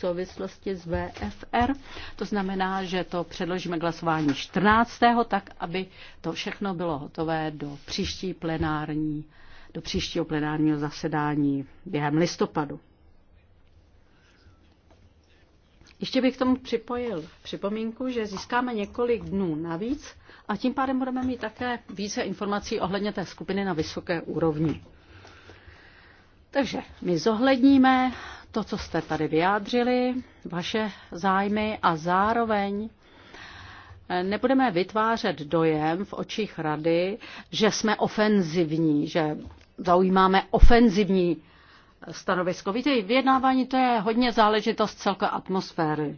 souvislosti s VFR. To znamená, že to předložíme k hlasování 14. tak, aby to všechno bylo hotové do příští plenární do příštího plenárního zasedání během listopadu. Ještě bych k tomu připojil připomínku, že získáme několik dnů navíc a tím pádem budeme mít také více informací ohledně té skupiny na vysoké úrovni. Takže my zohledníme to, co jste tady vyjádřili, vaše zájmy a zároveň eh, nebudeme vytvářet dojem v očích rady, že jsme ofenzivní, že zaujímáme ofenzivní eh, stanovisko. Víte, vyjednávání to je hodně záležitost celkové atmosféry.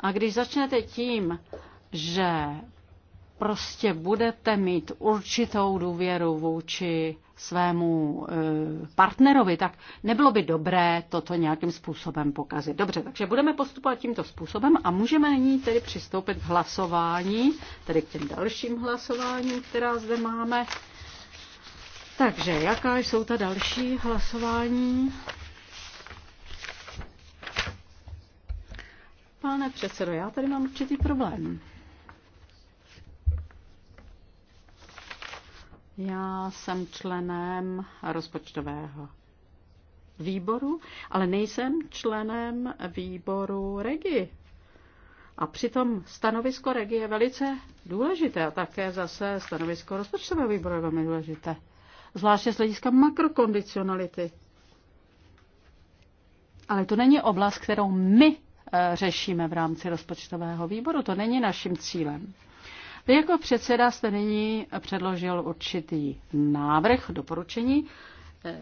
A když začnete tím, že prostě budete mít určitou důvěru vůči svému e, partnerovi, tak nebylo by dobré toto nějakým způsobem pokazit. Dobře, takže budeme postupovat tímto způsobem a můžeme nyní tedy přistoupit k hlasování, tedy k těm dalším hlasováním, která zde máme. Takže jaká jsou ta další hlasování? Pane předsedo, já tady mám určitý problém. Já jsem členem rozpočtového výboru, ale nejsem členem výboru REGI. A přitom stanovisko regie je velice důležité a také zase stanovisko rozpočtového výboru je velmi důležité. Zvláště z hlediska makrokondicionality. Ale to není oblast, kterou my eh, řešíme v rámci rozpočtového výboru. To není naším cílem. Vy jako předseda jste nyní předložil určitý návrh, doporučení. Eh,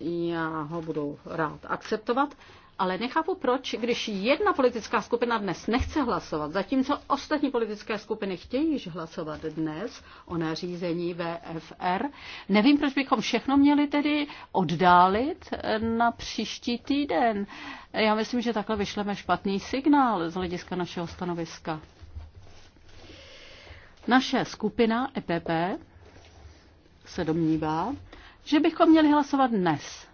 já ho budu rád akceptovat, ale nechápu proč, když jedna politická skupina dnes nechce hlasovat, zatímco ostatní politické skupiny chtějí již hlasovat dnes o nařízení VFR, nevím, proč bychom všechno měli tedy oddálit eh, na příští týden. Já myslím, že takhle vyšleme špatný signál z hlediska našeho stanoviska. Naše skupina EPP se domnívá, že bychom měli hlasovat dnes.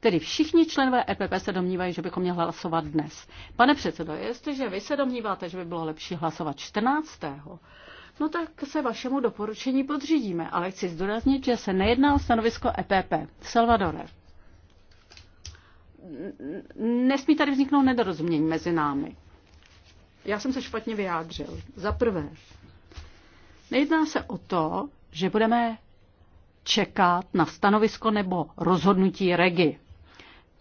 Tedy všichni členové EPP se domnívají, že bychom měli hlasovat dnes. Pane předsedo, jestliže vy se domníváte, že by bylo lepší hlasovat 14. No tak se vašemu doporučení podřídíme, ale chci zdůraznit, že se nejedná o stanovisko EPP. Salvadore. Nesmí tady vzniknout nedorozumění mezi námi. Já jsem se špatně vyjádřil. Za prvé, Nejedná se o to, že budeme čekat na stanovisko nebo rozhodnutí regi.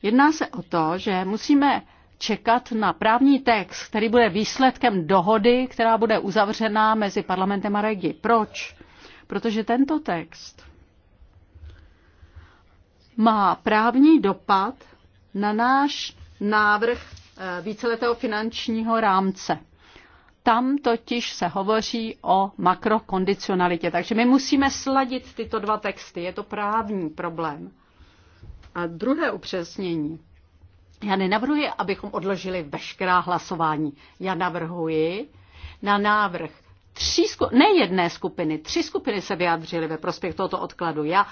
Jedná se o to, že musíme čekat na právní text, který bude výsledkem dohody, která bude uzavřená mezi parlamentem a regi. Proč? Protože tento text má právní dopad na náš návrh eh, víceletého finančního rámce. Tam totiž se hovoří o makrokondicionalitě. Takže my musíme sladit tyto dva texty. Je to právní problém. A druhé upřesnění. Já nenavrhuji, abychom odložili veškerá hlasování. Já navrhuji na návrh tří, ne jedné skupiny, tři skupiny se vyjádřily ve prospěch tohoto odkladu. Já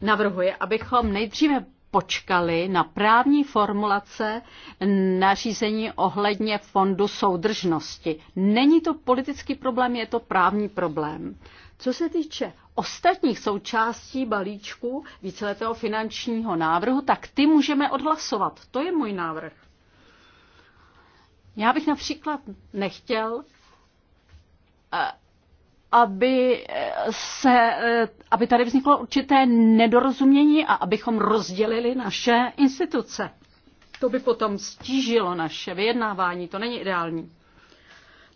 navrhuji, abychom nejdříve počkali na právní formulace nařízení ohledně fondu soudržnosti. Není to politický problém, je to právní problém. Co se týče ostatních součástí balíčku víceletého finančního návrhu, tak ty můžeme odhlasovat. To je můj návrh. Já bych například nechtěl eh, aby, se, aby tady vzniklo určité nedorozumění a abychom rozdělili naše instituce. To by potom stížilo naše vyjednávání, to není ideální.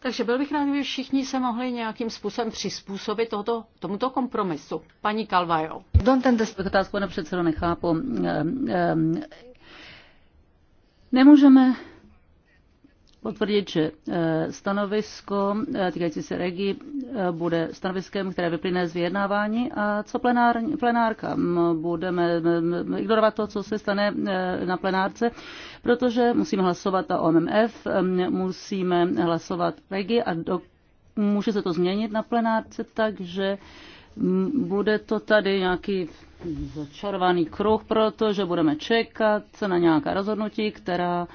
Takže byl bych rád, kdyby všichni se mohli nějakým způsobem přizpůsobit tohoto, tomuto kompromisu. Paní Kalvajo. Don't understand. Otázku, pane předsedo, nechápu. Ehm, ehm, nemůžeme potvrdit, že eh, stanovisko eh, týkající se regi eh, bude stanoviskem, které vyplyne z vyjednávání a co plenár, plenárka. Budeme ignorovat to, co se stane na plenárce, protože musíme hlasovat o MMF, musíme hlasovat regi a do, může se to změnit na plenárce, takže bude to tady nějaký začarovaný kruh, protože budeme čekat na nějaká rozhodnutí, která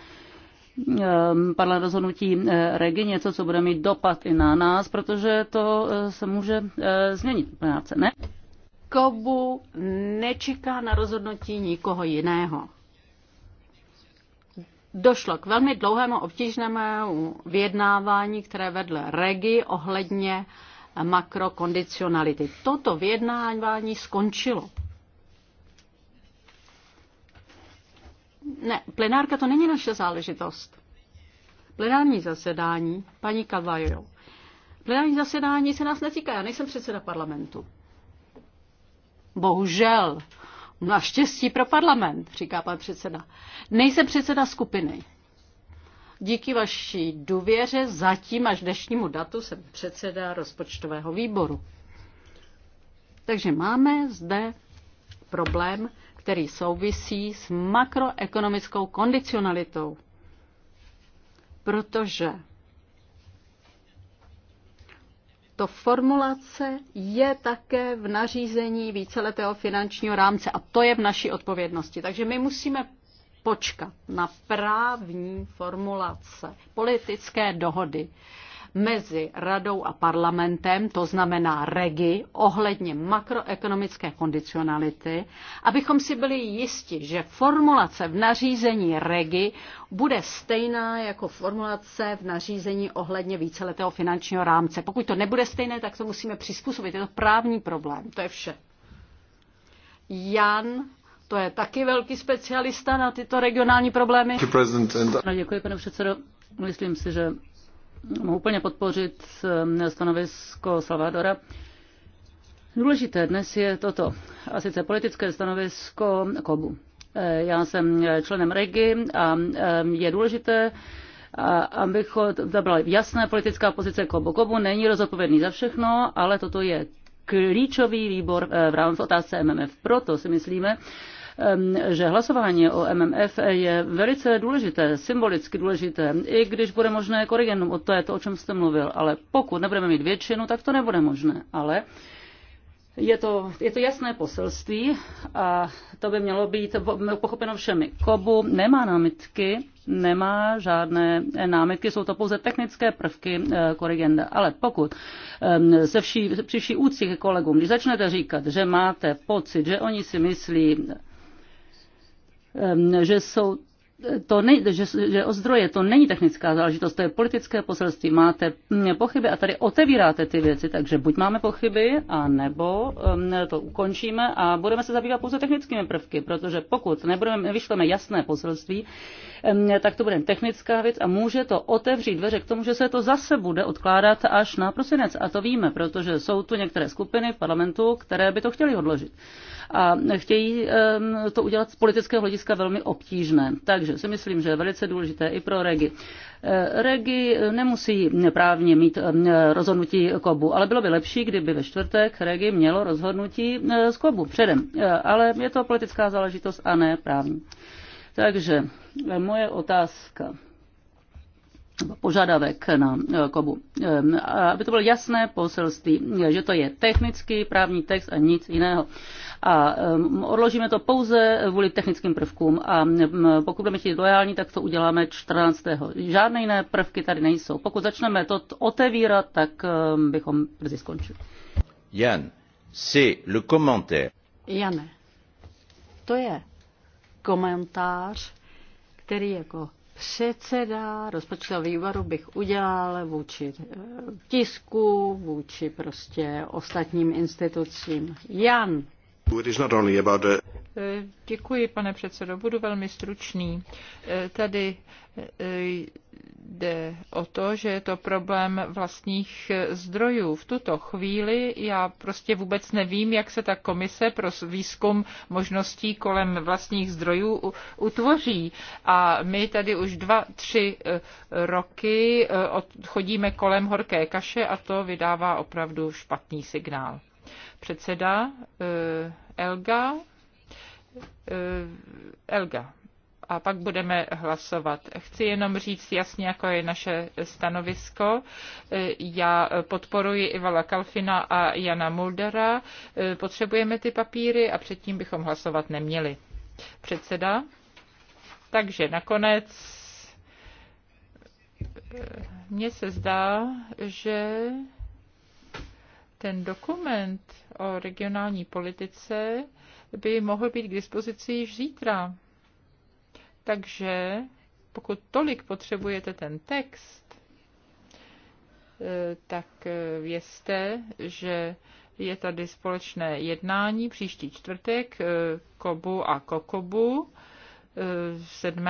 Ehm, padla rozhodnutí eh, Regi, něco, co bude mít dopad i na nás, protože to eh, se může eh, změnit práce, ne? Kobu nečeká na rozhodnutí nikoho jiného. Došlo k velmi dlouhému obtížnému vyjednávání, které vedl Regi ohledně makrokondicionality. Toto vyjednávání skončilo. Ne, plenárka to není naše záležitost. Plenární zasedání, paní Kavajo, Plenární zasedání se nás netýká, já nejsem předseda parlamentu. Bohužel. Naštěstí no pro parlament, říká pan předseda. Nejsem předseda skupiny. Díky vaší důvěře zatím až dnešnímu datu jsem předseda rozpočtového výboru. Takže máme zde problém, který souvisí s makroekonomickou kondicionalitou. Protože to formulace je také v nařízení víceletého finančního rámce a to je v naší odpovědnosti. Takže my musíme počkat na právní formulace politické dohody, mezi radou a parlamentem, to znamená regi, ohledně makroekonomické kondicionality, abychom si byli jisti, že formulace v nařízení regi bude stejná jako formulace v nařízení ohledně víceletého finančního rámce. Pokud to nebude stejné, tak to musíme přizpůsobit. Je to právní problém. To je vše. Jan to je taky velký specialista na tyto regionální problémy. No, děkuji, pane předsedo. Myslím si, že mohu úplně podpořit eh, stanovisko Salvadora. Důležité dnes je toto, a sice politické stanovisko KOBu. Eh, já jsem členem REGI a eh, je důležité, abych abychom, jasné politická pozice KOBu. KOBu není rozodpovědný za všechno, ale toto je klíčový výbor v rámci otázce MMF. Proto si myslíme, že hlasování o MMF je velice důležité, symbolicky důležité, i když bude možné korigendum, o to je to, o čem jste mluvil, ale pokud nebudeme mít většinu, tak to nebude možné. Ale je to, je to jasné poselství a to by mělo být pochopeno všemi. Kobu nemá námitky, nemá žádné námitky, jsou to pouze technické prvky eh, korigenda. Ale pokud se vší, při vší úctě kolegům, když začnete říkat, že máte pocit, že oni si myslí, Ehm, že jsou to ne, že, že o zdroje to není technická záležitost, to je politické poselství. Máte mm, pochyby a tady otevíráte ty věci, takže buď máme pochyby, a nebo mm, to ukončíme a budeme se zabývat pouze technickými prvky, protože pokud nebudeme, vyšleme jasné poselství, mm, tak to bude technická věc a může to otevřít dveře k tomu, že se to zase bude odkládat až na prosinec. A to víme, protože jsou tu některé skupiny v parlamentu, které by to chtěly odložit. A chtějí to udělat z politického hlediska velmi obtížné. Takže si myslím, že je velice důležité i pro regi. Eh, regi nemusí právně mít eh, rozhodnutí KOBu, ale bylo by lepší, kdyby ve čtvrtek regi mělo rozhodnutí eh, z KOBu předem. Ale je to politická záležitost a ne právní. Takže moje otázka požadavek na e, Kobu. Aby to bylo jasné poselství, že to je technický právní text a nic jiného. A odložíme to pouze vůli technickým prvkům a pokud budeme chtít lojální, tak to uděláme 14. Žádné jiné prvky tady nejsou. Pokud začneme to otevírat, tak bychom brzy skončili. Jan, c'est le commentaire. Jane, to je komentář, který jako předseda rozpočtového výboru bych udělal vůči eh, tisku, vůči prostě ostatním institucím. Jan, Eh, děkuji, pane předsedo. Budu velmi stručný. Eh, tady eh, jde o to, že je to problém vlastních zdrojů. V tuto chvíli já prostě vůbec nevím, jak se ta komise pro výzkum možností kolem vlastních zdrojů utvoří. A my tady už dva, tři roky chodíme kolem horké kaše a to vydává opravdu špatný signál. Předseda eh, Elga. Eh, Elga a pak budeme hlasovat. Chci jenom říct jasně, jako je naše stanovisko. Eh, já podporuji Ivala Kalfina a Jana Muldera. Potřebujeme ty papíry a předtím bychom hlasovat neměli. Předseda. Takže nakonec mně se zdá, že ten dokument o regionální politice by mohl být k dispozici již zítra. Takže pokud tolik potřebujete ten text, eh, tak eh, vězte, že je tady společné jednání příští čtvrtek eh, Kobu a Kokobu 7.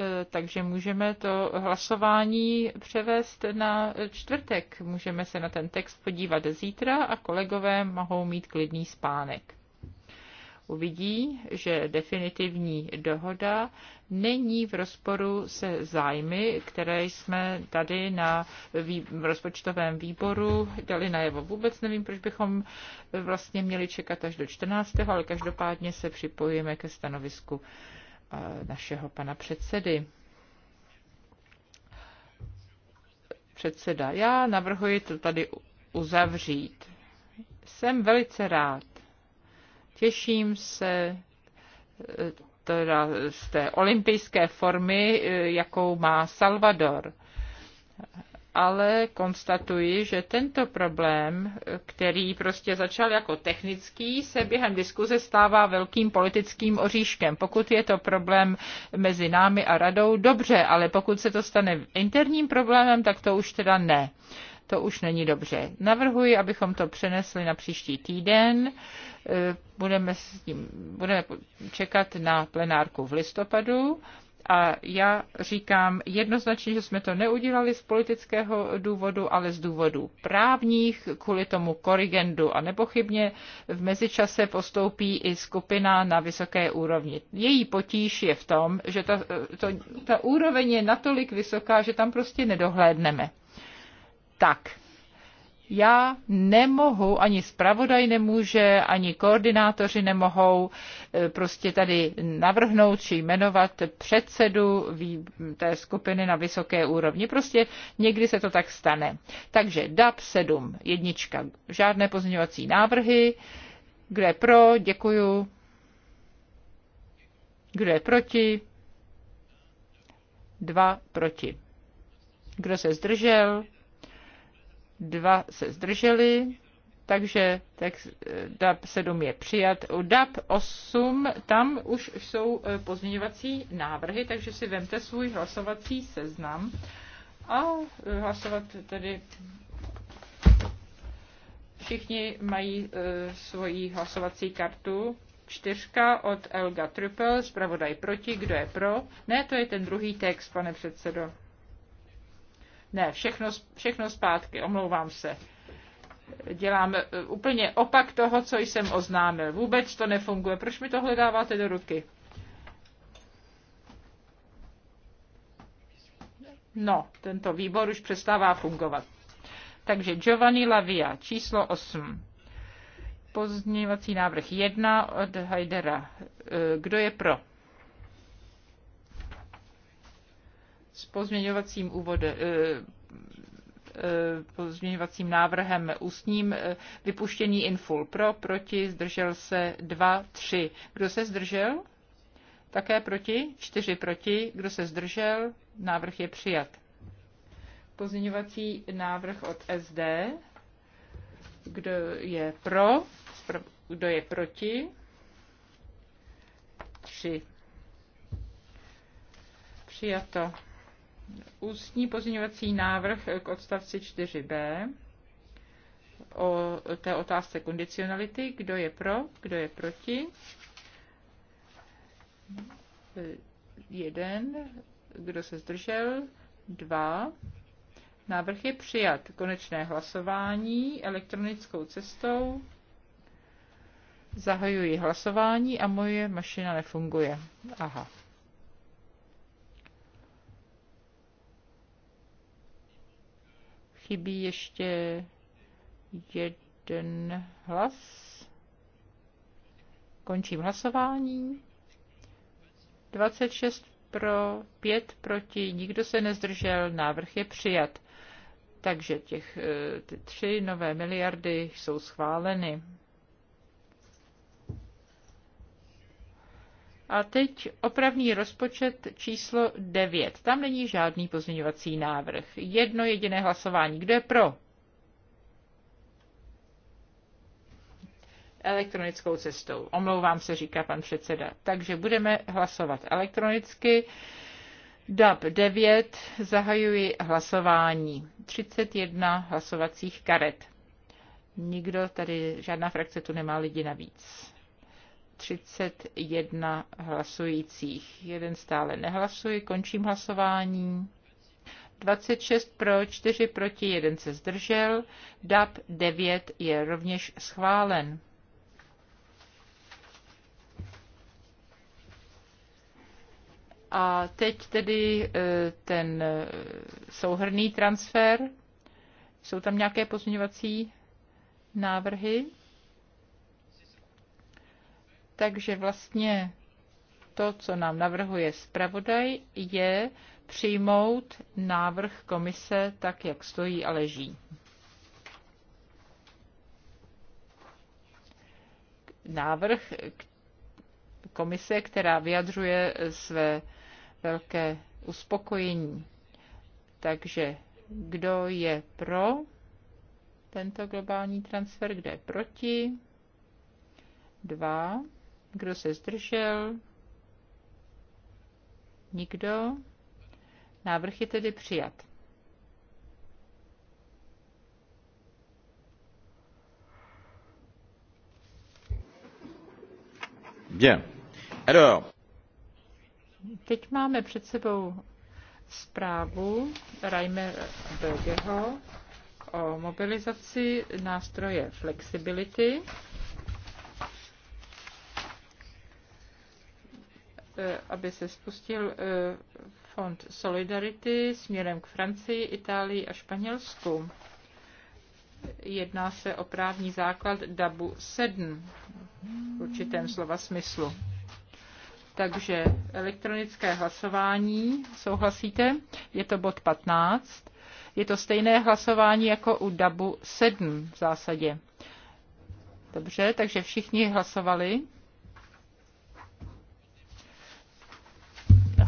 Eh, takže můžeme to hlasování převést na čtvrtek. Můžeme se na ten text podívat zítra a kolegové mohou mít klidný spánek. Uvidí, že definitivní dohoda není v rozporu se zájmy, které jsme tady na vý, rozpočtovém výboru dali najevo. Vůbec nevím, proč bychom eh, vlastně měli čekat až do 14. ale každopádně se připojíme ke stanovisku našeho pana předsedy. Předseda, já navrhuji to tady uzavřít. Jsem velice rád. Těším se eh, teda z té olympijské formy, eh, jakou má Salvador ale konstatuji, že tento problém, který prostě začal jako technický, se během diskuze stává velkým politickým oříškem. Pokud je to problém mezi námi a radou, dobře, ale pokud se to stane interním problémem, tak to už teda ne. To už není dobře. Navrhuji, abychom to přenesli na příští týden. Eh, budeme, s tím, budeme čekat na plenárku v listopadu a já říkám jednoznačně, že jsme to neudělali z politického důvodu, ale z důvodu právních, kvůli tomu korigendu. A nepochybně v mezičase postoupí i skupina na vysoké úrovni. Její potíž je v tom, že ta, to, ta úroveň je natolik vysoká, že tam prostě nedohlédneme. Tak já nemohu, ani zpravodaj nemůže, ani koordinátoři nemohou eh, prostě tady navrhnout či jmenovat předsedu té skupiny na vysoké úrovni. Prostě někdy se to tak stane. Takže DAP 7, jednička, žádné pozměňovací návrhy, kdo je pro, děkuju, kdo je proti, dva proti. Kdo se zdržel? dva se zdrželi, takže text eh, DAP 7 je přijat. U DAP 8 tam už jsou eh, pozměňovací návrhy, takže si vemte svůj hlasovací seznam a eh, hlasovat tedy všichni mají e, svoji hlasovací kartu. Čtyřka od Elga Triple, zpravodaj proti, kdo je pro? Ne, to je ten druhý text, pane předsedo. Ne, všechno, všechno zpátky, omlouvám se. Dělám eh, úplně opak toho, co jsem oznámil. Vůbec to nefunguje. Proč mi tohle dáváte do ruky? No, tento výbor už přestává fungovat. Takže Giovanni Lavia, číslo 8. Pozdňovací návrh 1 od Hajdera. Eh, kdo je pro? s pozměňovacím úvodem eh, eh, pozměňovacím návrhem ústním eh, vypuštění inful pro, proti, zdržel se 2, 3. Kdo se zdržel? Také proti, 4 proti. Kdo se zdržel? Návrh je přijat. Pozměňovací návrh od SD. Kdo je pro? Kdo je proti? 3. Přijato ústní pozměňovací návrh k odstavci 4b o té otázce kondicionality, kdo je pro, kdo je proti. Jeden, kdo se zdržel, dva. Návrh je přijat. Konečné hlasování elektronickou cestou. Zahajuji hlasování a moje mašina nefunguje. Aha. Chybí ještě jeden hlas. Končím hlasování. 26 pro, 5 proti, nikdo se nezdržel, návrh je přijat. Takže těch, eh, ty tři nové miliardy jsou schváleny. A teď opravný rozpočet číslo 9. Tam není žádný pozměňovací návrh. Jedno jediné hlasování. Kdo je pro? Elektronickou cestou. Omlouvám se, říká pan předseda. Takže budeme hlasovat elektronicky. DAB 9. Zahajuji hlasování. 31 hlasovacích karet. Nikdo tady, žádná frakce tu nemá lidi navíc. 31 hlasujících. Jeden stále nehlasuje, končím hlasování. 26 pro, 4 proti, 1 se zdržel. DAP 9 je rovněž schválen. A teď tedy e, ten e, souhrný transfer. Jsou tam nějaké pozměňovací návrhy? Takže vlastně to, co nám navrhuje zpravodaj, je přijmout návrh komise tak, jak stojí a leží. Návrh komise, která vyjadřuje své velké uspokojení. Takže kdo je pro tento globální transfer, kdo je proti? Dva. Kdo se zdržel? Nikdo. Návrh je tedy přijat. Bien. Alors. Teď máme před sebou zprávu Reimer Bögeho o mobilizaci nástroje flexibility. Eh, aby se spustil eh, fond Solidarity směrem k Francii, Itálii a Španělsku. Jedná se o právní základ DABu 7 v určitém slova smyslu. Takže elektronické hlasování, souhlasíte? Je to bod 15. Je to stejné hlasování jako u DABu 7 v zásadě. Dobře, takže všichni hlasovali.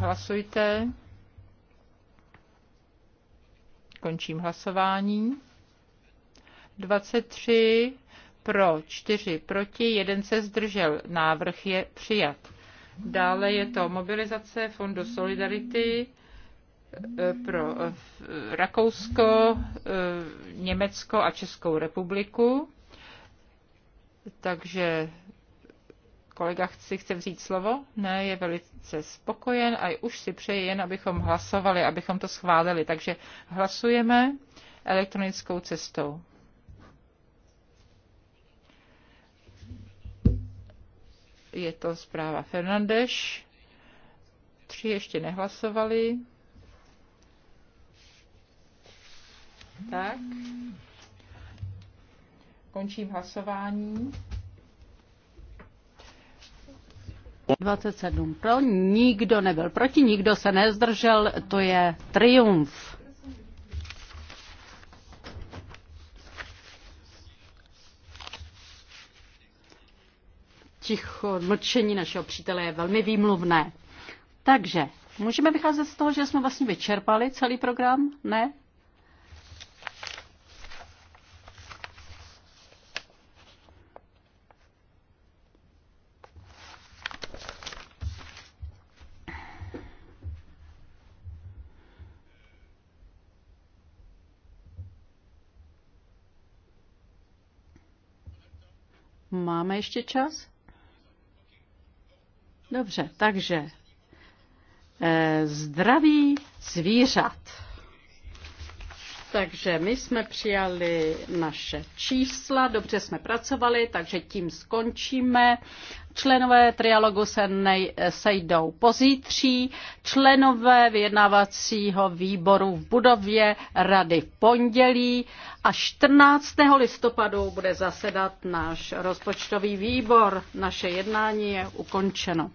Hlasujte. Končím hlasování. 23 pro, 4 proti, 1 se zdržel. Návrh je přijat. Dále je to mobilizace Fondu Solidarity e, pro e, Rakousko, e, Německo a Českou republiku. Takže Kolega si chce vzít slovo? Ne, je velice spokojen a už si přeje jen, abychom hlasovali, abychom to schválili. Takže hlasujeme elektronickou cestou. Je to zpráva Fernandeš. Tři ještě nehlasovali. Tak. Končím hlasování. 27 pro, nikdo nebyl proti, nikdo se nezdržel, to je triumf. Ticho, mlčení našeho přítele je velmi výmluvné. Takže můžeme vycházet z toho, že jsme vlastně vyčerpali celý program? Ne? Máme ještě čas? Dobře, takže eh, zdraví zvířat. Takže my jsme přijali naše čísla, dobře jsme pracovali, takže tím skončíme. Členové trialogu se nej, sejdou pozítří, členové vyjednávacího výboru v budově rady v pondělí a 14. listopadu bude zasedat náš rozpočtový výbor. Naše jednání je ukončeno.